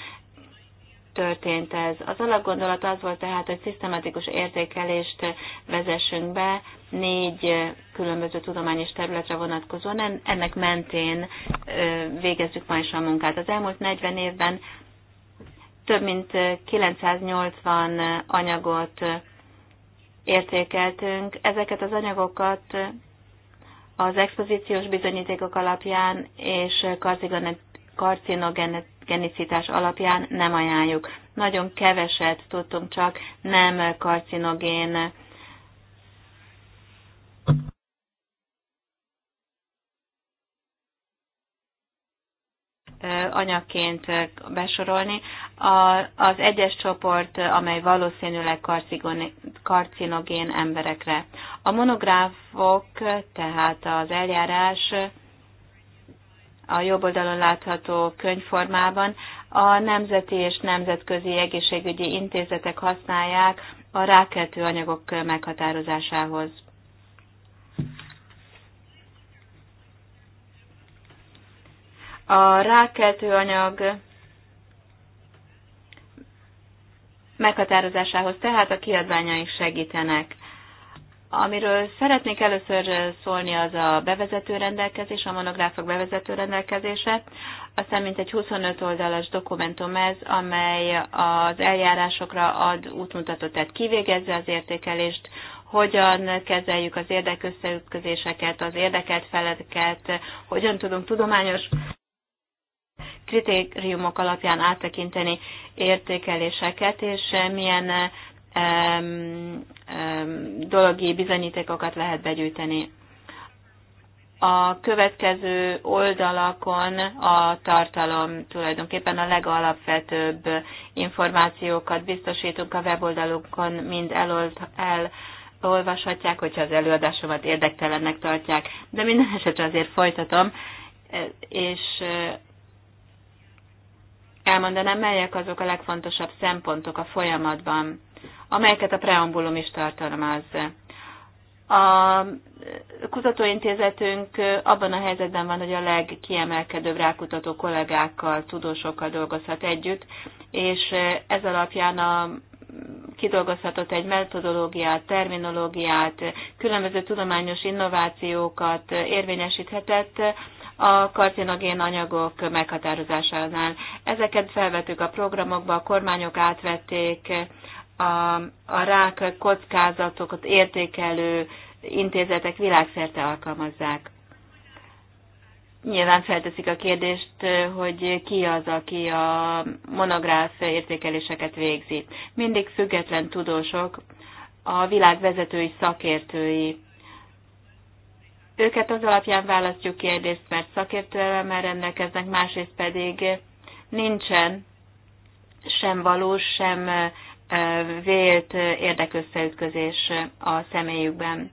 történt ez. Az alapgondolat az volt tehát, hogy szisztematikus értékelést vezessünk be négy különböző tudományos területre vonatkozóan. Ennek mentén végezzük ma is a munkát. Az elmúlt 40 évben több mint 980 anyagot értékeltünk. Ezeket az anyagokat az expozíciós bizonyítékok alapján és karcinogenicitás alapján nem ajánljuk. Nagyon keveset tudtunk csak nem karcinogén anyagként besorolni a, az egyes csoport, amely valószínűleg karcinogén emberekre. A monográfok, tehát az eljárás a jobb oldalon látható könyvformában a nemzeti és nemzetközi egészségügyi intézetek használják a rákeltő anyagok meghatározásához. A rákeltő anyag meghatározásához, tehát a kiadványaink segítenek. Amiről szeretnék először szólni, az a bevezető rendelkezés, a monográfok bevezető rendelkezése. Aztán mint egy 25 oldalas dokumentum ez, amely az eljárásokra ad útmutatót, tehát kivégezze az értékelést, hogyan kezeljük az érdekösszeütközéseket, az érdekelt feleket, hogyan tudunk tudományos kritériumok alapján áttekinteni értékeléseket, és milyen um, eh, um, dologi bizonyítékokat lehet begyűjteni. A következő oldalakon a tartalom tulajdonképpen a legalapvetőbb információkat biztosítunk a weboldalukon, mind elolt el, olvashatják, hogyha az előadásomat érdektelennek tartják. De minden esetre azért folytatom, eh, és eh, elmondanám, melyek azok a legfontosabb szempontok a folyamatban, amelyeket a preambulum is tartalmaz. A kutatóintézetünk abban a helyzetben van, hogy a legkiemelkedőbb rákutató kollégákkal, tudósokkal dolgozhat együtt, és ez alapján a kidolgozhatott egy metodológiát, terminológiát, különböző tudományos innovációkat érvényesíthetett, a karcinogén anyagok meghatározásánál. Ezeket felvettük a programokba, a kormányok átvették, a, a rák kockázatokat értékelő intézetek világszerte alkalmazzák. Nyilván felteszik a kérdést, hogy ki az, aki a monográf értékeléseket végzi. Mindig független tudósok, a világ vezetői szakértői őket az alapján választjuk ki egyrészt, mert szakértelemmel rendelkeznek, másrészt pedig nincsen sem valós, sem vélt érdekösszeütközés a személyükben.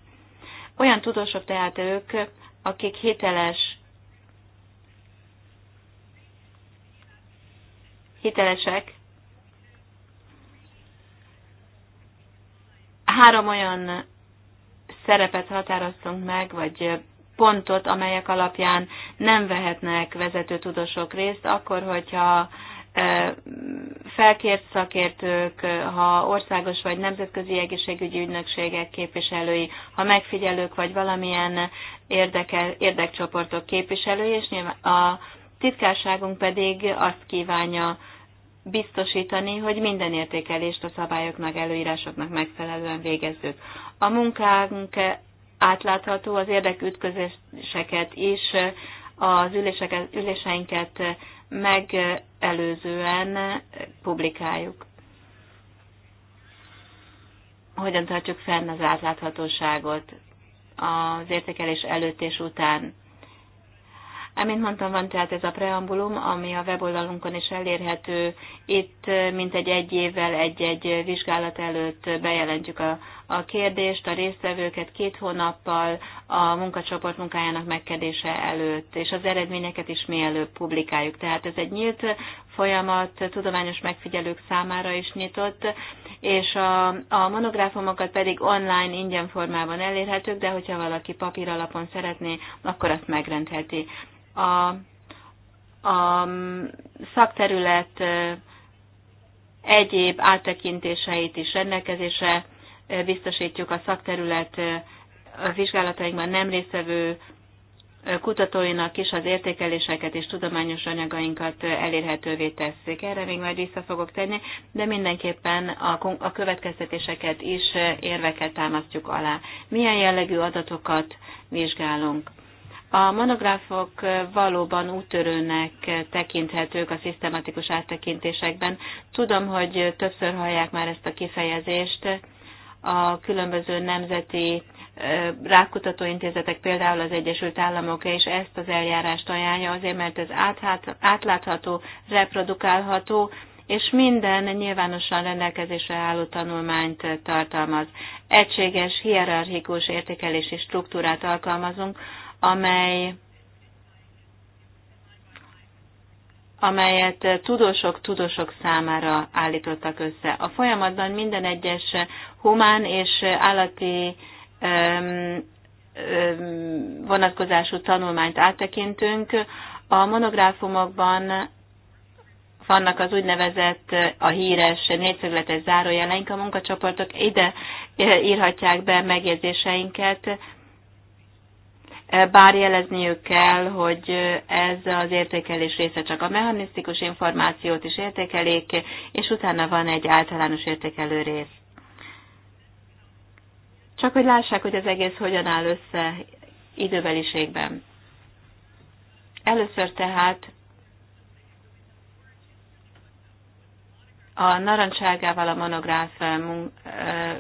Olyan tudósok tehát ők, akik hiteles, hitelesek, három olyan szerepet határoztunk meg, vagy pontot, amelyek alapján nem vehetnek vezető tudósok részt, akkor, hogyha e, felkért szakértők, ha országos vagy nemzetközi egészségügyi ügynökségek képviselői, ha megfigyelők vagy valamilyen érdeke, érdekcsoportok képviselői, és nyilván a titkárságunk pedig azt kívánja biztosítani, hogy minden értékelést a szabályoknak, előírásoknak megfelelően végezzük. A munkánk átlátható, az érdekütközéseket is, az üléseket, üléseinket megelőzően publikáljuk. Hogyan tartjuk fenn az átláthatóságot az értékelés előtt és után? Amint mondtam, van tehát ez a preambulum, ami a weboldalunkon is elérhető. Itt mintegy egy évvel egy-egy vizsgálat előtt bejelentjük a, a kérdést, a résztvevőket két hónappal a munkacsoport munkájának megkedése előtt, és az eredményeket is mielőbb publikáljuk. Tehát ez egy nyílt folyamat, tudományos megfigyelők számára is nyitott, és a, a monográfumokat pedig online ingyen formában elérhetők, de hogyha valaki papír alapon szeretné, akkor azt megrendheti a, a szakterület egyéb áttekintéseit is rendelkezésre biztosítjuk a szakterület a vizsgálatainkban nem résztvevő kutatóinak is az értékeléseket és tudományos anyagainkat elérhetővé tesszük. Erre még majd vissza fogok tenni, de mindenképpen a, a következtetéseket is érveket támasztjuk alá. Milyen jellegű adatokat vizsgálunk? A monográfok valóban útörőnek tekinthetők a szisztematikus áttekintésekben. Tudom, hogy többször hallják már ezt a kifejezést a különböző nemzeti rákutatóintézetek, például az Egyesült Államok és ezt az eljárást ajánlja azért, mert ez átlátható, reprodukálható, és minden nyilvánosan rendelkezésre álló tanulmányt tartalmaz. Egységes, hierarchikus értékelési struktúrát alkalmazunk, amely amelyet tudósok tudósok számára állítottak össze. A folyamatban minden egyes humán és állati öm, öm, vonatkozású tanulmányt áttekintünk. A monográfumokban vannak az úgynevezett a híres négyszögletes zárójeleink, a munkacsoportok ide eh, írhatják be megjegyzéseinket, bár jelezniük kell, hogy ez az értékelés része csak a mechanisztikus információt is értékelik, és utána van egy általános értékelő rész. Csak hogy lássák, hogy az egész hogyan áll össze időbeliségben. Először tehát a narancságával a monográf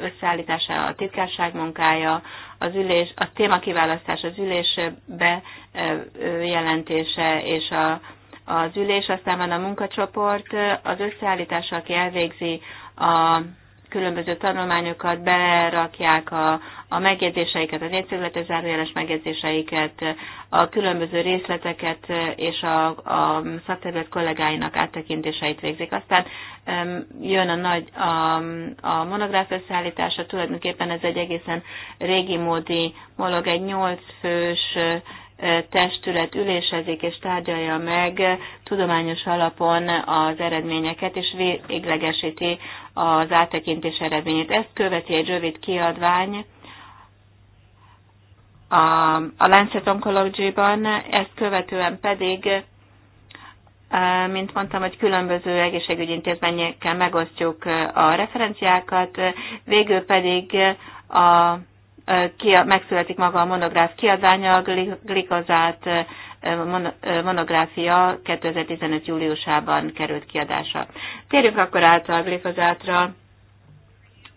összeállítása, a titkárság munkája, az ülés, a témakiválasztás, az ülés bejelentése és a, az ülés, aztán van a munkacsoport, az összeállítás, aki elvégzi a különböző tanulmányokat, berakják a, a megjegyzéseiket, a négyszögletes zárójeles megjegyzéseiket, a különböző részleteket és a, a szakterület kollégáinak áttekintéseit végzik. Aztán jön a nagy a, a monográf összeállítása, tulajdonképpen ez egy egészen régi módi molog, egy nyolc fős testület ülésezik és tárgyalja meg tudományos alapon az eredményeket, és véglegesíti az áttekintés eredményét. Ezt követi egy rövid kiadvány a, a Lancet Oncology-ban, ezt követően pedig e, mint mondtam, hogy különböző egészségügyi intézményekkel megosztjuk e, a referenciákat, végül pedig a, a, e, megszületik maga a monográf kiadványa a glikozát monográfia 2015. júliusában került kiadása. Térjünk akkor át a glifozátra.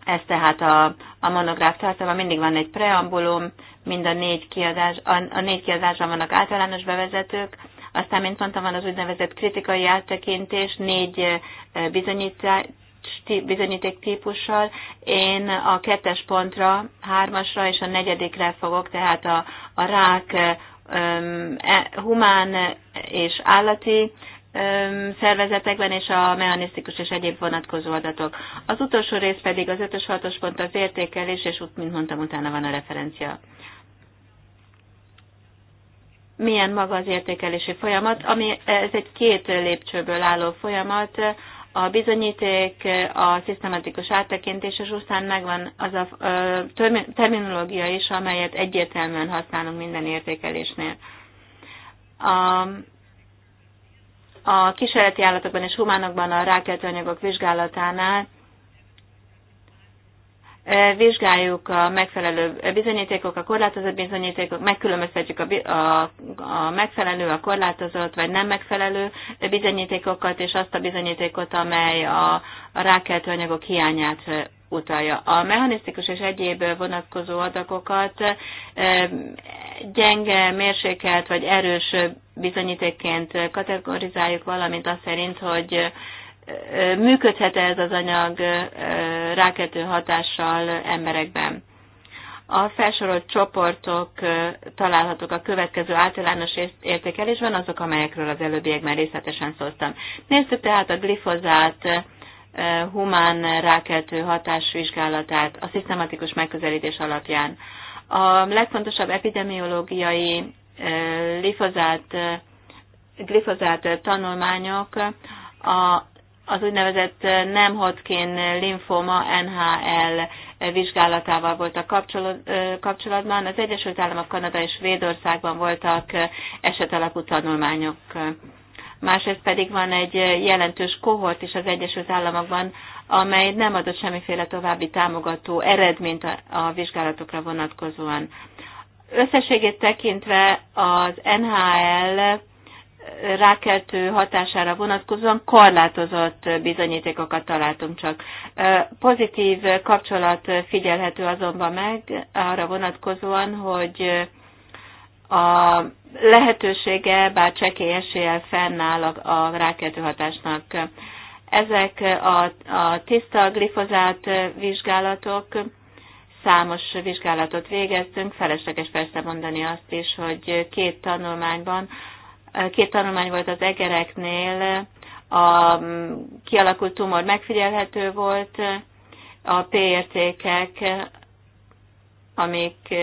Ez tehát a, a monográf tartalma, mindig van egy preambulum, mind a négy, kiadás, a, a négy kiadásban vannak általános bevezetők, aztán, mint mondtam, van az úgynevezett kritikai áttekintés, négy bizonyítás, bizonyíték típussal. Én a kettes pontra, hármasra és a negyedikre fogok, tehát a, a rák E, humán és állati szervezetekben és a mechanisztikus és egyéb vonatkozó adatok. Az utolsó rész pedig az 5-ös 6-os pont az értékelés, és úgy, mint mondtam, utána van a referencia. Milyen maga az értékelési folyamat? Ami, ez egy két lépcsőből álló folyamat, a bizonyíték, a szisztematikus áttekintés, és aztán megvan az a terminológia is, amelyet egyértelműen használunk minden értékelésnél. A, a kísérleti állatokban és humánokban a rákeltő anyagok vizsgálatánál E, vizsgáljuk a megfelelő bizonyítékok, a korlátozott bizonyítékok, megkülönböztetjük a, a, a megfelelő, a korlátozott vagy nem megfelelő bizonyítékokat, és azt a bizonyítékot, amely a, a rákeltő anyagok hiányát e, utalja. A mechanisztikus és egyéb vonatkozó adagokat e, gyenge, mérsékelt vagy erős bizonyítékként kategorizáljuk, valamint azt szerint, hogy működhet -e ez az anyag rákető hatással emberekben. A felsorolt csoportok találhatók a következő általános értékelésben, azok, amelyekről az előbbiekben részletesen szóltam. Nézzük tehát a glifozát humán rákeltő hatás vizsgálatát a szisztematikus megközelítés alapján. A legfontosabb epidemiológiai glifozát, glifozát tanulmányok a az úgynevezett eh, nem Hodgkin linfoma NHL vizsgálatával voltak eh, kapcsolatban. Az Egyesült Államok, Kanada és Védországban voltak eh, esetalapú tanulmányok. Másrészt pedig van egy jelentős kohort is az Egyesült Államokban, amely nem adott semmiféle további támogató eredményt a vizsgálatokra vonatkozóan. Összességét tekintve az NHL rákeltő hatására vonatkozóan korlátozott bizonyítékokat találtunk csak. Pozitív kapcsolat figyelhető azonban meg arra vonatkozóan, hogy a lehetősége, bár csekély eséllyel fennáll a, a rákeltő hatásnak. Ezek a, a tiszta glifozát vizsgálatok, számos vizsgálatot végeztünk, felesleges persze mondani azt is, hogy két tanulmányban Két tanulmány volt az egereknél, a mm, kialakult tumor megfigyelhető volt, a P-értékek, amik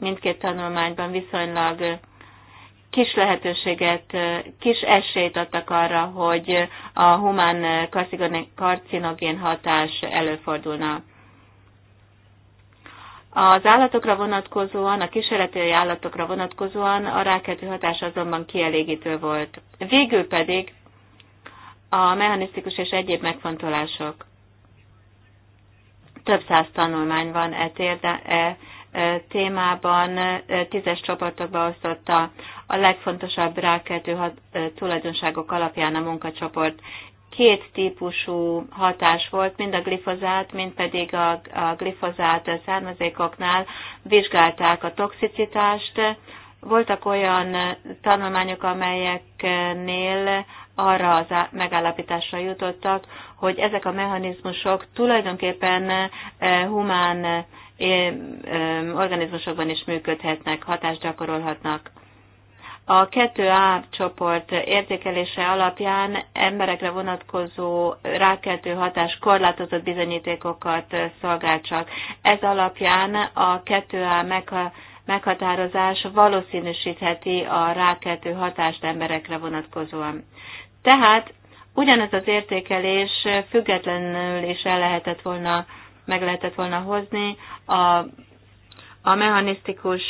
mindkét tanulmányban viszonylag kis lehetőséget, kis esélyt adtak arra, hogy a humán karcinogén hatás előfordulna. Az állatokra vonatkozóan, a kísérleti állatokra vonatkozóan a rákető hatás azonban kielégítő volt. Végül pedig a mechanisztikus és egyéb megfontolások. Több száz tanulmány van e, térde, e, e témában, e tízes csoportokba osztotta a legfontosabb rákető e tulajdonságok alapján a munkacsoport, két típusú hatás volt, mind a glifozát, mind pedig a, a glifozát származékoknál vizsgálták a toxicitást. Voltak olyan tanulmányok, amelyeknél arra az megállapításra jutottak, hogy ezek a mechanizmusok tulajdonképpen e, humán e, e, organizmusokban is működhetnek, hatást gyakorolhatnak. A 2A csoport értékelése alapján emberekre vonatkozó rákeltő hatás korlátozott bizonyítékokat szolgál csak. Ez alapján a 2A meghatározás valószínűsítheti a rákeltő hatást emberekre vonatkozóan. Tehát ugyanez az értékelés függetlenül is el lehetett volna, meg lehetett volna hozni a a mechanisztikus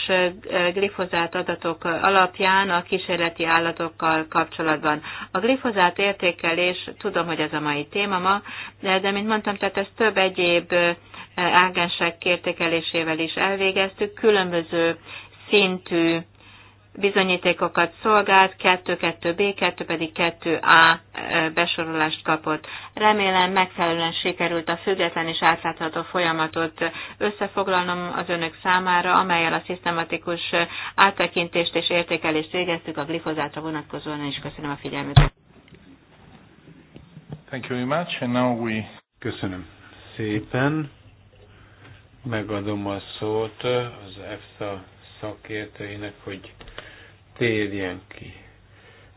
glifozát adatok alapján a kísérleti állatokkal kapcsolatban. A glifozát értékelés, tudom, hogy ez a mai téma ma, de, mint mondtam, tehát ez több egyéb ágensek értékelésével is elvégeztük, különböző szintű bizonyítékokat szolgált, 2-2B, 2 pedig 2A besorolást kapott. Remélem megfelelően sikerült a független és átlátható folyamatot összefoglalnom az önök számára, amelyel a szisztematikus áttekintést és értékelést végeztük a glifozátra vonatkozóan, és köszönöm a figyelmet. Thank you very much, and now we... Köszönöm szépen. Megadom a szót az EFSA szakértőinek, hogy térjen ki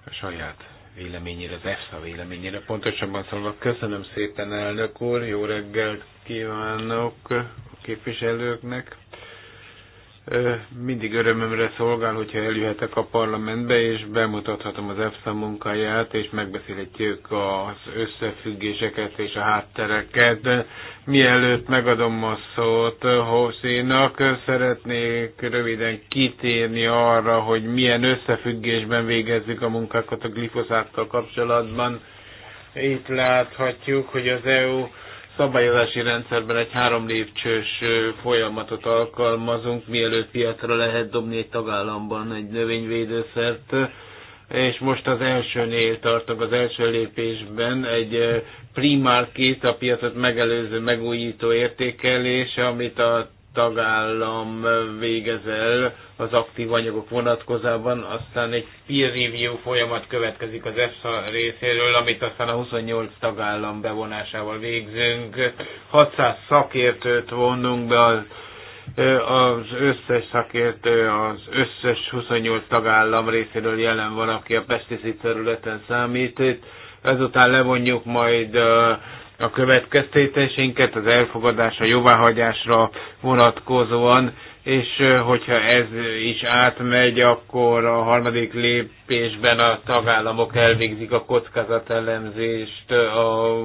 a saját véleményére, az EFSA véleményére. Pontosabban szólva köszönöm szépen, elnök úr, jó reggelt kívánok a képviselőknek. Mindig örömömre szolgál, hogyha eljöhetek a parlamentbe, és bemutathatom az EFSA munkáját, és megbeszélhetjük az összefüggéseket és a háttereket. Mielőtt megadom a szót Hosszénak, szeretnék röviden kitérni arra, hogy milyen összefüggésben végezzük a munkákat a glifoszáttal kapcsolatban. Itt láthatjuk, hogy az EU szabályozási rendszerben egy három lépcsős folyamatot alkalmazunk, mielőtt piacra lehet dobni egy tagállamban egy növényvédőszert, és most az elsőnél tartok, az első lépésben egy primár market a piacot megelőző megújító értékelés, amit a tagállam végezel, az aktív anyagok vonatkozában, aztán egy peer review folyamat következik az EFSA részéről, amit aztán a 28 tagállam bevonásával végzünk. 600 szakértőt vonunk be az az összes szakértő, az összes 28 tagállam részéről jelen van, aki a pesticid területen számít. Ezután levonjuk majd a következtetéseinket az elfogadásra, jóváhagyásra vonatkozóan, és hogyha ez is átmegy, akkor a harmadik lépésben a tagállamok elvégzik a kockázatelemzést a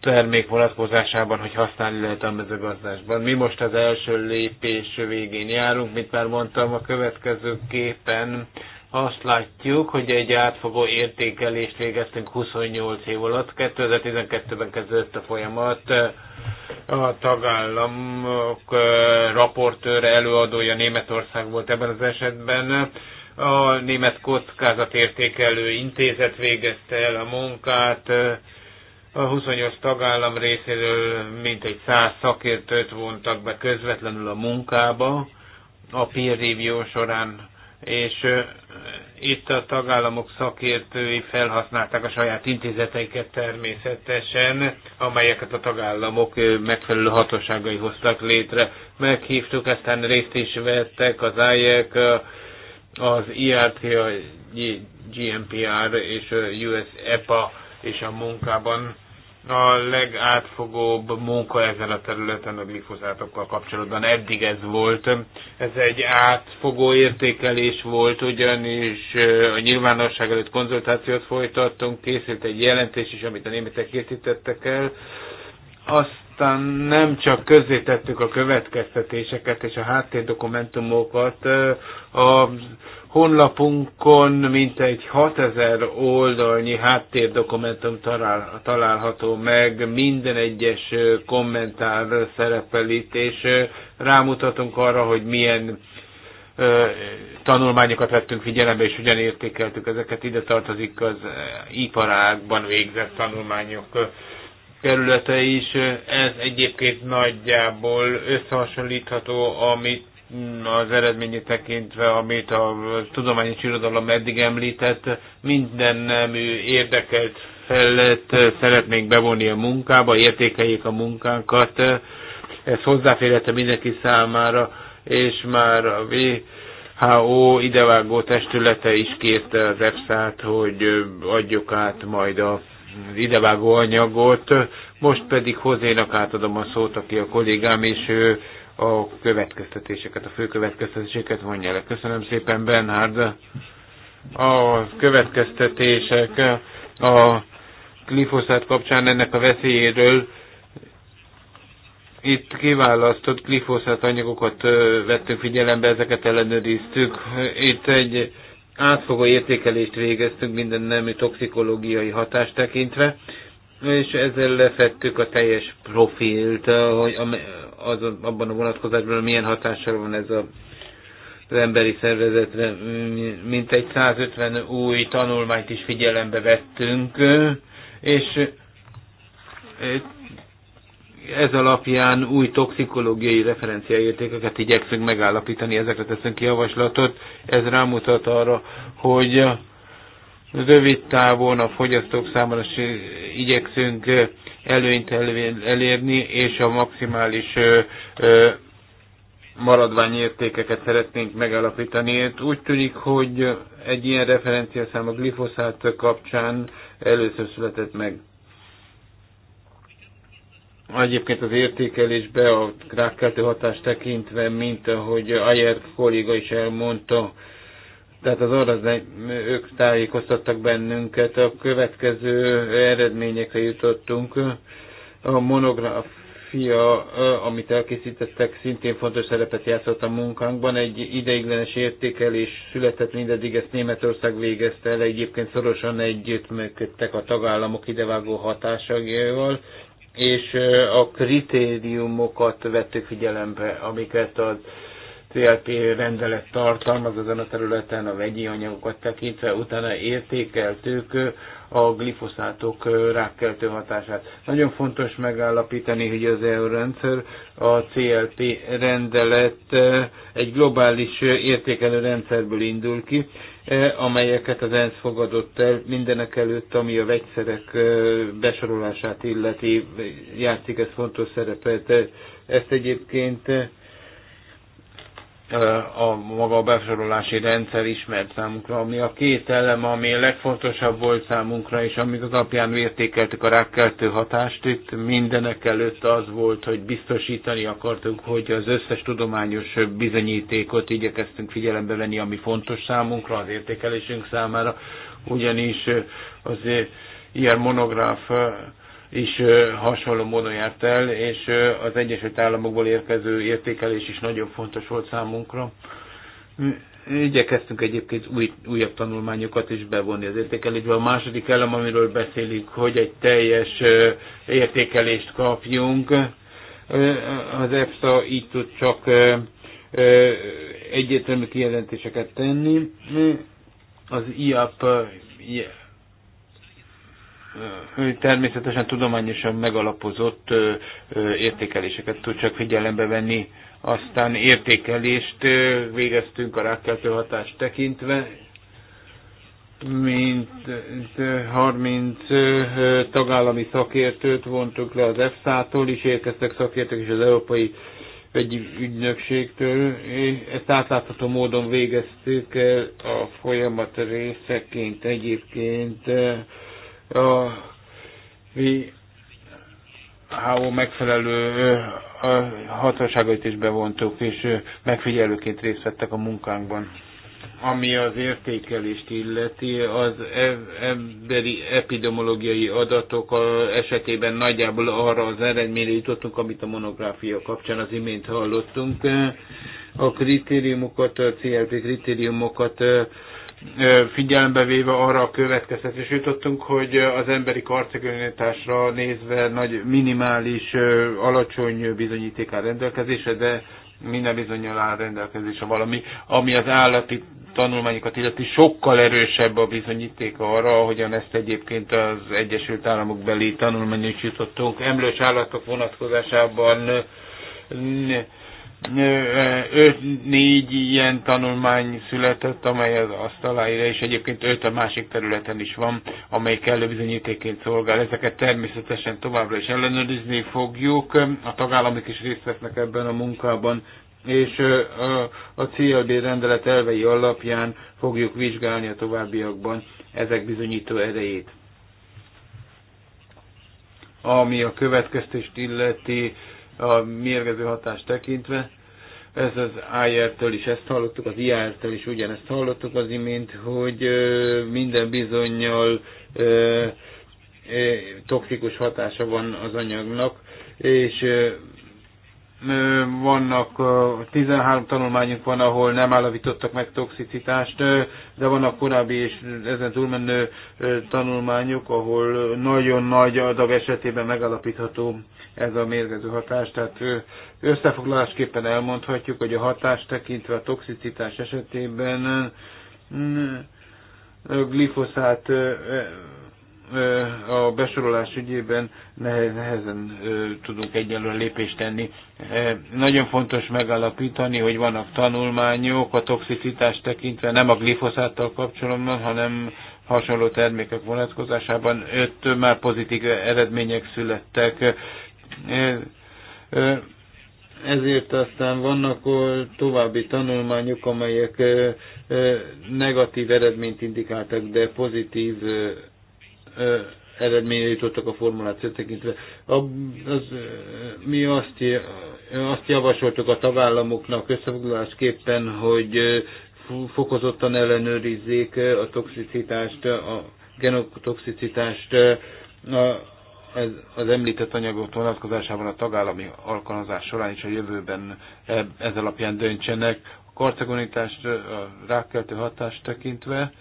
termék vonatkozásában, hogy használni lehet a mezőgazdásban. Mi most az első lépés végén járunk, mint már mondtam, a következő képen azt látjuk, hogy egy átfogó értékelést végeztünk 28 év alatt. 2012-ben kezdődött a folyamat. A tagállamok raportőr előadója Németország volt ebben az esetben. A Német Kockázatértékelő Intézet végezte el a munkát. A 28 tagállam részéről mintegy 100 szakértőt vontak be közvetlenül a munkába a peer review során, és itt a tagállamok szakértői felhasználták a saját intézeteiket természetesen, amelyeket a tagállamok megfelelő hatóságai hoztak létre. Meghívtuk, aztán részt is vettek az IEC, az IRT, a GMPR és e a US EPA és a munkában a legátfogóbb munka ezen a területen a glifozátokkal kapcsolatban. Eddig ez volt. Ez egy átfogó értékelés volt, ugyanis a nyilvánosság előtt konzultációt folytattunk, készült egy jelentés is, amit a németek készítettek el. Aztán nem csak közzétettük a következtetéseket és a háttérdokumentumokat, a honlapunkon mintegy 6000 oldalnyi háttérdokumentum talál, található meg, minden egyes kommentár szerepel itt, és rámutatunk arra, hogy milyen ö, tanulmányokat vettünk figyelembe, és ugyan értékeltük ezeket. Ide tartozik az iparágban végzett tanulmányok területe is. Ez egyébként nagyjából összehasonlítható, amit az eredményét tekintve, amit a tudományos irodalom eddig említett, minden nemű érdekelt felett szeretnénk bevonni a munkába, értékeljék a munkánkat, ez hozzáférhető mindenki számára, és már a WHO idevágó testülete is kérte az EFSA-t, hogy adjuk át majd a idevágó anyagot. Most pedig Hozénak átadom a szót, aki a kollégám, és ő a következtetéseket, a fő következtetéseket mondja le. Köszönöm szépen, Bernhard. A következtetések a glifoszát kapcsán ennek a veszélyéről itt kiválasztott glifoszát anyagokat vettünk figyelembe, ezeket ellenőriztük. Itt egy átfogó értékelést végeztünk minden nemű toxikológiai hatást tekintve, és ezzel lefettük a teljes profilt, hogy az, abban a vonatkozásban milyen hatással van ez a az emberi szervezetre mint egy 150 új tanulmányt is figyelembe vettünk, és ez alapján új toxikológiai referenciaértékeket igyekszünk megállapítani, ezekre teszünk javaslatot. Ez rámutat arra, hogy Rövid távon a fogyasztók számára igyekszünk előnyt elérni, és a maximális maradványértékeket szeretnénk megalapítani. Úgy tűnik, hogy egy ilyen referenciaszám a glifoszát kapcsán először született meg. Egyébként az értékelésbe a rákkeltő hatást tekintve, mint ahogy Ayer kolléga is elmondta, tehát az orosz, ők tájékoztattak bennünket, a következő eredményekre jutottunk. A monografia, amit elkészítettek, szintén fontos szerepet játszott a munkánkban. Egy ideiglenes értékelés született mindeddig, ezt Németország végezte el, egyébként szorosan együttműködtek a tagállamok idevágó hatásaival, és a kritériumokat vettük figyelembe, amiket az CLP rendelet tartalmaz azon a területen a vegyi anyagokat tekintve, utána értékeltük a glifoszátok rákkeltő hatását. Nagyon fontos megállapítani, hogy az EU rendszer, a CLP rendelet egy globális értékelő rendszerből indul ki, amelyeket az ENSZ fogadott el mindenek előtt, ami a vegyszerek besorolását illeti, játszik ez fontos szerepet. Ezt egyébként a maga a besorolási rendszer ismert számunkra, ami a két elem, ami a legfontosabb volt számunkra, és amit az alapján vértékeltük a rákkeltő hatást, itt mindenek előtt az volt, hogy biztosítani akartuk, hogy az összes tudományos bizonyítékot igyekeztünk figyelembe venni, ami fontos számunkra, az értékelésünk számára, ugyanis az ilyen monográf is hasonló módon járt el, és az Egyesült Államokból érkező értékelés is nagyon fontos volt számunkra. Igyekeztünk egyébként új, újabb tanulmányokat is bevonni az értékelésbe. A második elem, amiről beszélünk, hogy egy teljes értékelést kapjunk, az EFSA így tud csak egyértelmű kijelentéseket tenni. Az IAP természetesen tudományosan megalapozott értékeléseket tud csak figyelembe venni. Aztán értékelést végeztünk a rákkeltő hatást tekintve, mint 30 tagállami szakértőt vontunk le az EFSA-tól is, érkeztek szakértők és az Európai egy ügynökségtől. Ezt átlátható módon végeztük a folyamat részeként egyébként a WHO megfelelő hatóságait is bevontuk, és megfigyelőként részt vettek a munkánkban. Ami az értékelést illeti, az emberi epidemiológiai adatok esetében nagyjából arra az eredményre jutottunk, amit a monográfia kapcsán az imént hallottunk. A kritériumokat, a CLP kritériumokat figyelembe véve arra a következtetés jutottunk, hogy az emberi karcegönításra nézve nagy minimális, alacsony bizonyíték áll rendelkezésre, de minden bizonyal áll rendelkezésre valami, ami az állati tanulmányokat illeti sokkal erősebb a bizonyíték arra, ahogyan ezt egyébként az Egyesült Államok beli tanulmányok jutottunk. Emlős állatok vonatkozásában öt négy ilyen tanulmány született, amely az asztaláira, és egyébként öt a másik területen is van, amely kellő bizonyítéként szolgál. Ezeket természetesen továbbra is ellenőrizni fogjuk. A tagállamok is részt vesznek ebben a munkában, és a CLB rendelet elvei alapján fogjuk vizsgálni a továbbiakban ezek bizonyító erejét. Ami a következtést illeti, a mérgező hatást tekintve. Ez az IR-től is ezt hallottuk, az IR-től is ugyanezt hallottuk az imént, hogy minden bizonyal toxikus hatása van az anyagnak, és vannak 13 tanulmányunk van, ahol nem állapítottak meg toxicitást, de vannak korábbi és ezen túlmenő tanulmányok, ahol nagyon nagy adag esetében megalapítható ez a mérgező hatás. Tehát összefoglalásképpen elmondhatjuk, hogy a hatást tekintve a toxicitás esetében glifoszát a besorolás ügyében nehezen tudunk egyelőre lépést tenni. Nagyon fontos megalapítani, hogy vannak tanulmányok a toxicitás tekintve, nem a glifoszáttal kapcsolatban, hanem hasonló termékek vonatkozásában. Öt már pozitív eredmények születtek. Ezért aztán vannak további tanulmányok, amelyek negatív eredményt indikáltak, de pozitív eredményre jutottak a formuláció tekintve. A, az, mi azt, azt javasoltuk a tagállamoknak összefoglalásképpen, hogy fokozottan ellenőrizzék a toxicitást, a genotoxicitást, az említett anyagok vonatkozásában a tagállami alkalmazás során is a jövőben ez alapján döntsenek. A karcagonitást, a rákkeltő hatást tekintve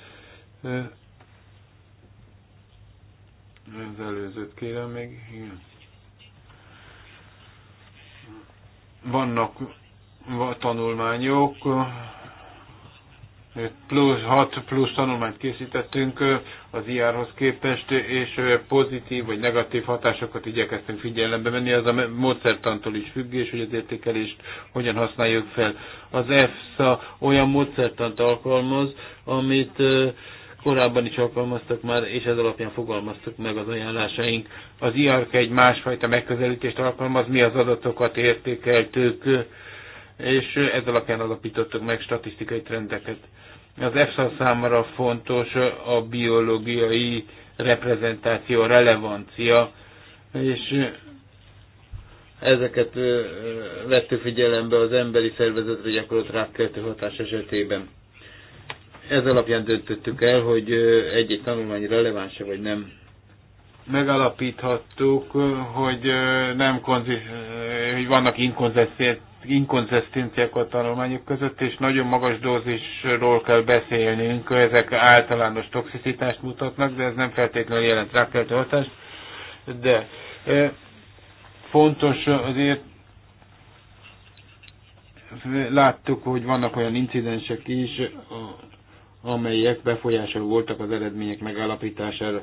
az előzőt kérem még. Igen. Vannak tanulmányok, plusz, 6 plusz tanulmányt készítettünk az IR-hoz képest, és pozitív vagy negatív hatásokat igyekeztünk figyelembe venni. Az a módszertantól is függés, hogy az értékelést hogyan használjuk fel. Az EFSA olyan módszertant alkalmaz, amit korábban is alkalmaztak már, és ez alapján fogalmaztuk meg az ajánlásaink. Az IARC egy másfajta megközelítést alkalmaz, mi az adatokat értékeltük, és ez alapján alapítottuk meg statisztikai trendeket. Az EFSA számára fontos a biológiai reprezentáció, a relevancia, és ezeket vettük figyelembe az emberi szervezetre gyakorolt rákkeltő hatás esetében ez alapján döntöttük el, hogy egy-egy tanulmány e vagy nem. Megalapíthattuk, hogy nem konzis, hogy vannak inkonzisztenciák a tanulmányok között, és nagyon magas dózisról kell beszélnünk, ezek általános toxicitást mutatnak, de ez nem feltétlenül jelent rákkeltő hatást, de fontos azért láttuk, hogy vannak olyan incidensek is, amelyek befolyásoló voltak az eredmények megállapítására.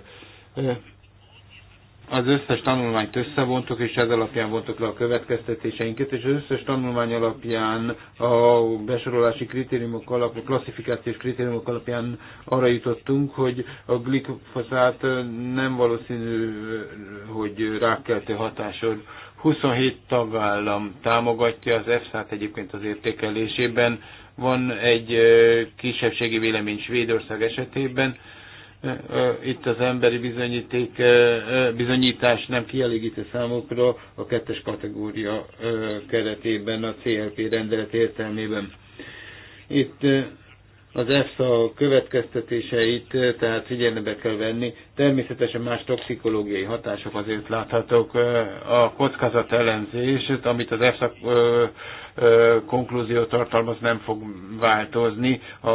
Az összes tanulmányt összevontuk, és ez alapján vontuk le a következtetéseinket, és az összes tanulmány alapján, a besorolási kritériumok alapján, a klasszifikációs kritériumok alapján arra jutottunk, hogy a glikofoszát nem valószínű, hogy rákkeltő hatásod. 27 tagállam támogatja az EFSA-t egyébként az értékelésében, van egy kisebbségi vélemény Svédország esetében, itt az emberi bizonyíték, bizonyítás nem kielégítő számokra a kettes kategória keretében, a CLP rendelet értelmében. Itt az a következtetéseit, eh, tehát figyelmebe kell venni. Természetesen más toxikológiai hatások azért láthatók. Eh, a kockázat ellenzését, amit az EFSA eh, konklúzió tartalmaz, nem fog változni. A,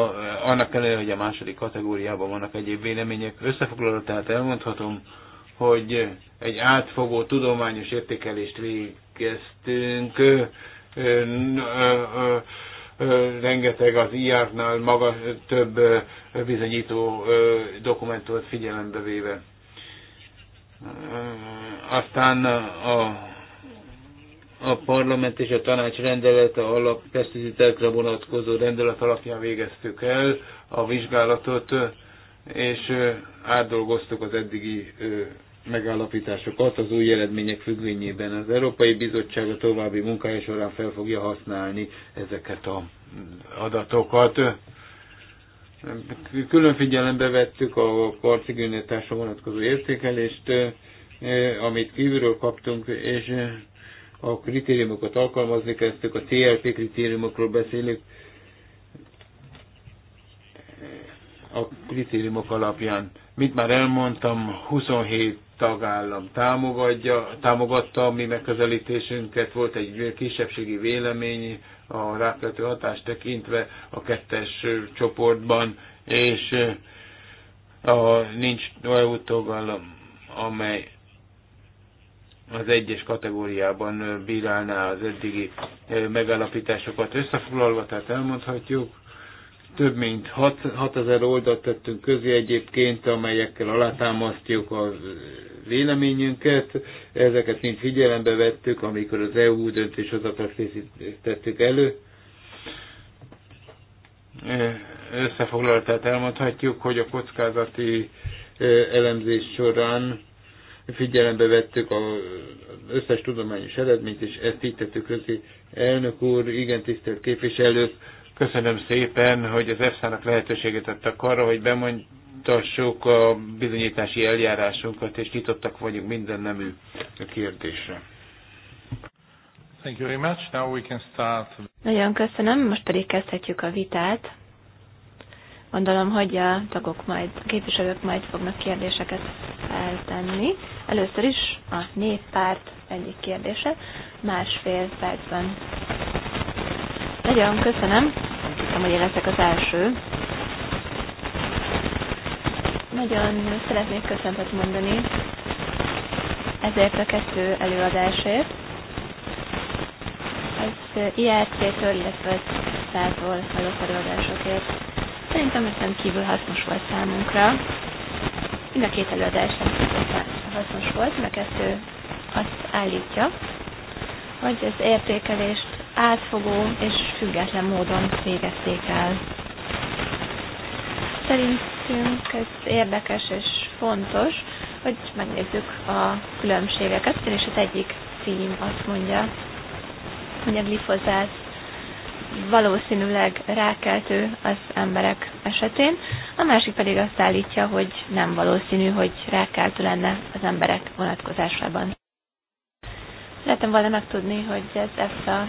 annak ellenére, hogy a második kategóriában vannak egyéb vélemények. Összefoglalva tehát elmondhatom, hogy egy átfogó tudományos értékelést végeztünk. Ö, ö, ö, rengeteg az IR-nál maga több bizonyító dokumentumot figyelembe véve. Aztán a a parlament és a tanács rendelete alap, pesticidekre vonatkozó rendelet alapján végeztük el a vizsgálatot, és átdolgoztuk az eddigi megállapításokat az új eredmények függvényében. Az Európai Bizottság a további munkája során fel fogja használni ezeket az adatokat. Külön figyelembe vettük a karcigőnyításra vonatkozó értékelést, amit kívülről kaptunk, és a kritériumokat alkalmazni kezdtük, a TLP kritériumokról beszélünk, a kritériumok alapján. Mit már elmondtam, 27 tagállam támogatja, támogatta a mi megközelítésünket, volt egy kisebbségi vélemény a rákvető hatást tekintve a kettes csoportban, és a, nincs EU tagállam, amely az egyes kategóriában bírálná az eddigi megállapításokat összefoglalva, tehát elmondhatjuk, több mint 6 ezer oldalt tettünk közé egyébként, amelyekkel alátámasztjuk a véleményünket. Ezeket mind figyelembe vettük, amikor az EU döntéshozatát készítettük elő összefoglaltát elmondhatjuk, hogy a kockázati elemzés során figyelembe vettük az összes tudományos eredményt, és ezt így tettük közé. Elnök úr, igen tisztelt képviselők, Köszönöm szépen, hogy az EFSA-nak lehetőséget adtak arra, hogy bemondtassuk a bizonyítási eljárásunkat, és nyitottak vagyunk minden nemű kérdésre. Thank you very much. Now we can start. Nagyon köszönöm, most pedig kezdhetjük a vitát. Gondolom, hogy a tagok majd, a képviselők majd fognak kérdéseket feltenni. Először is a néppárt egyik kérdése, másfél percben. Nagyon köszönöm hogy én leszek az első. Nagyon szeretnék köszöntet mondani ezért a kettő előadásért. Az eh, IRC-től, illetve az szától hallott előadásokért. Szerintem ez kívül hasznos volt számunkra. Mind a két előadás nem hasznos volt, mert kettő azt állítja, hogy az értékelést átfogó és független módon végezték el. Szerintünk ez érdekes és fontos, hogy megnézzük a különbségeket, és az egyik cím azt mondja, hogy a glifozát valószínűleg rákeltő az emberek esetén, a másik pedig azt állítja, hogy nem valószínű, hogy rákeltő lenne az emberek vonatkozásában. Szeretem volna megtudni, hogy ez EFSA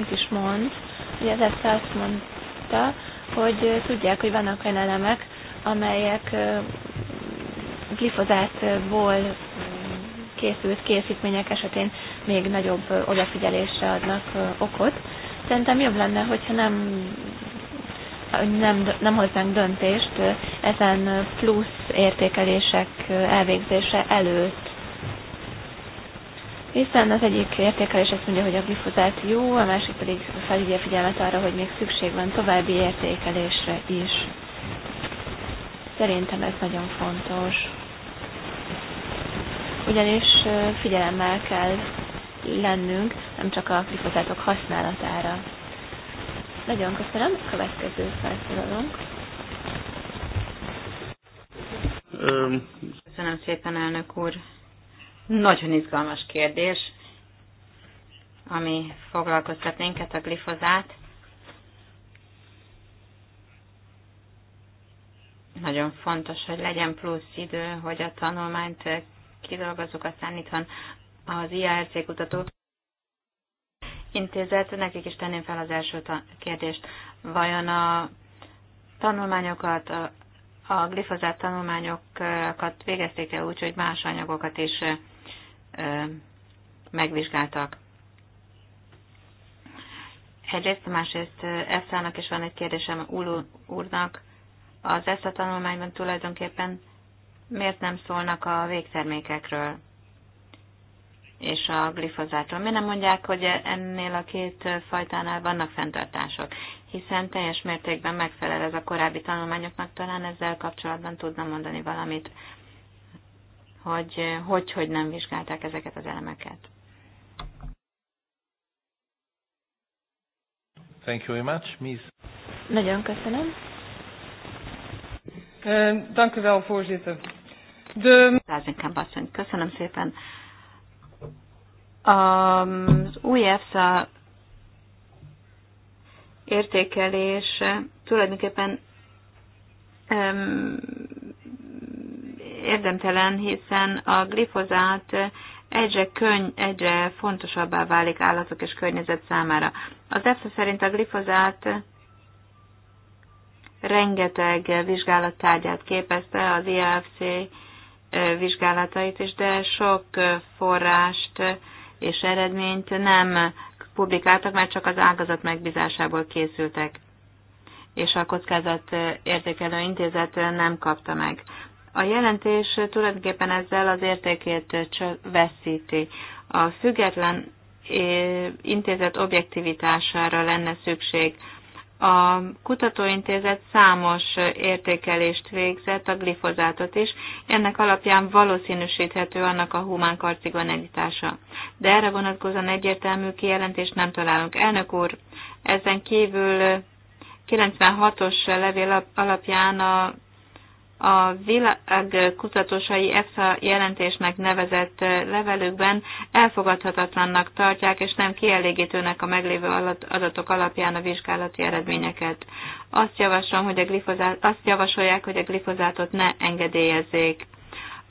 mit is mond. Ugye az EFSA azt mondta, hogy tudják, hogy vannak olyan elemek, amelyek glifozátból készült készítmények esetén még nagyobb odafigyelésre adnak okot. Szerintem jobb lenne, hogyha nem nem, nem hoznánk döntést ezen plusz értékelések elvégzése előtt hiszen az egyik értékelés azt mondja, hogy a glifozát jó, a másik pedig felhívja a figyelmet arra, hogy még szükség van további értékelésre is. Szerintem ez nagyon fontos. Ugyanis figyelemmel kell lennünk, nem csak a glifozátok használatára. Nagyon köszönöm, a következő felszólalunk. Köszönöm szépen, elnök úr. Nagyon izgalmas kérdés, ami foglalkoztat minket a glifozát. Nagyon fontos, hogy legyen plusz idő, hogy a tanulmányt kidolgozzuk, aztán itthon az IARC kutatók intézet, nekik is tenném fel az első kérdést. Vajon a tanulmányokat, a, a glifozát tanulmányokat végezték el úgy, hogy más anyagokat is megvizsgáltak. Egyrészt, másrészt Eszának nak is van egy kérdésem Ulu úrnak. Az ezt a tanulmányban tulajdonképpen miért nem szólnak a végtermékekről és a glifozátról? Miért nem mondják, hogy ennél a két fajtánál vannak fenntartások? Hiszen teljes mértékben megfelel ez a korábbi tanulmányoknak, talán ezzel kapcsolatban tudna mondani valamit hogy hogy, hogy nem vizsgálták ezeket az elemeket. Thank you very much, Ms. Nagyon köszönöm. Eh, dank u wel, voorzitter. De... köszönöm szépen. Az új EFSA értékelés tulajdonképpen érdemtelen, hiszen a glifozát egyre, könny, egyre fontosabbá válik állatok és környezet számára. Az EFSA szerint a glifozát rengeteg vizsgálat tárgyát képezte, az IAFC vizsgálatait is, de sok forrást és eredményt nem publikáltak, mert csak az ágazat megbízásából készültek és a kockázat értékelő intézet nem kapta meg. A jelentés tulajdonképpen ezzel az értékét veszíti. A független intézet objektivitására lenne szükség. A kutatóintézet számos értékelést végzett, a glifozátot is, ennek alapján valószínűsíthető annak a humán karcigonenitása. De erre vonatkozóan egyértelmű kijelentést nem találunk. Elnök úr, ezen kívül 96-os levél alapján a a világ kutatósai EFSA jelentésnek nevezett levelükben elfogadhatatlannak tartják, és nem kielégítőnek a meglévő adatok alapján a vizsgálati eredményeket. Azt, javaslom, hogy a glifozát, azt javasolják, hogy a glifozátot ne engedélyezzék.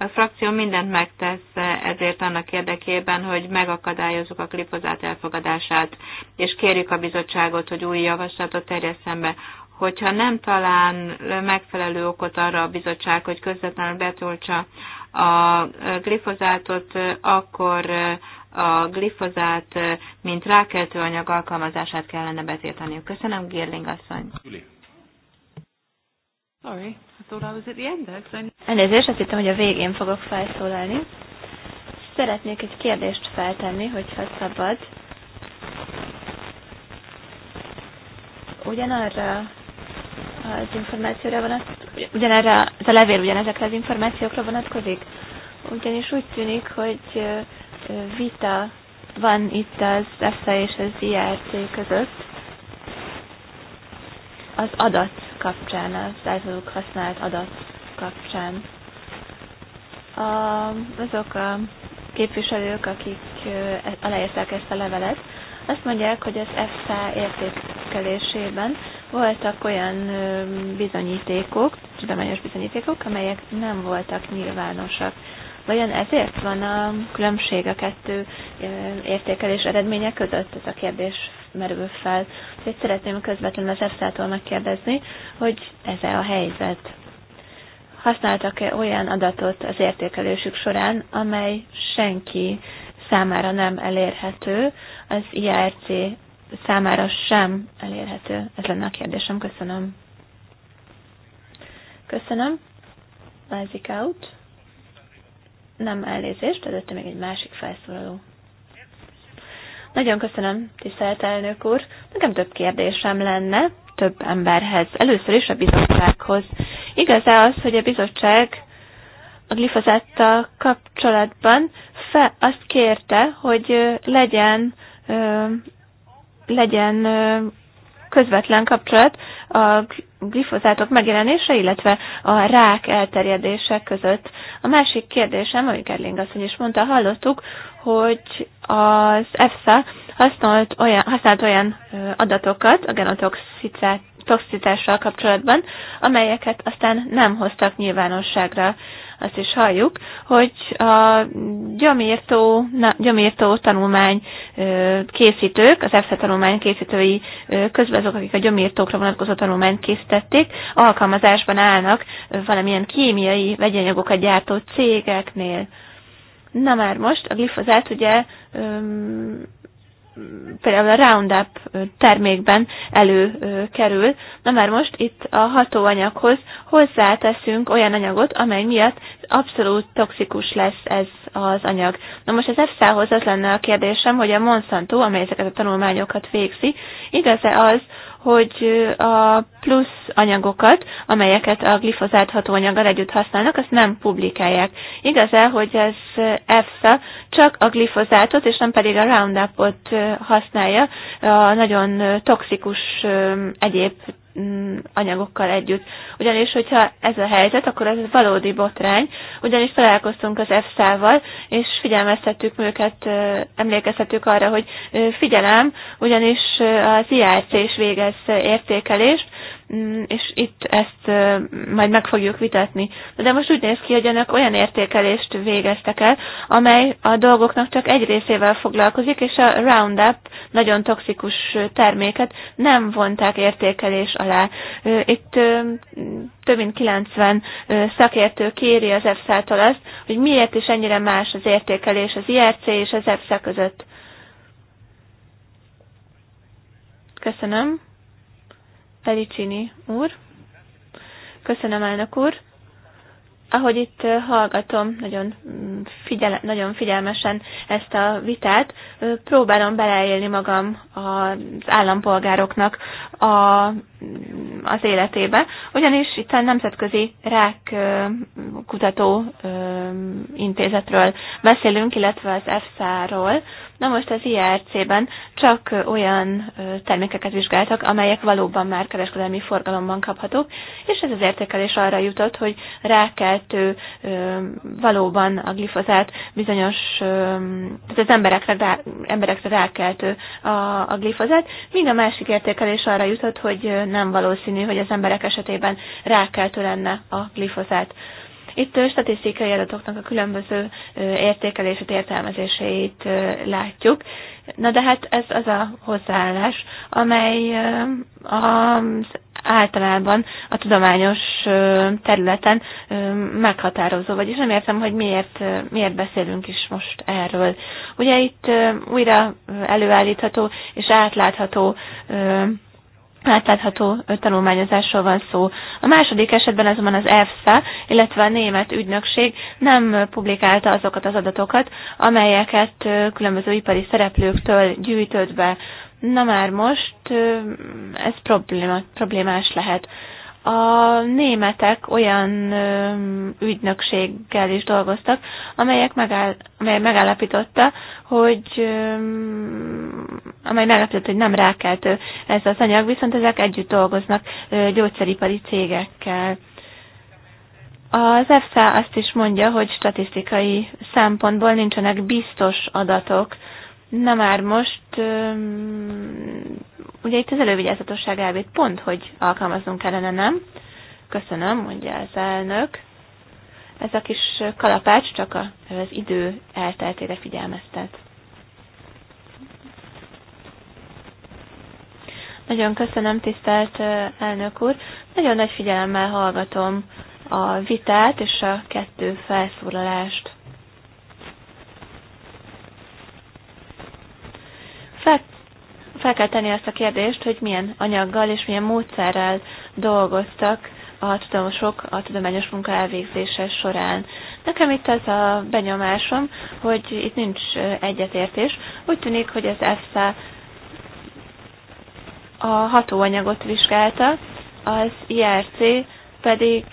A frakció mindent megtesz ezért annak érdekében, hogy megakadályozzuk a glifozát elfogadását, és kérjük a bizottságot, hogy új javaslatot terjesszen be hogyha nem talán megfelelő okot arra a bizottság, hogy közvetlenül betoltsa a glifozátot, akkor a glifozát, mint rákeltő anyag alkalmazását kellene betiltani. Köszönöm, Gérling asszony. Sorry, I thought I was at the end there, so... Elnézést, azt hittem, hogy a végén fogok felszólalni. Szeretnék egy kérdést feltenni, hogyha szabad. Ugyanarra az információra van, ugyanerre az a levél ugyanezekre az információkra vonatkozik? Ugyanis úgy tűnik, hogy vita van itt az EFSA és az IRC között az adat kapcsán, az általuk használt adat kapcsán. A, azok a képviselők, akik aláírták ezt a levelet, azt mondják, hogy az EFSA értékelésében voltak olyan bizonyítékok, tudományos bizonyítékok, amelyek nem voltak nyilvánosak. Vajon ezért van a különbség a kettő értékelés eredménye között? Ez a kérdés merül fel. Úgyhogy szeretném közvetlenül az EFSA-tól megkérdezni, hogy ez-e a helyzet? Használtak-e olyan adatot az értékelésük során, amely senki számára nem elérhető, az IRC számára sem elérhető? Ez lenne a kérdésem. Köszönöm. Köszönöm. Lázik out. Nem elnézést, előtte még egy másik felszólaló. Nagyon köszönöm, tisztelt elnök úr. Nekem több kérdésem lenne, több emberhez. Először is a bizottsághoz. Igaz-e az, hogy a bizottság a glifozáttal kapcsolatban fe, azt kérte, hogy legyen legyen közvetlen kapcsolat a glifozátok megjelenése, illetve a rák elterjedése között. A másik kérdésem, amit Gerling asszony is mondta, hallottuk, hogy az EFSA használt olyan, használt olyan adatokat a genotoxicitással kapcsolatban, amelyeket aztán nem hoztak nyilvánosságra azt is halljuk, hogy a gyomírtó, na, gyomírtó tanulmány készítők, az EFSZ tanulmány készítői közben azok, akik a gyomírtókra vonatkozó tanulmányt készítették, alkalmazásban állnak valamilyen kémiai vegyanyagokat gyártó cégeknél. Na már most, a glifozát ugye például a Roundup termékben előkerül. Na már most itt a hatóanyaghoz hozzáteszünk olyan anyagot, amely miatt abszolút toxikus lesz ez az anyag. Na most az EFSA-hoz az lenne a kérdésem, hogy a Monsanto, amely ezeket a tanulmányokat végzi, igaz-e az, hogy a plusz anyagokat, amelyeket a glifozát hatóanyaggal együtt használnak, azt nem publikálják. Igaz el, hogy ez EFSA csak a glifozátot, és nem pedig a Roundupot használja, a nagyon toxikus egyéb Mm, anyagokkal együtt. Ugyanis, hogyha ez a helyzet, akkor ez egy valódi botrány, ugyanis találkoztunk az EFSA-val, és figyelmeztettük őket, emlékeztetük arra, hogy figyelem, ugyanis az IRC is végez értékelést, Mm, és itt ezt majd meg fogjuk vitatni. De most úgy néz ki, hogy önök olyan értékelést végeztek el, amely a dolgoknak csak egy részével foglalkozik, és a Roundup nagyon toxikus terméket nem vonták értékelés alá. Itt több mint 90 szakértő kéri az EFSA-tól azt, hogy miért is ennyire más az értékelés az IRC és az EFSA között. Köszönöm. Pelicini úr. Köszönöm, elnök úr. Ahogy itt hallgatom, nagyon, mm, figyel, nagyon figyelmesen ezt a vitát, próbálom beleélni magam az állampolgároknak a, mm, az életébe, ugyanis itt a Nemzetközi Rák Kutató Intézetről beszélünk, illetve az EFSA-ról, Na most az IRC-ben csak olyan termékeket vizsgáltak, amelyek valóban már kereskedelmi forgalomban kaphatók, és ez az értékelés arra jutott, hogy rákeltő valóban a glifozát bizonyos, tehát az emberekre, rá, emberekre rákeltő a, a glifozát, míg a másik értékelés arra jutott, hogy nem valószínű, hogy az emberek esetében rákeltő lenne a glifozát. Itt statisztikai adatoknak a különböző értékelését, értelmezéseit látjuk. Na de hát ez az a hozzáállás, amely az általában a tudományos területen meghatározó, vagyis nem értem, hogy miért, miért beszélünk is most erről. Ugye itt újra előállítható és átlátható átlátható tanulmányozásról van szó. A második esetben azonban az EFSA, illetve a német ügynökség nem publikálta azokat az adatokat, amelyeket különböző ipari szereplőktől gyűjtött be. Na már most ez problémás lehet a németek olyan ö, ügynökséggel is dolgoztak, amelyek megáll, amely megállapította, hogy ö, amely megállapította, hogy nem rákeltő ez az anyag, viszont ezek együtt dolgoznak ö, gyógyszeripari cégekkel. Az EFSA azt is mondja, hogy statisztikai szempontból nincsenek biztos adatok Na már most, ugye itt az elővigyázatosság elvét pont, hogy alkalmaznunk kellene, nem? Köszönöm, mondja az elnök. Ez a kis kalapács csak az idő elteltére figyelmeztet. Nagyon köszönöm, tisztelt elnök úr. Nagyon nagy figyelemmel hallgatom a vitát és a kettő felszólalást. Fel, fel kell tenni azt a kérdést, hogy milyen anyaggal és milyen módszerrel dolgoztak a tudomosok a tudományos munka elvégzése során. Nekem itt az a benyomásom, hogy itt nincs egyetértés. Úgy tűnik, hogy az EFSA a hatóanyagot vizsgálta, az IRC pedig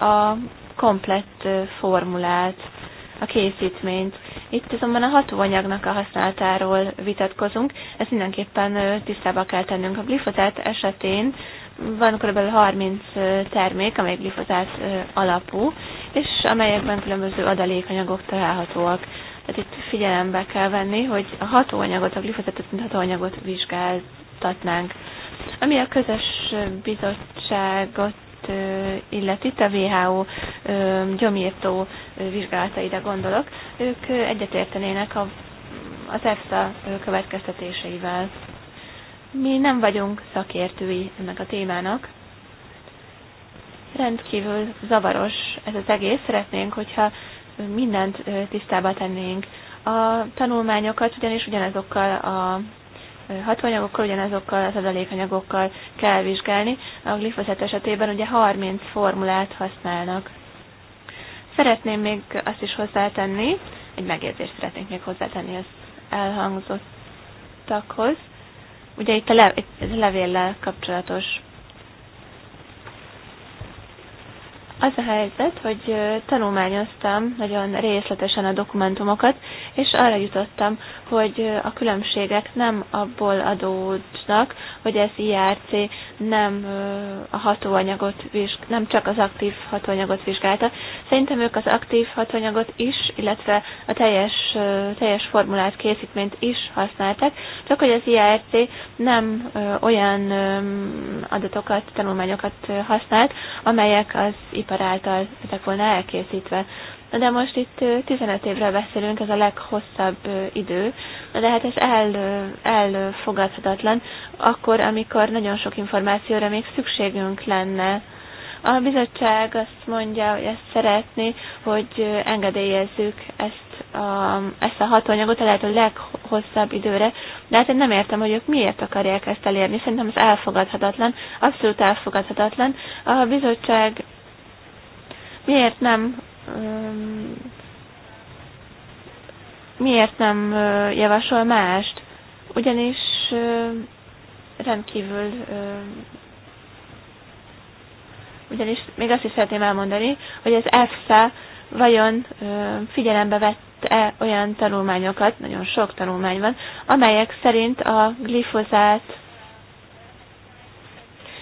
a komplett formulát, a készítményt. Itt azonban a hatóanyagnak a használatáról vitatkozunk, ezt mindenképpen tisztába kell tennünk. A glifozát esetén van kb. 30 termék, amely glifozát alapú, és amelyekben különböző adalékanyagok találhatóak. Tehát itt figyelembe kell venni, hogy a hatóanyagot, a glifozátot, mint hatóanyagot vizsgáltatnánk. Ami a közös bizottságot illeti, a WHO gyomírtó vizsgálataira gondolok, ők egyetértenének a, az EFSA következtetéseivel. Mi nem vagyunk szakértői ennek a témának. Rendkívül zavaros ez az egész. Szeretnénk, hogyha mindent tisztába tennénk. A tanulmányokat ugyanis ugyanazokkal a hatóanyagokkal, ugyanazokkal az adalékanyagokkal kell vizsgálni. A glifoszát esetében ugye 30 formulát használnak. Szeretném még azt is hozzátenni, egy megérzést szeretnék még hozzátenni az elhangzottakhoz. Ugye itt a, le, itt a levéllel kapcsolatos Az a helyzet, hogy tanulmányoztam nagyon részletesen a dokumentumokat, és arra jutottam, hogy a különbségek nem abból adódnak, hogy ez IRC nem a hatóanyagot nem csak az aktív hatóanyagot vizsgálta. Szerintem ők az aktív hatóanyagot is, illetve a teljes, teljes formulát, készítményt is használtak, csak hogy az IRC nem olyan adatokat, tanulmányokat használt, amelyek az ipar által ezek volna elkészítve. Na de most itt 15 évre beszélünk, ez a leghosszabb idő, Na de hát ez el, elfogadhatatlan, akkor, amikor nagyon sok információra még szükségünk lenne. A bizottság azt mondja, hogy ezt szeretné, hogy engedélyezzük ezt a, ezt a hatóanyagot a lehető leghosszabb időre, de hát én nem értem, hogy ők miért akarják ezt elérni. Szerintem ez elfogadhatatlan, abszolút elfogadhatatlan. A bizottság Miért nem miért nem javasol mást? Ugyanis rendkívül ugyanis még azt is szeretném elmondani, hogy az EFSA vajon figyelembe vette olyan tanulmányokat, nagyon sok tanulmány van, amelyek szerint a glifozát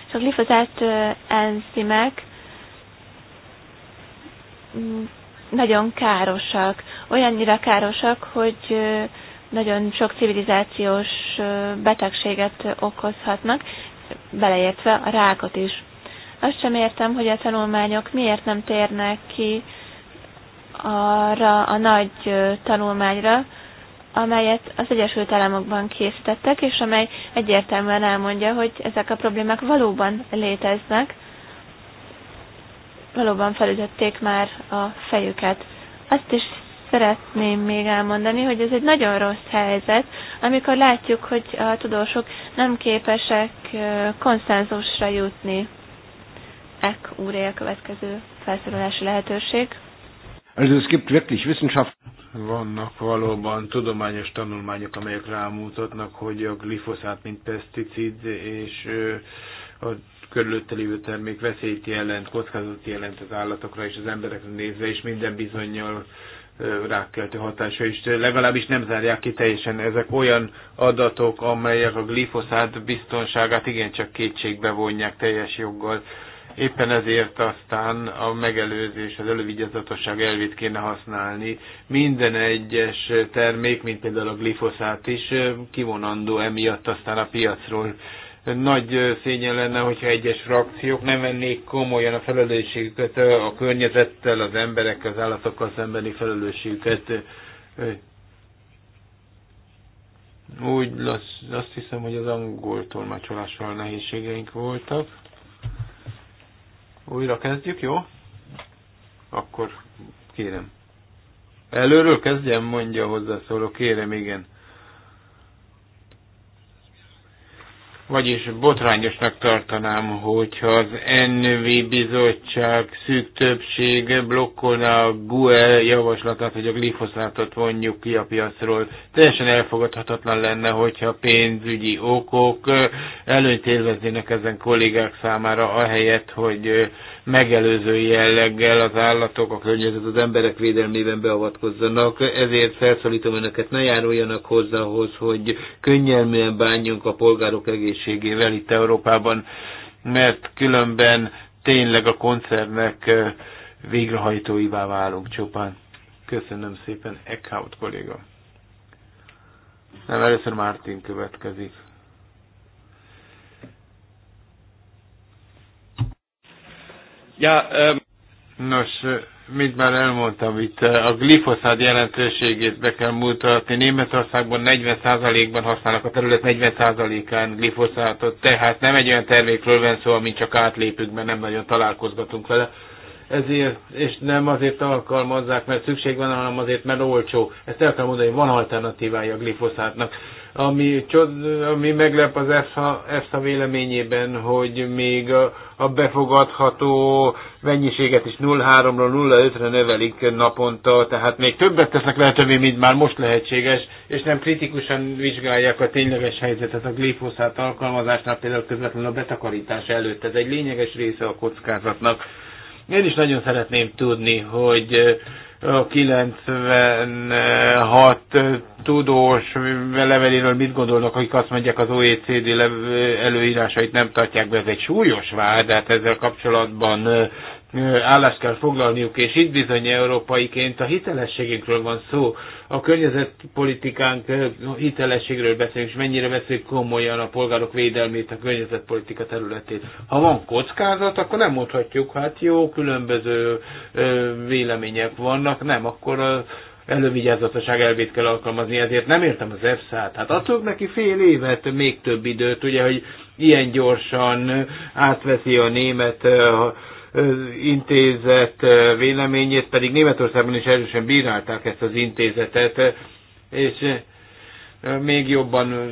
és a glifozát enzimek Mm, nagyon károsak. Olyannyira károsak, hogy nagyon sok civilizációs betegséget okozhatnak, beleértve a rákot is. Azt sem értem, hogy a tanulmányok miért nem térnek ki arra a nagy tanulmányra, amelyet az Egyesült Államokban készítettek, és amely egyértelműen elmondja, hogy ezek a problémák valóban léteznek, valóban felütötték már a fejüket. Azt is szeretném még elmondani, hogy ez egy nagyon rossz helyzet, amikor látjuk, hogy a tudósok nem képesek konszenzusra jutni. Ek úré a következő felszólalási lehetőség. Also es gibt wirklich Wissenschaft. Vannak valóban tudományos tanulmányok, amelyek rámutatnak, hogy a glifoszát, mint peszticid, és a körülötte lévő termék veszélyt jelent, kockázatot jelent az állatokra és az emberekre nézve, és minden bizonyal rákkeltő hatása is. Legalábbis nem zárják ki teljesen. Ezek olyan adatok, amelyek a glifoszát biztonságát igencsak kétségbe vonják teljes joggal. Éppen ezért aztán a megelőzés, az elővigyázatosság elvét kéne használni. Minden egyes termék, mint például a glifoszát is, kivonandó emiatt aztán a piacról nagy szégyen lenne, hogyha egyes frakciók nem vennék komolyan a felelősségüket, a környezettel, az emberekkel, az állatokkal szembeni felelősségüket. Úgy azt hiszem, hogy az angol tolmácsolással nehézségeink voltak. Újra kezdjük, jó? Akkor kérem. Előről kezdjem, mondja hozzászóló, kérem, igen. Vagyis botrányosnak tartanám, hogyha az NV bizottság szűk többség blokkolna a GUEL javaslatát, hogy a glifoszátot vonjuk ki a piacról. Teljesen elfogadhatatlan lenne, hogyha pénzügyi okok előnyt élveznének ezen kollégák számára, ahelyett, hogy megelőző jelleggel az állatok, a környezet, az emberek védelmében beavatkozzanak. Ezért felszólítom önöket, ne járuljanak hozzához, hogy könnyelműen bánjunk a polgárok egészségével nehézségével itt Európában, mert különben tényleg a koncernek végrehajtóivá válunk csupán. Köszönöm szépen, Eckhout kolléga. Nem, először Mártin következik. Ja, um... Nos, mint már elmondtam, itt a glifoszád jelentőségét be kell mutatni. Németországban 40%-ban használnak a terület 40%-án glifoszátot, tehát nem egy olyan termékről van szó, amit csak átlépünk, mert nem nagyon találkozgatunk vele. Ezért, és nem azért alkalmazzák, mert szükség van, hanem azért, mert olcsó. Ezt el kell mondani, hogy van alternatívája a glifoszátnak ami, csod, ami meglep az ezt a véleményében, hogy még a, a befogadható mennyiséget is 03 ra 0,5-re növelik naponta, tehát még többet tesznek lehetővé, mint már most lehetséges, és nem kritikusan vizsgálják a tényleges helyzetet a glifoszát alkalmazásnál, például közvetlenül a betakarítás előtt. Ez egy lényeges része a kockázatnak. Én is nagyon szeretném tudni, hogy a 96 tudós leveléről mit gondolnak, akik azt mondják, az OECD előírásait nem tartják be, ez egy súlyos vád, hát ezzel kapcsolatban állást kell foglalniuk, és itt bizony európaiként a hitelességünkről van szó. A környezetpolitikánk hitelességről beszélünk, és mennyire veszünk komolyan a polgárok védelmét a környezetpolitika területén. Ha van kockázat, akkor nem mondhatjuk, hát jó, különböző vélemények vannak, nem, akkor a elővigyázatosság elvét kell alkalmazni, ezért nem értem az EFSA-t. Hát adtunk neki fél évet, még több időt, ugye, hogy ilyen gyorsan átveszi a német intézet véleményét, pedig Németországban is erősen bírálták ezt az intézetet, és még jobban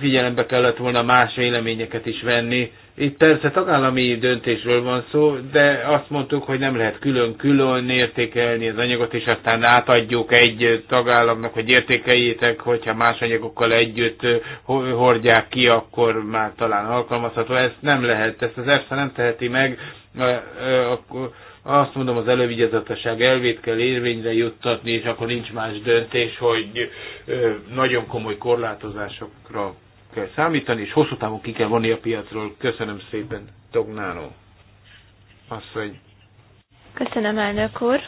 figyelembe kellett volna más véleményeket is venni. Itt persze tagállami döntésről van szó, de azt mondtuk, hogy nem lehet külön-külön értékelni az anyagot, és aztán átadjuk egy tagállamnak, hogy értékeljétek, hogyha más anyagokkal együtt hordják ki, akkor már talán alkalmazható. Ezt nem lehet, ezt az EFSA nem teheti meg, akkor azt mondom, az elővigyázatosság elvét kell érvényre juttatni, és akkor nincs más döntés, hogy nagyon komoly korlátozásokra kell számítani, és hosszú távon ki kell vonni a piacról. Köszönöm szépen, Azt, hogy... Köszönöm, elnök úr.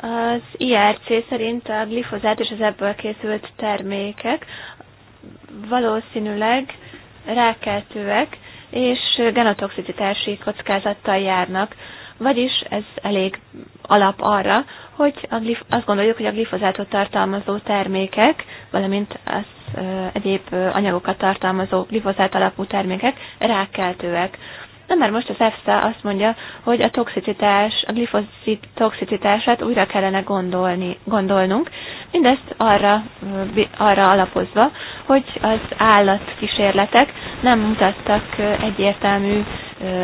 Az IRC szerint a glifozát és az ebből készült termékek valószínűleg rákeltőek és genotoxicitási kockázattal járnak. Vagyis ez elég alap arra, hogy a glif- azt gondoljuk, hogy a glifozátot tartalmazó termékek, valamint az egyéb anyagokat tartalmazó glifozát alapú termékek rákkeltőek. Na már most az EFSA azt mondja, hogy a toxicitás, a glifozit toxicitását újra kellene gondolni, gondolnunk, mindezt arra, arra alapozva, hogy az állatkísérletek nem mutattak egyértelmű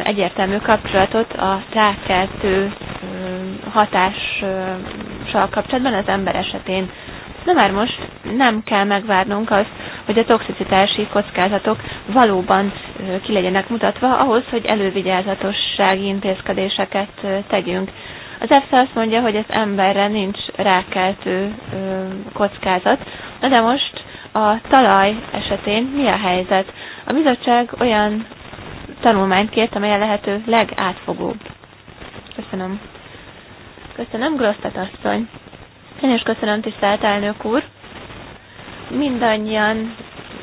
egyértelmű kapcsolatot a rákeltő hatással kapcsolatban az ember esetén. Na már most nem kell megvárnunk azt, hogy a toxicitási kockázatok valóban ki legyenek mutatva ahhoz, hogy elővigyázatossági intézkedéseket tegyünk. Az EFSA azt mondja, hogy az emberre nincs rákeltő kockázat, na de most a talaj esetén mi a helyzet? A bizottság olyan tanulmányt kért, amely a lehető legátfogóbb. Köszönöm. Köszönöm, Grosztat asszony. Én is köszönöm, tisztelt elnök úr. Mindannyian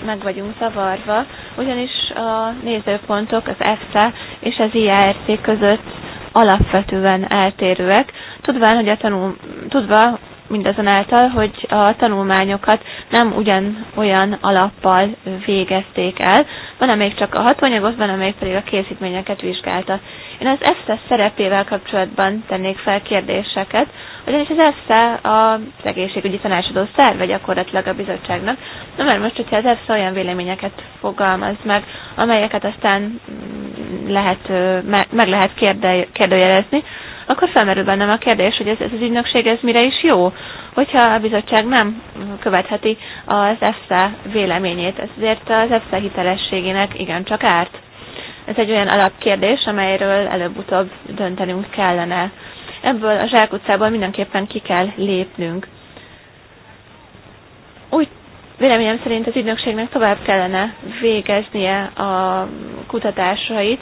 meg vagyunk zavarva, ugyanis a nézőpontok az EFSA és az IRC között alapvetően eltérőek, tudván, hogy a tanul, tudva, mindazonáltal, hogy a tanulmányokat nem ugyan olyan alappal végezték el. Van, amelyik csak a hatóanyagot, van, amelyik pedig a készítményeket vizsgálta. Én az EFSA szerepével kapcsolatban tennék fel kérdéseket, ugyanis az EFSA az egészségügyi tanácsadó szerve gyakorlatilag a bizottságnak. Na mert most, hogyha az EFSA olyan véleményeket fogalmaz meg, amelyeket aztán mm, lehet, meg lehet kérde, kérdőjelezni, akkor felmerül bennem a kérdés, hogy ez, ez az ügynökség ez mire is jó, hogyha a bizottság nem követheti az EFSA véleményét. Ez azért az EFSA hitelességének igencsak árt. Ez egy olyan alapkérdés, amelyről előbb-utóbb döntenünk kellene. Ebből a zsákutcából mindenképpen ki kell lépnünk. Úgy véleményem szerint az ügynökségnek tovább kellene végeznie a kutatásait.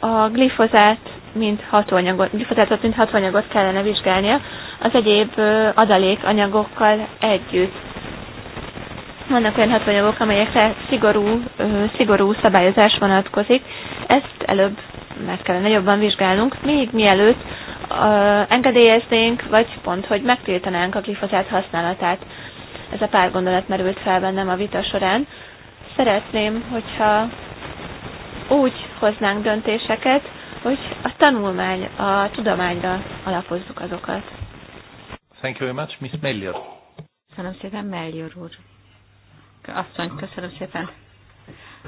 A glifozát mint hatóanyagot, glifozátot, mint hatóanyagot kellene vizsgálnia az egyéb adalékanyagokkal együtt. Vannak olyan hatóanyagok, amelyekre szigorú, szigorú szabályozás vonatkozik. Ezt előbb meg kellene jobban vizsgálnunk, még mielőtt engedélyeznénk, vagy pont, hogy megtiltanánk a glifozát használatát. Ez a pár gondolat merült fel bennem a vita során. Szeretném, hogyha úgy hoznánk döntéseket, hogy a tanulmány, a tudományra alapozzuk azokat. Thank you very much, Miss Mellior. Köszönöm szépen, Mellior úr. Asszony, köszönöm szépen.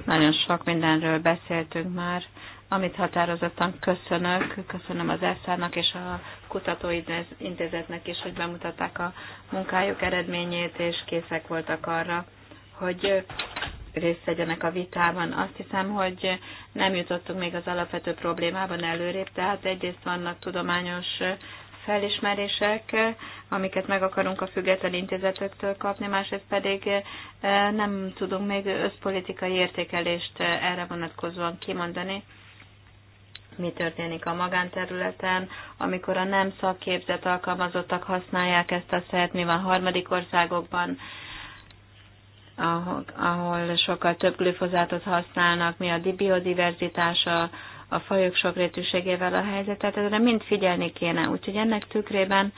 Nagyon sok mindenről beszéltünk már, amit határozottan köszönök. Köszönöm az ESZÁ-nak és a kutatóintézetnek is, hogy bemutatták a munkájuk eredményét, és készek voltak arra, hogy részt vegyenek a vitában. Azt hiszem, hogy nem jutottunk még az alapvető problémában előrébb, tehát egyrészt vannak tudományos felismerések, amiket meg akarunk a független intézetektől kapni, másrészt pedig eh, nem tudunk még összpolitikai értékelést erre vonatkozóan kimondani mi történik a magánterületen, amikor a nem szakképzett alkalmazottak használják ezt a szert, mi van harmadik országokban, ahol, ahol sokkal több glifozátot használnak, mi a biodiverzitása, a fajok sokrétűségével a tehát ezre mind figyelni kéne. Úgyhogy ennek tükrében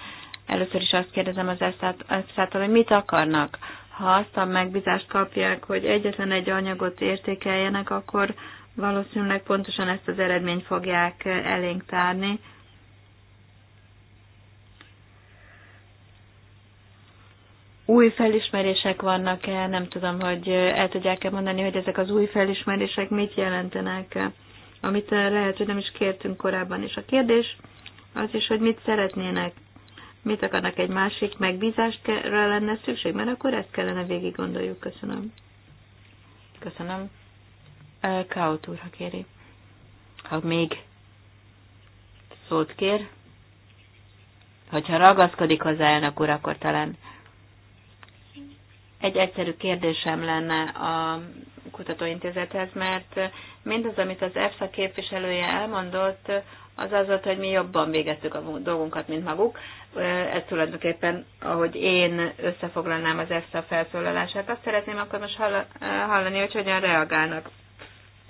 először is azt kérdezem az EFSA-tól, hogy mit akarnak. Ha azt a megbízást kapják, hogy egyetlen egy anyagot értékeljenek, akkor valószínűleg pontosan ezt az eredményt fogják elénk tárni, új felismerések vannak-e, nem tudom, hogy el tudják-e mondani, hogy ezek az új felismerések mit jelentenek, amit lehet, hogy nem is kértünk korábban. is a kérdés az is, hogy mit szeretnének, mit akarnak egy másik megbízásra lenne szükség, mert akkor ezt kellene végig gondoljuk. Köszönöm. Köszönöm. Kaut úr, ha kéri. Ha még szót kér, hogyha ragaszkodik hozzá elnök úr, akkor talán egy egyszerű kérdésem lenne a kutatóintézethez, mert mindaz, amit az EFSA képviselője elmondott, az az volt, hogy mi jobban végeztük a dolgunkat, mint maguk. Ez tulajdonképpen, ahogy én összefoglalnám az EFSA felszólalását, azt szeretném akkor most hallani, hogy hogyan reagálnak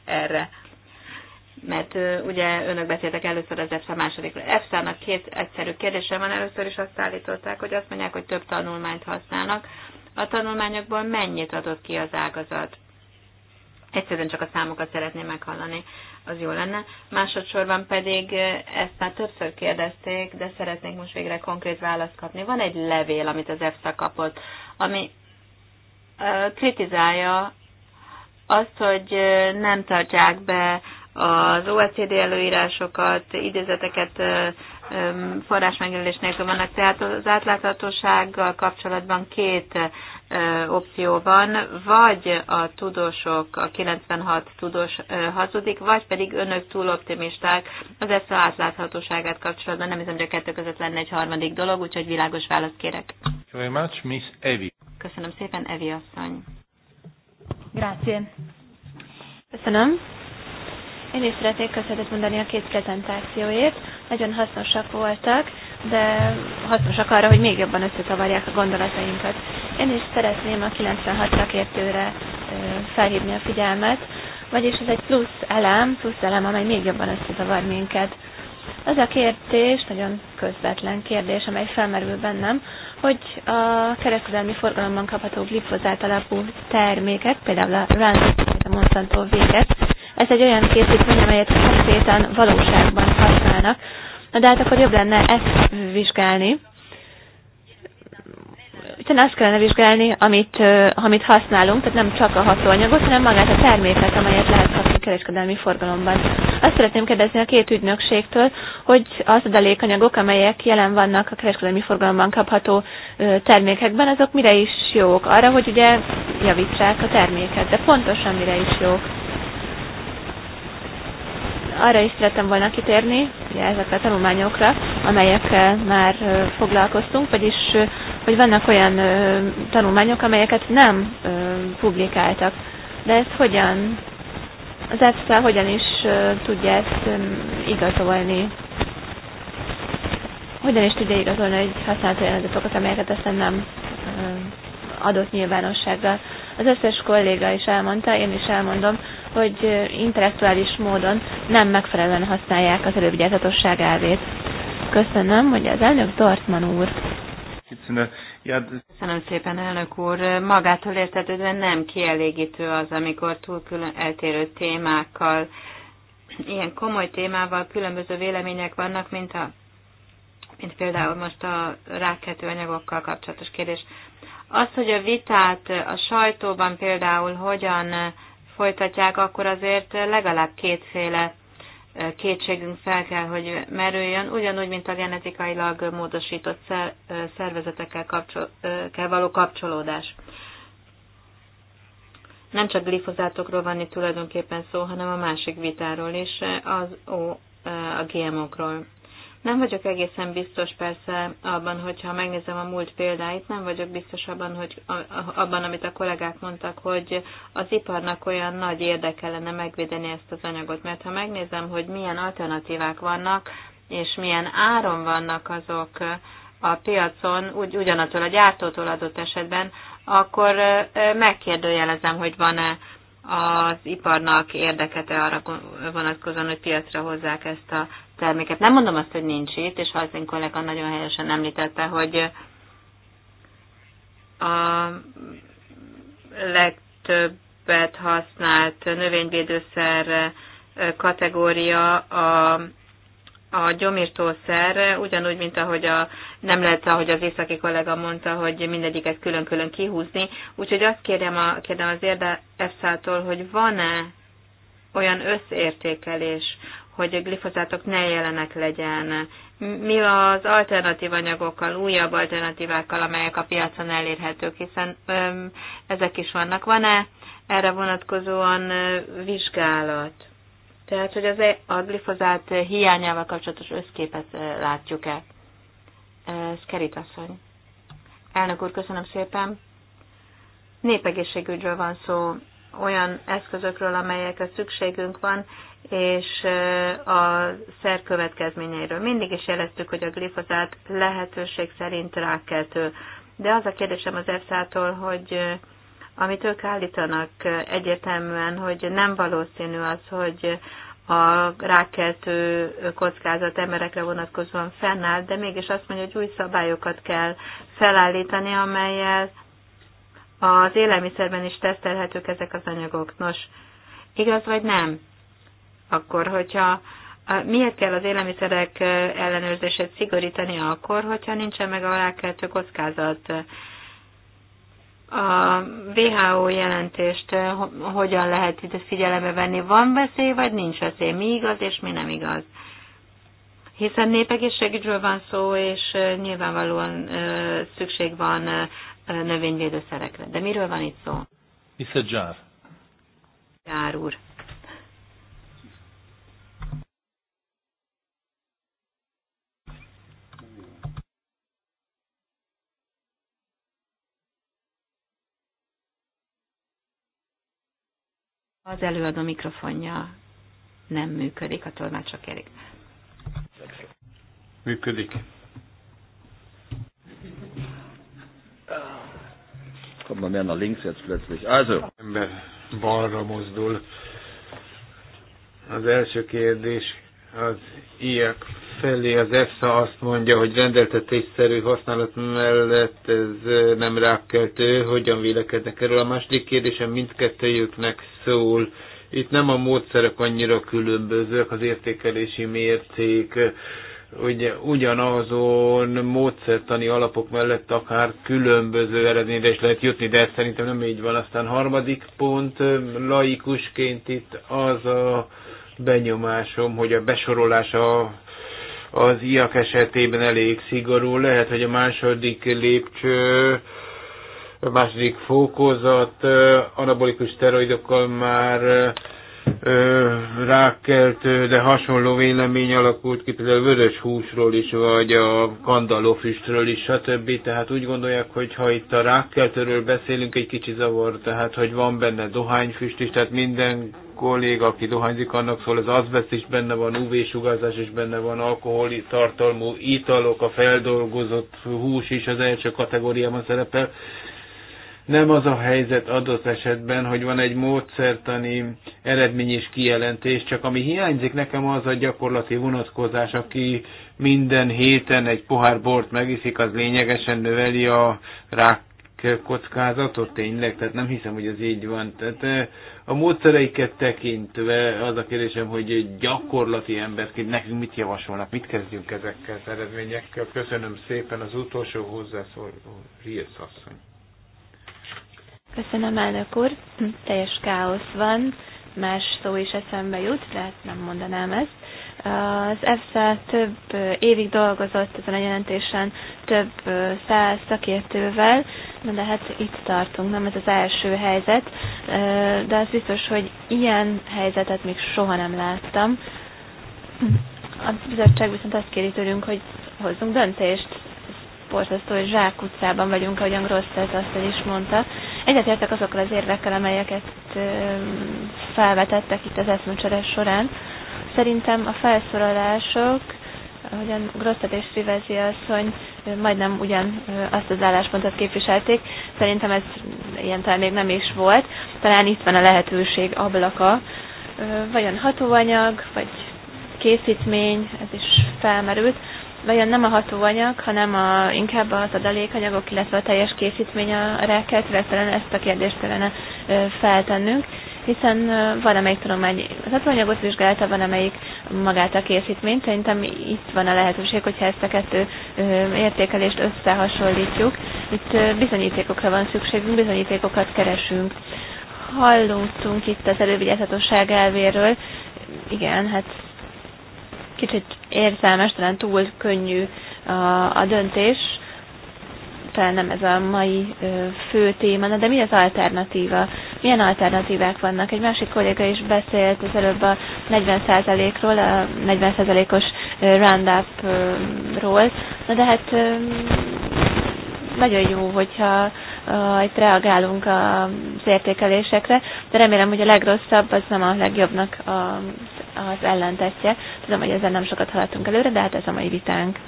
erre. Mert ugye önök beszéltek először az EFSA második. EFSA-nak két egyszerű kérdésem van. Először is azt állították, hogy azt mondják, hogy több tanulmányt használnak a tanulmányokból mennyit adott ki az ágazat. Egyszerűen csak a számokat szeretném meghallani, az jó lenne. Másodszorban pedig eh, ezt már többször kérdezték, de szeretnék most végre konkrét választ kapni. Van egy levél, amit az EFSA kapott, ami eh, kritizálja azt, hogy eh, nem tartják be az OECD előírásokat, idézeteket forrásmegjelölés nélkül vannak. Tehát az átláthatósággal kapcsolatban két opció van, vagy a tudósok, a 96 tudós hazudik, vagy pedig önök túl optimisták az a átláthatóságát kapcsolatban. Nem hiszem, hogy a kettő között lenne egy harmadik dolog, úgyhogy világos választ kérek. Very much, Miss Köszönöm szépen, Evi asszony. Grazie. Köszönöm. Én is szeretnék köszönetet mondani a két prezentációért. Nagyon hasznosak voltak, de hasznosak arra, hogy még jobban összetavarják a gondolatainkat. Én is szeretném a 96 szakértőre felhívni a figyelmet, vagyis ez egy plusz elem, plusz elem, amely még jobban összetavar minket. Ez a kérdés, nagyon közvetlen kérdés, amely felmerül bennem, hogy a kereskedelmi forgalomban kapható glifozát alapú termékek, például a Rancid, a Monsanto véget, ez egy olyan készítmény, amelyet konkrétan valóságban használnak. Na de hát akkor jobb lenne ezt vizsgálni. Hiszen azt kellene vizsgálni, amit, amit használunk, tehát nem csak a hatóanyagot, hanem magát a terméket, amelyet lehet kapni kereskedelmi forgalomban. Azt szeretném kérdezni a két ügynökségtől, hogy az adalékanyagok, amelyek jelen vannak a kereskedelmi forgalomban kapható termékekben, azok mire is jók? Arra, hogy ugye javítsák a terméket, de pontosan mire is jók? arra is szerettem volna kitérni, ugye ezekre a tanulmányokra, amelyekkel már foglalkoztunk, vagyis hogy vannak olyan tanulmányok, amelyeket nem publikáltak. De ezt hogyan, az EFSA hogyan is tudja ezt igazolni? Hogyan is tudja igazolni, hogy használt olyan adatokat, amelyeket aztán nem adott nyilvánosságra? Az összes kolléga is elmondta, én is elmondom, hogy intellektuális módon nem megfelelően használják az elővigyázatosság elvét. Köszönöm, hogy az elnök Dortman úr. Köszönöm szépen, elnök úr. Magától értetődve nem kielégítő az, amikor túl külön eltérő témákkal, ilyen komoly témával különböző vélemények vannak, mint, a, mint például most a rákkeltő anyagokkal kapcsolatos kérdés. Az, hogy a vitát a sajtóban például hogyan folytatják, akkor azért legalább kétféle kétségünk fel kell, hogy merüljön, ugyanúgy, mint a genetikailag módosított szervezetekkel kell való kapcsolódás. Nem csak glifozátokról van itt tulajdonképpen szó, hanem a másik vitáról is, az o a GMO-król. Nem vagyok egészen biztos persze abban, hogyha megnézem a múlt példáit, nem vagyok biztos abban, hogy, abban amit a kollégák mondtak, hogy az iparnak olyan nagy érdeke lenne megvédeni ezt az anyagot. Mert ha megnézem, hogy milyen alternatívák vannak, és milyen áron vannak azok a piacon, úgy, ugyanattól a gyártótól adott esetben, akkor megkérdőjelezem, hogy van-e az iparnak érdekete arra vonatkozóan, hogy piacra hozzák ezt a terméket. Nem mondom azt, hogy nincs itt, és az én kollega nagyon helyesen említette, hogy a legtöbbet használt növényvédőszer kategória a a gyomirtószer ugyanúgy, mint ahogy a, nem lehet, ahogy az északi kollega mondta, hogy mindegyiket külön-külön kihúzni. Úgyhogy azt kérdem a, kérdem az érde tól hogy van-e olyan összértékelés, hogy a glifozátok ne jelenek legyen. Mi az alternatív anyagokkal, újabb alternatívákkal, amelyek a piacon elérhetők, hiszen öm, ezek is vannak. Van-e erre vonatkozóan vizsgálat? Tehát, hogy az e- a glifozát hiányával kapcsolatos összképet látjuk-e? Szkerit asszony. Elnök úr, köszönöm szépen. Népegészségügyről van szó, olyan eszközökről, amelyekre szükségünk van, és a szer következményeiről. Mindig is jeleztük, hogy a glifozát lehetőség szerint rákkeltő. De az a kérdésem az EFSA-tól, hogy amit ők állítanak egyértelműen, hogy nem valószínű az, hogy a rákeltő kockázat emberekre vonatkozóan fennáll, de mégis azt mondja, hogy új szabályokat kell felállítani, amelyel az élelmiszerben is tesztelhetők ezek az anyagok. Nos, igaz vagy nem? Akkor, hogyha miért kell az élelmiszerek ellenőrzését szigorítani akkor, hogyha nincsen meg a rákeltő kockázat? a WHO jelentést eh, hogyan lehet itt figyelembe venni, van veszély, vagy nincs veszély, mi igaz és mi nem igaz. Hiszen népegészségügyről van szó, és eh, nyilvánvalóan eh, szükség van növényvédőszerekre. De miről van itt szó? Mr. Jar. Jár úr. Az előadó mikrofonja nem működik, a csak kérik. Működik. Kommt man a links jetzt plötzlich. Also. Ember balra mozdul. Az első kérdés az IAK felé az EFSA azt mondja, hogy rendeltetésszerű használat mellett ez nem rákkeltő, hogyan vélekednek erről. A második kérdésem mindkettőjüknek szól. Itt nem a módszerek annyira különbözőek, az értékelési mérték, ugye ugyanazon módszertani alapok mellett akár különböző eredményre is lehet jutni, de ez szerintem nem így van. Aztán harmadik pont, laikusként itt az a benyomásom, hogy a besorolása az IAK esetében elég szigorú. Lehet, hogy a második lépcső, a második fokozat anabolikus steroidokkal már rákkeltő, de hasonló vélemény alakult ki, például vörös húsról is, vagy a kandalofüstről is, stb. Tehát úgy gondolják, hogy ha itt a rákkeltőről beszélünk, egy kicsi zavar, tehát hogy van benne dohányfüst is, tehát minden kolléga, aki dohányzik, annak szól, az azbest is benne van, UV-sugárzás is benne van, alkoholi tartalmú italok, a feldolgozott hús is az első kategóriában szerepel nem az a helyzet adott esetben, hogy van egy módszertani eredmény és kijelentés, csak ami hiányzik nekem az a gyakorlati vonatkozás, aki minden héten egy pohár bort megiszik, az lényegesen növeli a rák kockázatot tényleg, tehát nem hiszem, hogy ez így van. Tehát eh, a módszereiket tekintve az a kérdésem, hogy gyakorlati emberként nekünk mit javasolnak, mit kezdjünk ezekkel az eredményekkel. Köszönöm szépen az utolsó hozzászóló Riesz asszony. Köszönöm, elnök úr. Teljes káosz van. Más szó is eszembe jut, de hát nem mondanám ezt. Az EFSA több évig dolgozott ezen a jelentésen több száz szakértővel, de hát itt tartunk, nem ez az első helyzet, de az biztos, hogy ilyen helyzetet még soha nem láttam. A bizottság viszont azt kéri tőlünk, hogy hozzunk döntést, borzasztó, hogy zsákutcában vagyunk, ahogyan ez azt is mondta, Egyetértek azokkal az érvekkel, amelyeket felvetettek itt az eszmecsere során. Szerintem a felszólalások, ahogyan Grosztat és Rivezi asszony majdnem ugyan azt az álláspontot képviselték, szerintem ez ilyen talán még nem is volt. Talán itt van a lehetőség ablaka, vajon hatóanyag, vagy készítmény, ez is felmerült vajon nem a hatóanyag, hanem a, inkább az adalékanyagok, illetve a teljes készítmény a rákeltőre, talán ezt a kérdést kellene feltennünk, hiszen van amelyik tudomány az hatóanyagot vizsgálta, van amelyik magát a készítményt. Szerintem itt van a lehetőség, hogyha ezt a kettő értékelést összehasonlítjuk. Itt bizonyítékokra van szükségünk, bizonyítékokat keresünk. Hallottunk itt az elővigyázatosság elvéről, igen, hát kicsit érzelmes, talán túl könnyű a, a döntés, talán nem ez a mai fő téma, de mi az alternatíva? Milyen alternatívák vannak? Egy másik kolléga is beszélt az előbb a 40%-ról, a 40%-os roundup-ról. na de hát nagyon jó, hogyha ö, itt reagálunk az értékelésekre, de remélem, hogy a legrosszabb az nem a legjobbnak a az ellentetje. Tudom, hogy ezzel nem sokat haladtunk előre, de hát ez a mai vitánk.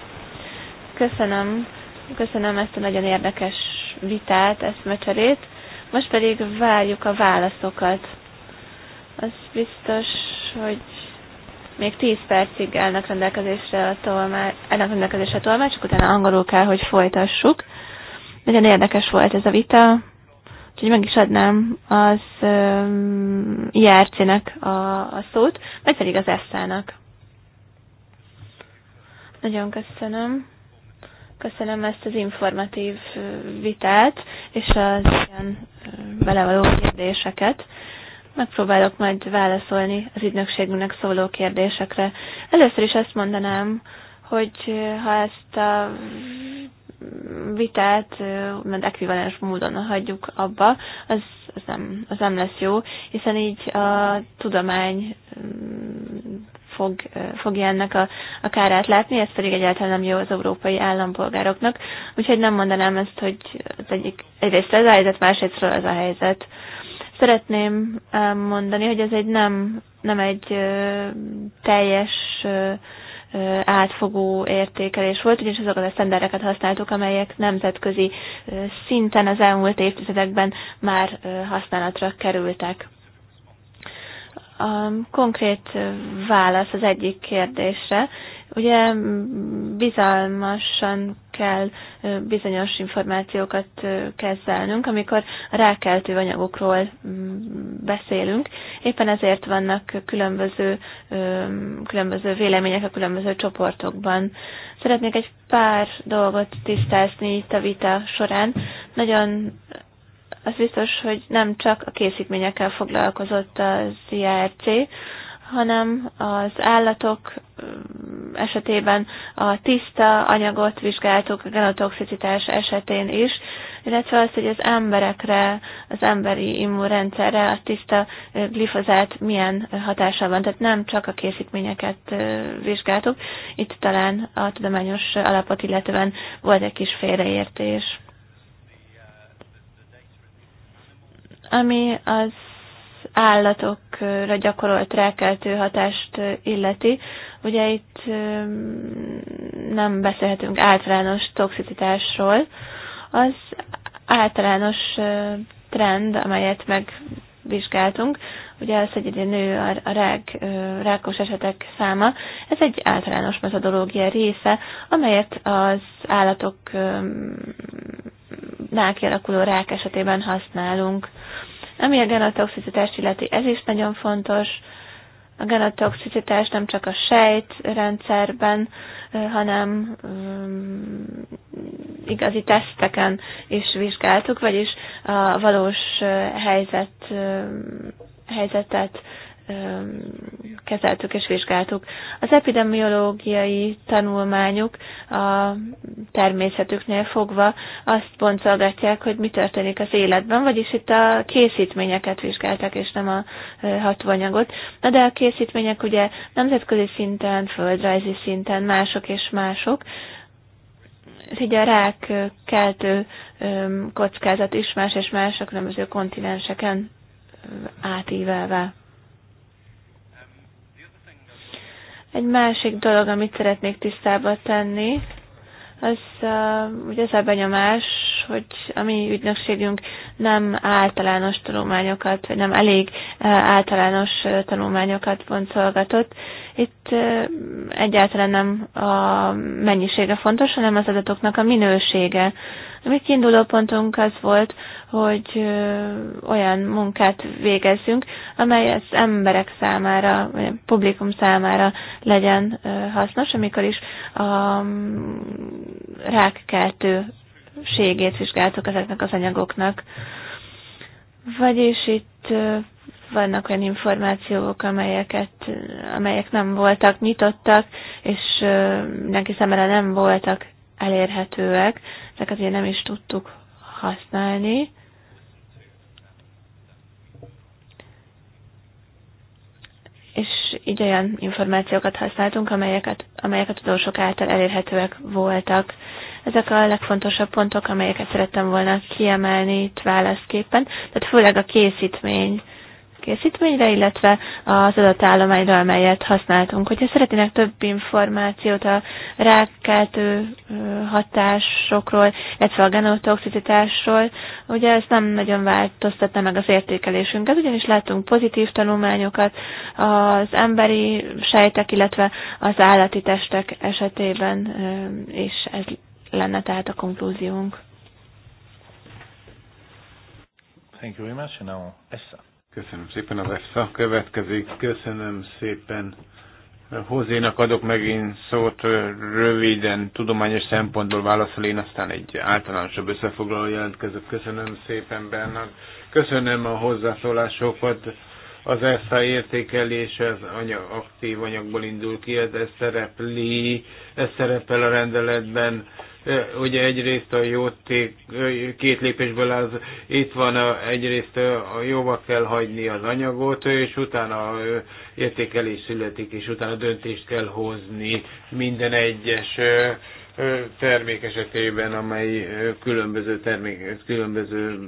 Köszönöm, köszönöm ezt a nagyon érdekes vitát, eszmecserét. Most pedig várjuk a válaszokat. Az biztos, hogy még 10 percig elnök rendelkezésre a tolmács, elnök rendelkezésre a tolmácsok, utána angolul kell, hogy folytassuk. Nagyon érdekes volt ez a vita, Úgyhogy meg is adnám az um, irc e a, a szót, meg pedig az Eszának. Nagyon köszönöm. Köszönöm ezt az informatív vitát, és az ilyen belevaló kérdéseket. Megpróbálok majd válaszolni az ügynökségünknek szóló kérdésekre. Először is azt mondanám, hogy ha ezt a vitát, mert ekvivalens módon hagyjuk abba, az, az, nem, az nem lesz jó, hiszen így a tudomány mm, fog, fogja ennek a, a kárát látni, ez pedig egyáltalán nem jó az európai állampolgároknak. Úgyhogy nem mondanám ezt, hogy az egyik, egyrészt ez a helyzet, másrésztről ez a helyzet. Szeretném mondani, hogy ez egy nem, nem egy teljes átfogó értékelés volt, ugyanis azokat a szendereket használtuk, amelyek nemzetközi szinten az elmúlt évtizedekben már használatra kerültek. A konkrét válasz az egyik kérdésre. Ugye bizalmasan kell bizonyos információkat kezelnünk, amikor rákeltő anyagokról mm, beszélünk. Éppen ezért vannak különböző, különböző vélemények a különböző csoportokban. Szeretnék egy pár dolgot tisztázni itt a vita során. Nagyon az biztos, hogy nem csak a készítményekkel foglalkozott az IRC, hanem az állatok esetében a tiszta anyagot vizsgáltuk a genotoxicitás esetén is, illetve azt, hogy az emberekre, az emberi immunrendszerre a tiszta glifozát milyen hatása van. Tehát nem csak a készítményeket vizsgáltuk, itt talán a tudományos alapot illetően volt egy kis félreértés. Ami az állatokra gyakorolt rákeltő hatást illeti. Ugye itt nem beszélhetünk általános toxicitásról. Az általános trend, amelyet megvizsgáltunk, ugye az, hogy egy nő a rák, rákos esetek száma, ez egy általános metodológia része, amelyet az állatok nál kialakuló rák esetében használunk. Ami a genotoxicitást illeti, ez is nagyon fontos. A genotoxicitás nem csak a sejtrendszerben, hanem igazi teszteken is vizsgáltuk, vagyis a valós helyzet, helyzetet kezeltük és vizsgáltuk. Az epidemiológiai tanulmányok a természetüknél fogva azt pontolgatják, hogy mi történik az életben, vagyis itt a készítményeket vizsgálták, és nem a hatóanyagot. Na de a készítmények ugye nemzetközi szinten, földrajzi szinten mások és mások, így a rák keltő kockázat is más és más a különböző kontinenseken átívelve. Egy másik dolog, amit szeretnék tisztába tenni, az ugye ez a benyomás, hogy a mi ügynökségünk nem általános tanulmányokat, vagy nem elég általános tanulmányokat boncolgatott. Itt egyáltalán nem a mennyisége fontos, hanem az adatoknak a minősége a mi kiinduló pontunk az volt, hogy olyan munkát végezzünk, amely az emberek számára, vagy a publikum számára legyen hasznos, amikor is a mm, rákkeltőségét vizsgáltuk ezeknek az anyagoknak. Vagyis itt vannak olyan információk, amelyeket, amelyek nem voltak nyitottak, és mindenki szemére nem voltak elérhetőek, ezeket ugye nem is tudtuk használni. És így olyan információkat használtunk, amelyeket, amelyek a tudósok által elérhetőek voltak. Ezek a legfontosabb pontok, amelyeket szerettem volna kiemelni itt válaszképpen, tehát főleg a készítmény készítményre, illetve az adatállományra, amelyet használtunk. Hogyha szeretnének több információt a rákkeltő hatásokról, illetve a genotoxicitásról, ugye ez nem nagyon változtatta meg az értékelésünket, ugyanis láttunk pozitív tanulmányokat az emberi sejtek, illetve az állati testek esetében, és ez lenne tehát a konklúziónk. Thank you very much. And now, Esther. Köszönöm szépen, a EFSA következik. Köszönöm szépen. Hozénak adok megint szót röviden, tudományos szempontból válaszol, én aztán egy általánosabb összefoglaló jelentkező. Köszönöm szépen, Bernard. Köszönöm a hozzászólásokat. Az ESZA értékelés az anyag, aktív anyagból indul ki, ez, ez, szerepli, ez szerepel a rendeletben Ugye egyrészt a jóték két lépésből az itt van, a, egyrészt a jóba kell hagyni az anyagot, és utána értékelés születik, és utána döntést kell hozni minden egyes termék esetében, amely különböző termék, különböző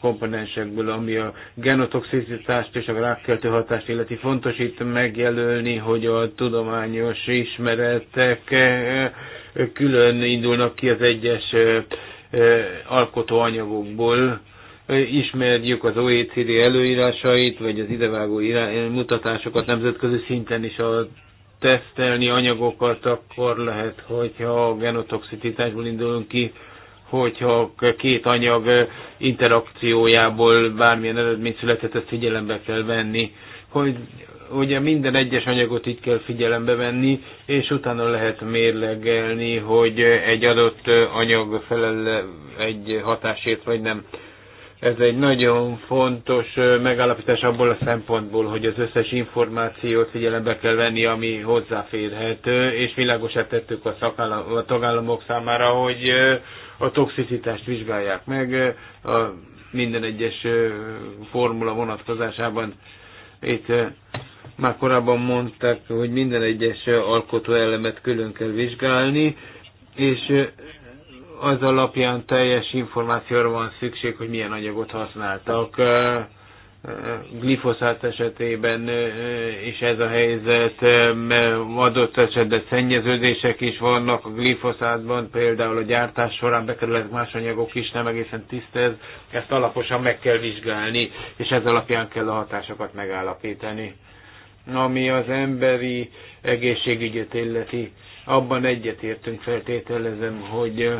komponensekből, ami a genotoxicitást és a rákkeltő hatást illeti fontos itt megjelölni, hogy a tudományos ismeretek külön indulnak ki az egyes alkotóanyagokból, ismerjük az OECD előírásait, vagy az idevágó mutatásokat nemzetközi szinten is a tesztelni anyagokat, akkor lehet, hogyha a genotoxicitásból indulunk ki, hogyha két anyag interakciójából bármilyen eredmény született, ezt figyelembe kell venni, hogy ugye minden egyes anyagot így kell figyelembe venni, és utána lehet mérlegelni, hogy egy adott anyag felel egy hatásért, vagy nem. Ez egy nagyon fontos megállapítás abból a szempontból, hogy az összes információt figyelembe kell venni, ami hozzáférhető, és világosát tettük a, szakállam, a tagállamok számára, hogy a toxicitást vizsgálják meg a minden egyes formula vonatkozásában. Itt már korábban mondták, hogy minden egyes alkotó elemet külön kell vizsgálni, és az alapján teljes információra van szükség, hogy milyen anyagot használtak glifoszát esetében is ez a helyzet, adott esetben szennyeződések is vannak a glifoszátban, például a gyártás során bekerülnek más anyagok is, nem egészen tiszta ez, ezt alaposan meg kell vizsgálni, és ez alapján kell a hatásokat megállapítani. Ami az emberi egészségügyet illeti, abban egyetértünk feltételezem, hogy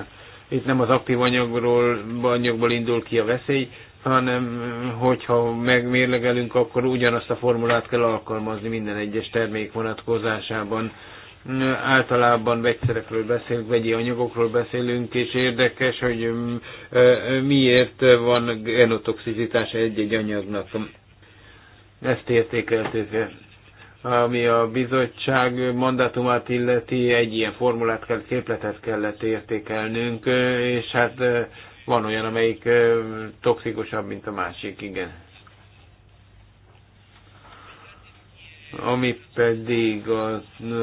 itt nem az aktív anyagról, anyagból indul ki a veszély, hanem hogyha megmérlegelünk, akkor ugyanazt a formulát kell alkalmazni minden egyes termék vonatkozásában. Általában vegyszerekről beszélünk, vegyi anyagokról beszélünk, és érdekes, hogy miért van genotoxicitás egy-egy anyagnak. Ezt értékeltük ami a bizottság mandátumát illeti, egy ilyen formulát kell, képletet kellett értékelnünk, és hát van olyan, amelyik toxikusabb, mint a másik, igen. Ami pedig a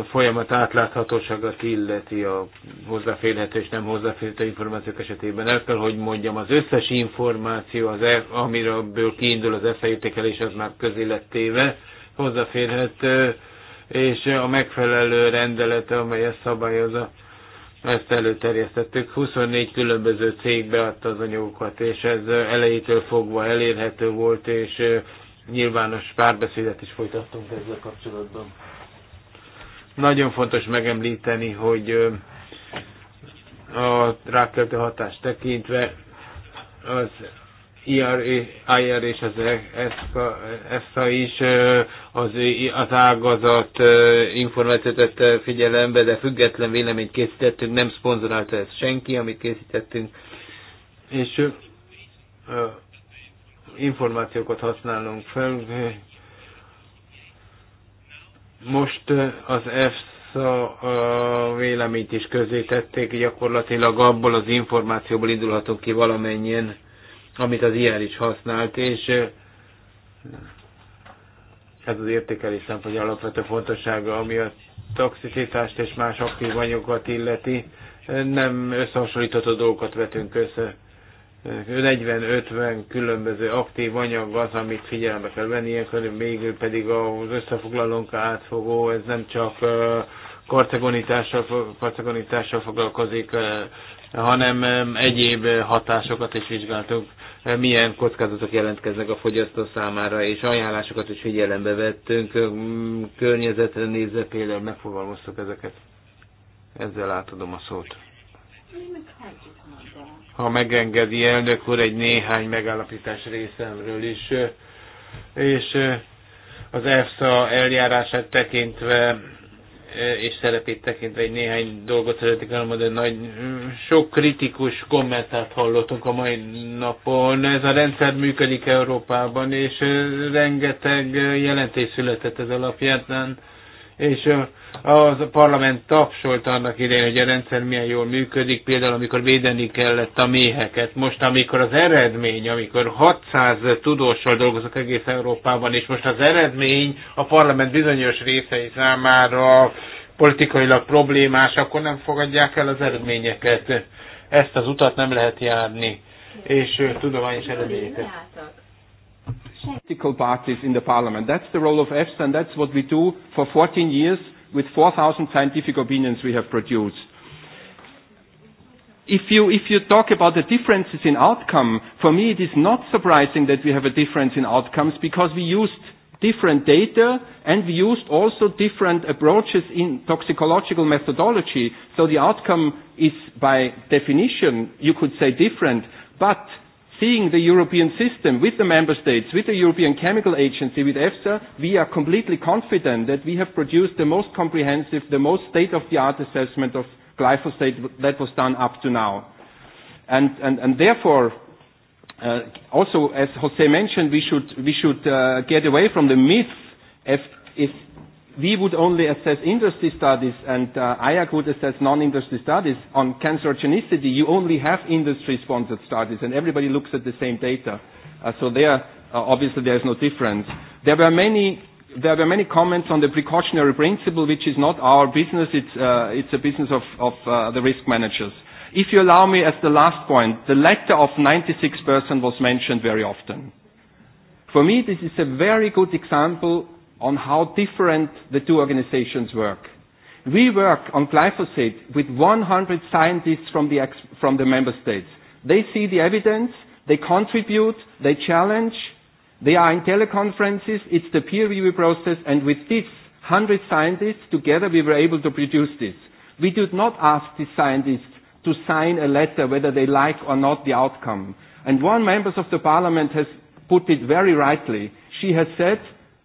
folyamat átláthatóságát illeti a hozzáférhető és nem hozzáférhető információk esetében. El kell, hogy mondjam, az összes információ, az, e- amiről kiindul az eszeértékelés, az már közéletével hozzáférhető, és a megfelelő rendelete, amely ezt szabályozza, ezt előterjesztettük. 24 különböző cég beadta az anyagokat, és ez elejétől fogva elérhető volt, és nyilvános párbeszédet is folytattunk ezzel kapcsolatban. Nagyon fontos megemlíteni, hogy a rákkeltő hatást tekintve az IR e és az ESZA e is az, az ágazat információt figyelembe, de független véleményt készítettünk, nem szponzorálta ezt senki, amit készítettünk, és információkat használunk fel. Most az EFSA a véleményt is közé tették, gyakorlatilag abból az információból indulhatunk ki valamennyien, amit az ilyen is használt, és ez az értékelés szempontja alapvető fontossága, ami a toxicitást és más aktív anyagokat illeti. Nem összehasonlítható dolgokat vetünk össze. 40-50 különböző aktív anyag az, amit figyelembe kell venni, ilyenkor még pedig az összefoglalónk átfogó, ez nem csak karcegonitással, karcegonitással foglalkozik, hanem egyéb hatásokat is vizsgáltunk milyen kockázatok jelentkeznek a fogyasztó számára, és ajánlásokat is figyelembe vettünk, hm, környezetre nézve például megfogalmaztuk ezeket. Ezzel átadom a szót. Ha megengedi elnök úr, egy néhány megállapítás részemről is, és eh, az EFSA eljárását tekintve és szerepét tekintve egy néhány dolgot szeretnék elmondani, nagy, sok kritikus kommentát hallottunk a mai napon. Ez a rendszer működik Európában, és rengeteg jelentés született ez alapján és a parlament tapsolt annak idején, hogy a rendszer milyen jól működik, például amikor védeni kellett a méheket. Most, amikor az eredmény, amikor 600 tudóssal dolgozok egész Európában, és most az eredmény a parlament bizonyos részei számára politikailag problémás, akkor nem fogadják el az eredményeket. Ezt az utat nem lehet járni, és tudományos eredményeket political parties in the parliament. That's the role of EFSA and that's what we do for 14 years with 4,000 scientific opinions we have produced. If you, if you talk about the differences in outcome, for me it is not surprising that we have a difference in outcomes because we used different data and we used also different approaches in toxicological methodology. So the outcome is by definition, you could say different, but seeing the European system with the member states, with the European Chemical Agency, with EFSA, we are completely confident that we have produced the most comprehensive, the most state-of-the-art assessment of glyphosate that was done up to now. And, and, and therefore, uh, also, as Jose mentioned, we should, we should uh, get away from the myth if, if we would only assess industry studies and uh, IAC would assess non-industry studies on cancerogenicity. You only have industry-sponsored studies and everybody looks at the same data. Uh, so there, uh, obviously, there is no difference. There were many there were many comments on the precautionary principle, which is not our business. It's, uh, it's a business of, of uh, the risk managers. If you allow me, as the last point, the letter of 96% was mentioned very often. For me, this is a very good example on how different the two organizations work. We work on glyphosate with 100 scientists from the, ex- from the member states. They see the evidence, they contribute, they challenge, they are in teleconferences, it's the peer review process, and with these 100 scientists together we were able to produce this. We did not ask the scientists to sign a letter whether they like or not the outcome. And one member of the parliament has put it very rightly. She has said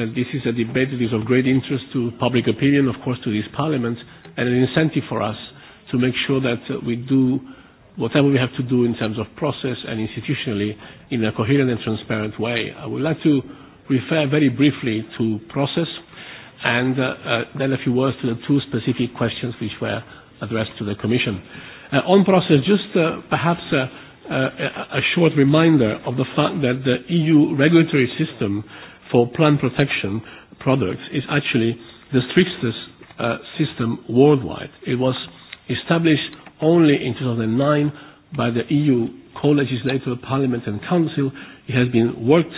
that this is a debate that is of great interest to public opinion, of course, to this parliament, and an incentive for us to make sure that uh, we do whatever we have to do in terms of process and institutionally in a coherent and transparent way. I would like to refer very briefly to process and uh, uh, then a few words to the two specific questions which were addressed to the Commission. Uh, on process, just uh, perhaps uh, uh, a short reminder of the fact that the EU regulatory system for plant protection products is actually the strictest uh, system worldwide. It was established only in 2009 by the EU co-legislator, Parliament and Council. It has been worked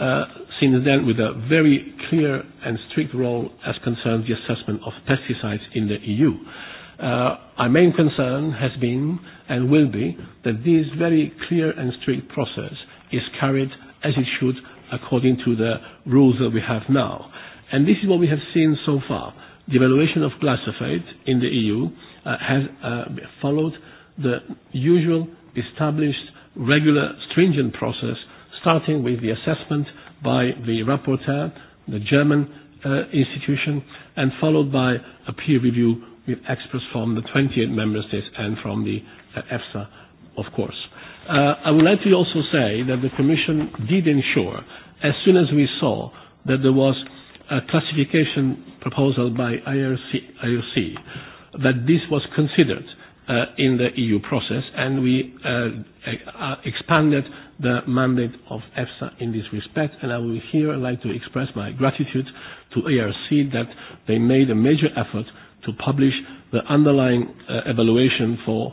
uh, since then with a very clear and strict role as concerns the assessment of pesticides in the EU. Uh, our main concern has been and will be that this very clear and strict process is carried as it should according to the rules that we have now. And this is what we have seen so far. The evaluation of glyphosate in the EU uh, has uh, followed the usual established regular stringent process, starting with the assessment by the rapporteur, the German uh, institution, and followed by a peer review with experts from the 28 member states and from the uh, EFSA, of course. Uh, I would like to also say that the Commission did ensure, as soon as we saw that there was a classification proposal by IRC, IOC, that this was considered uh, in the EU process, and we uh, e, uh, expanded the mandate of EFSA in this respect. And I would here like to express my gratitude to ARC that they made a major effort to publish the underlying uh, evaluation for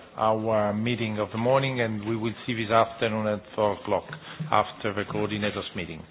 our meeting of the morning, and we will see this afternoon at four o'clock after the coordinators' meeting.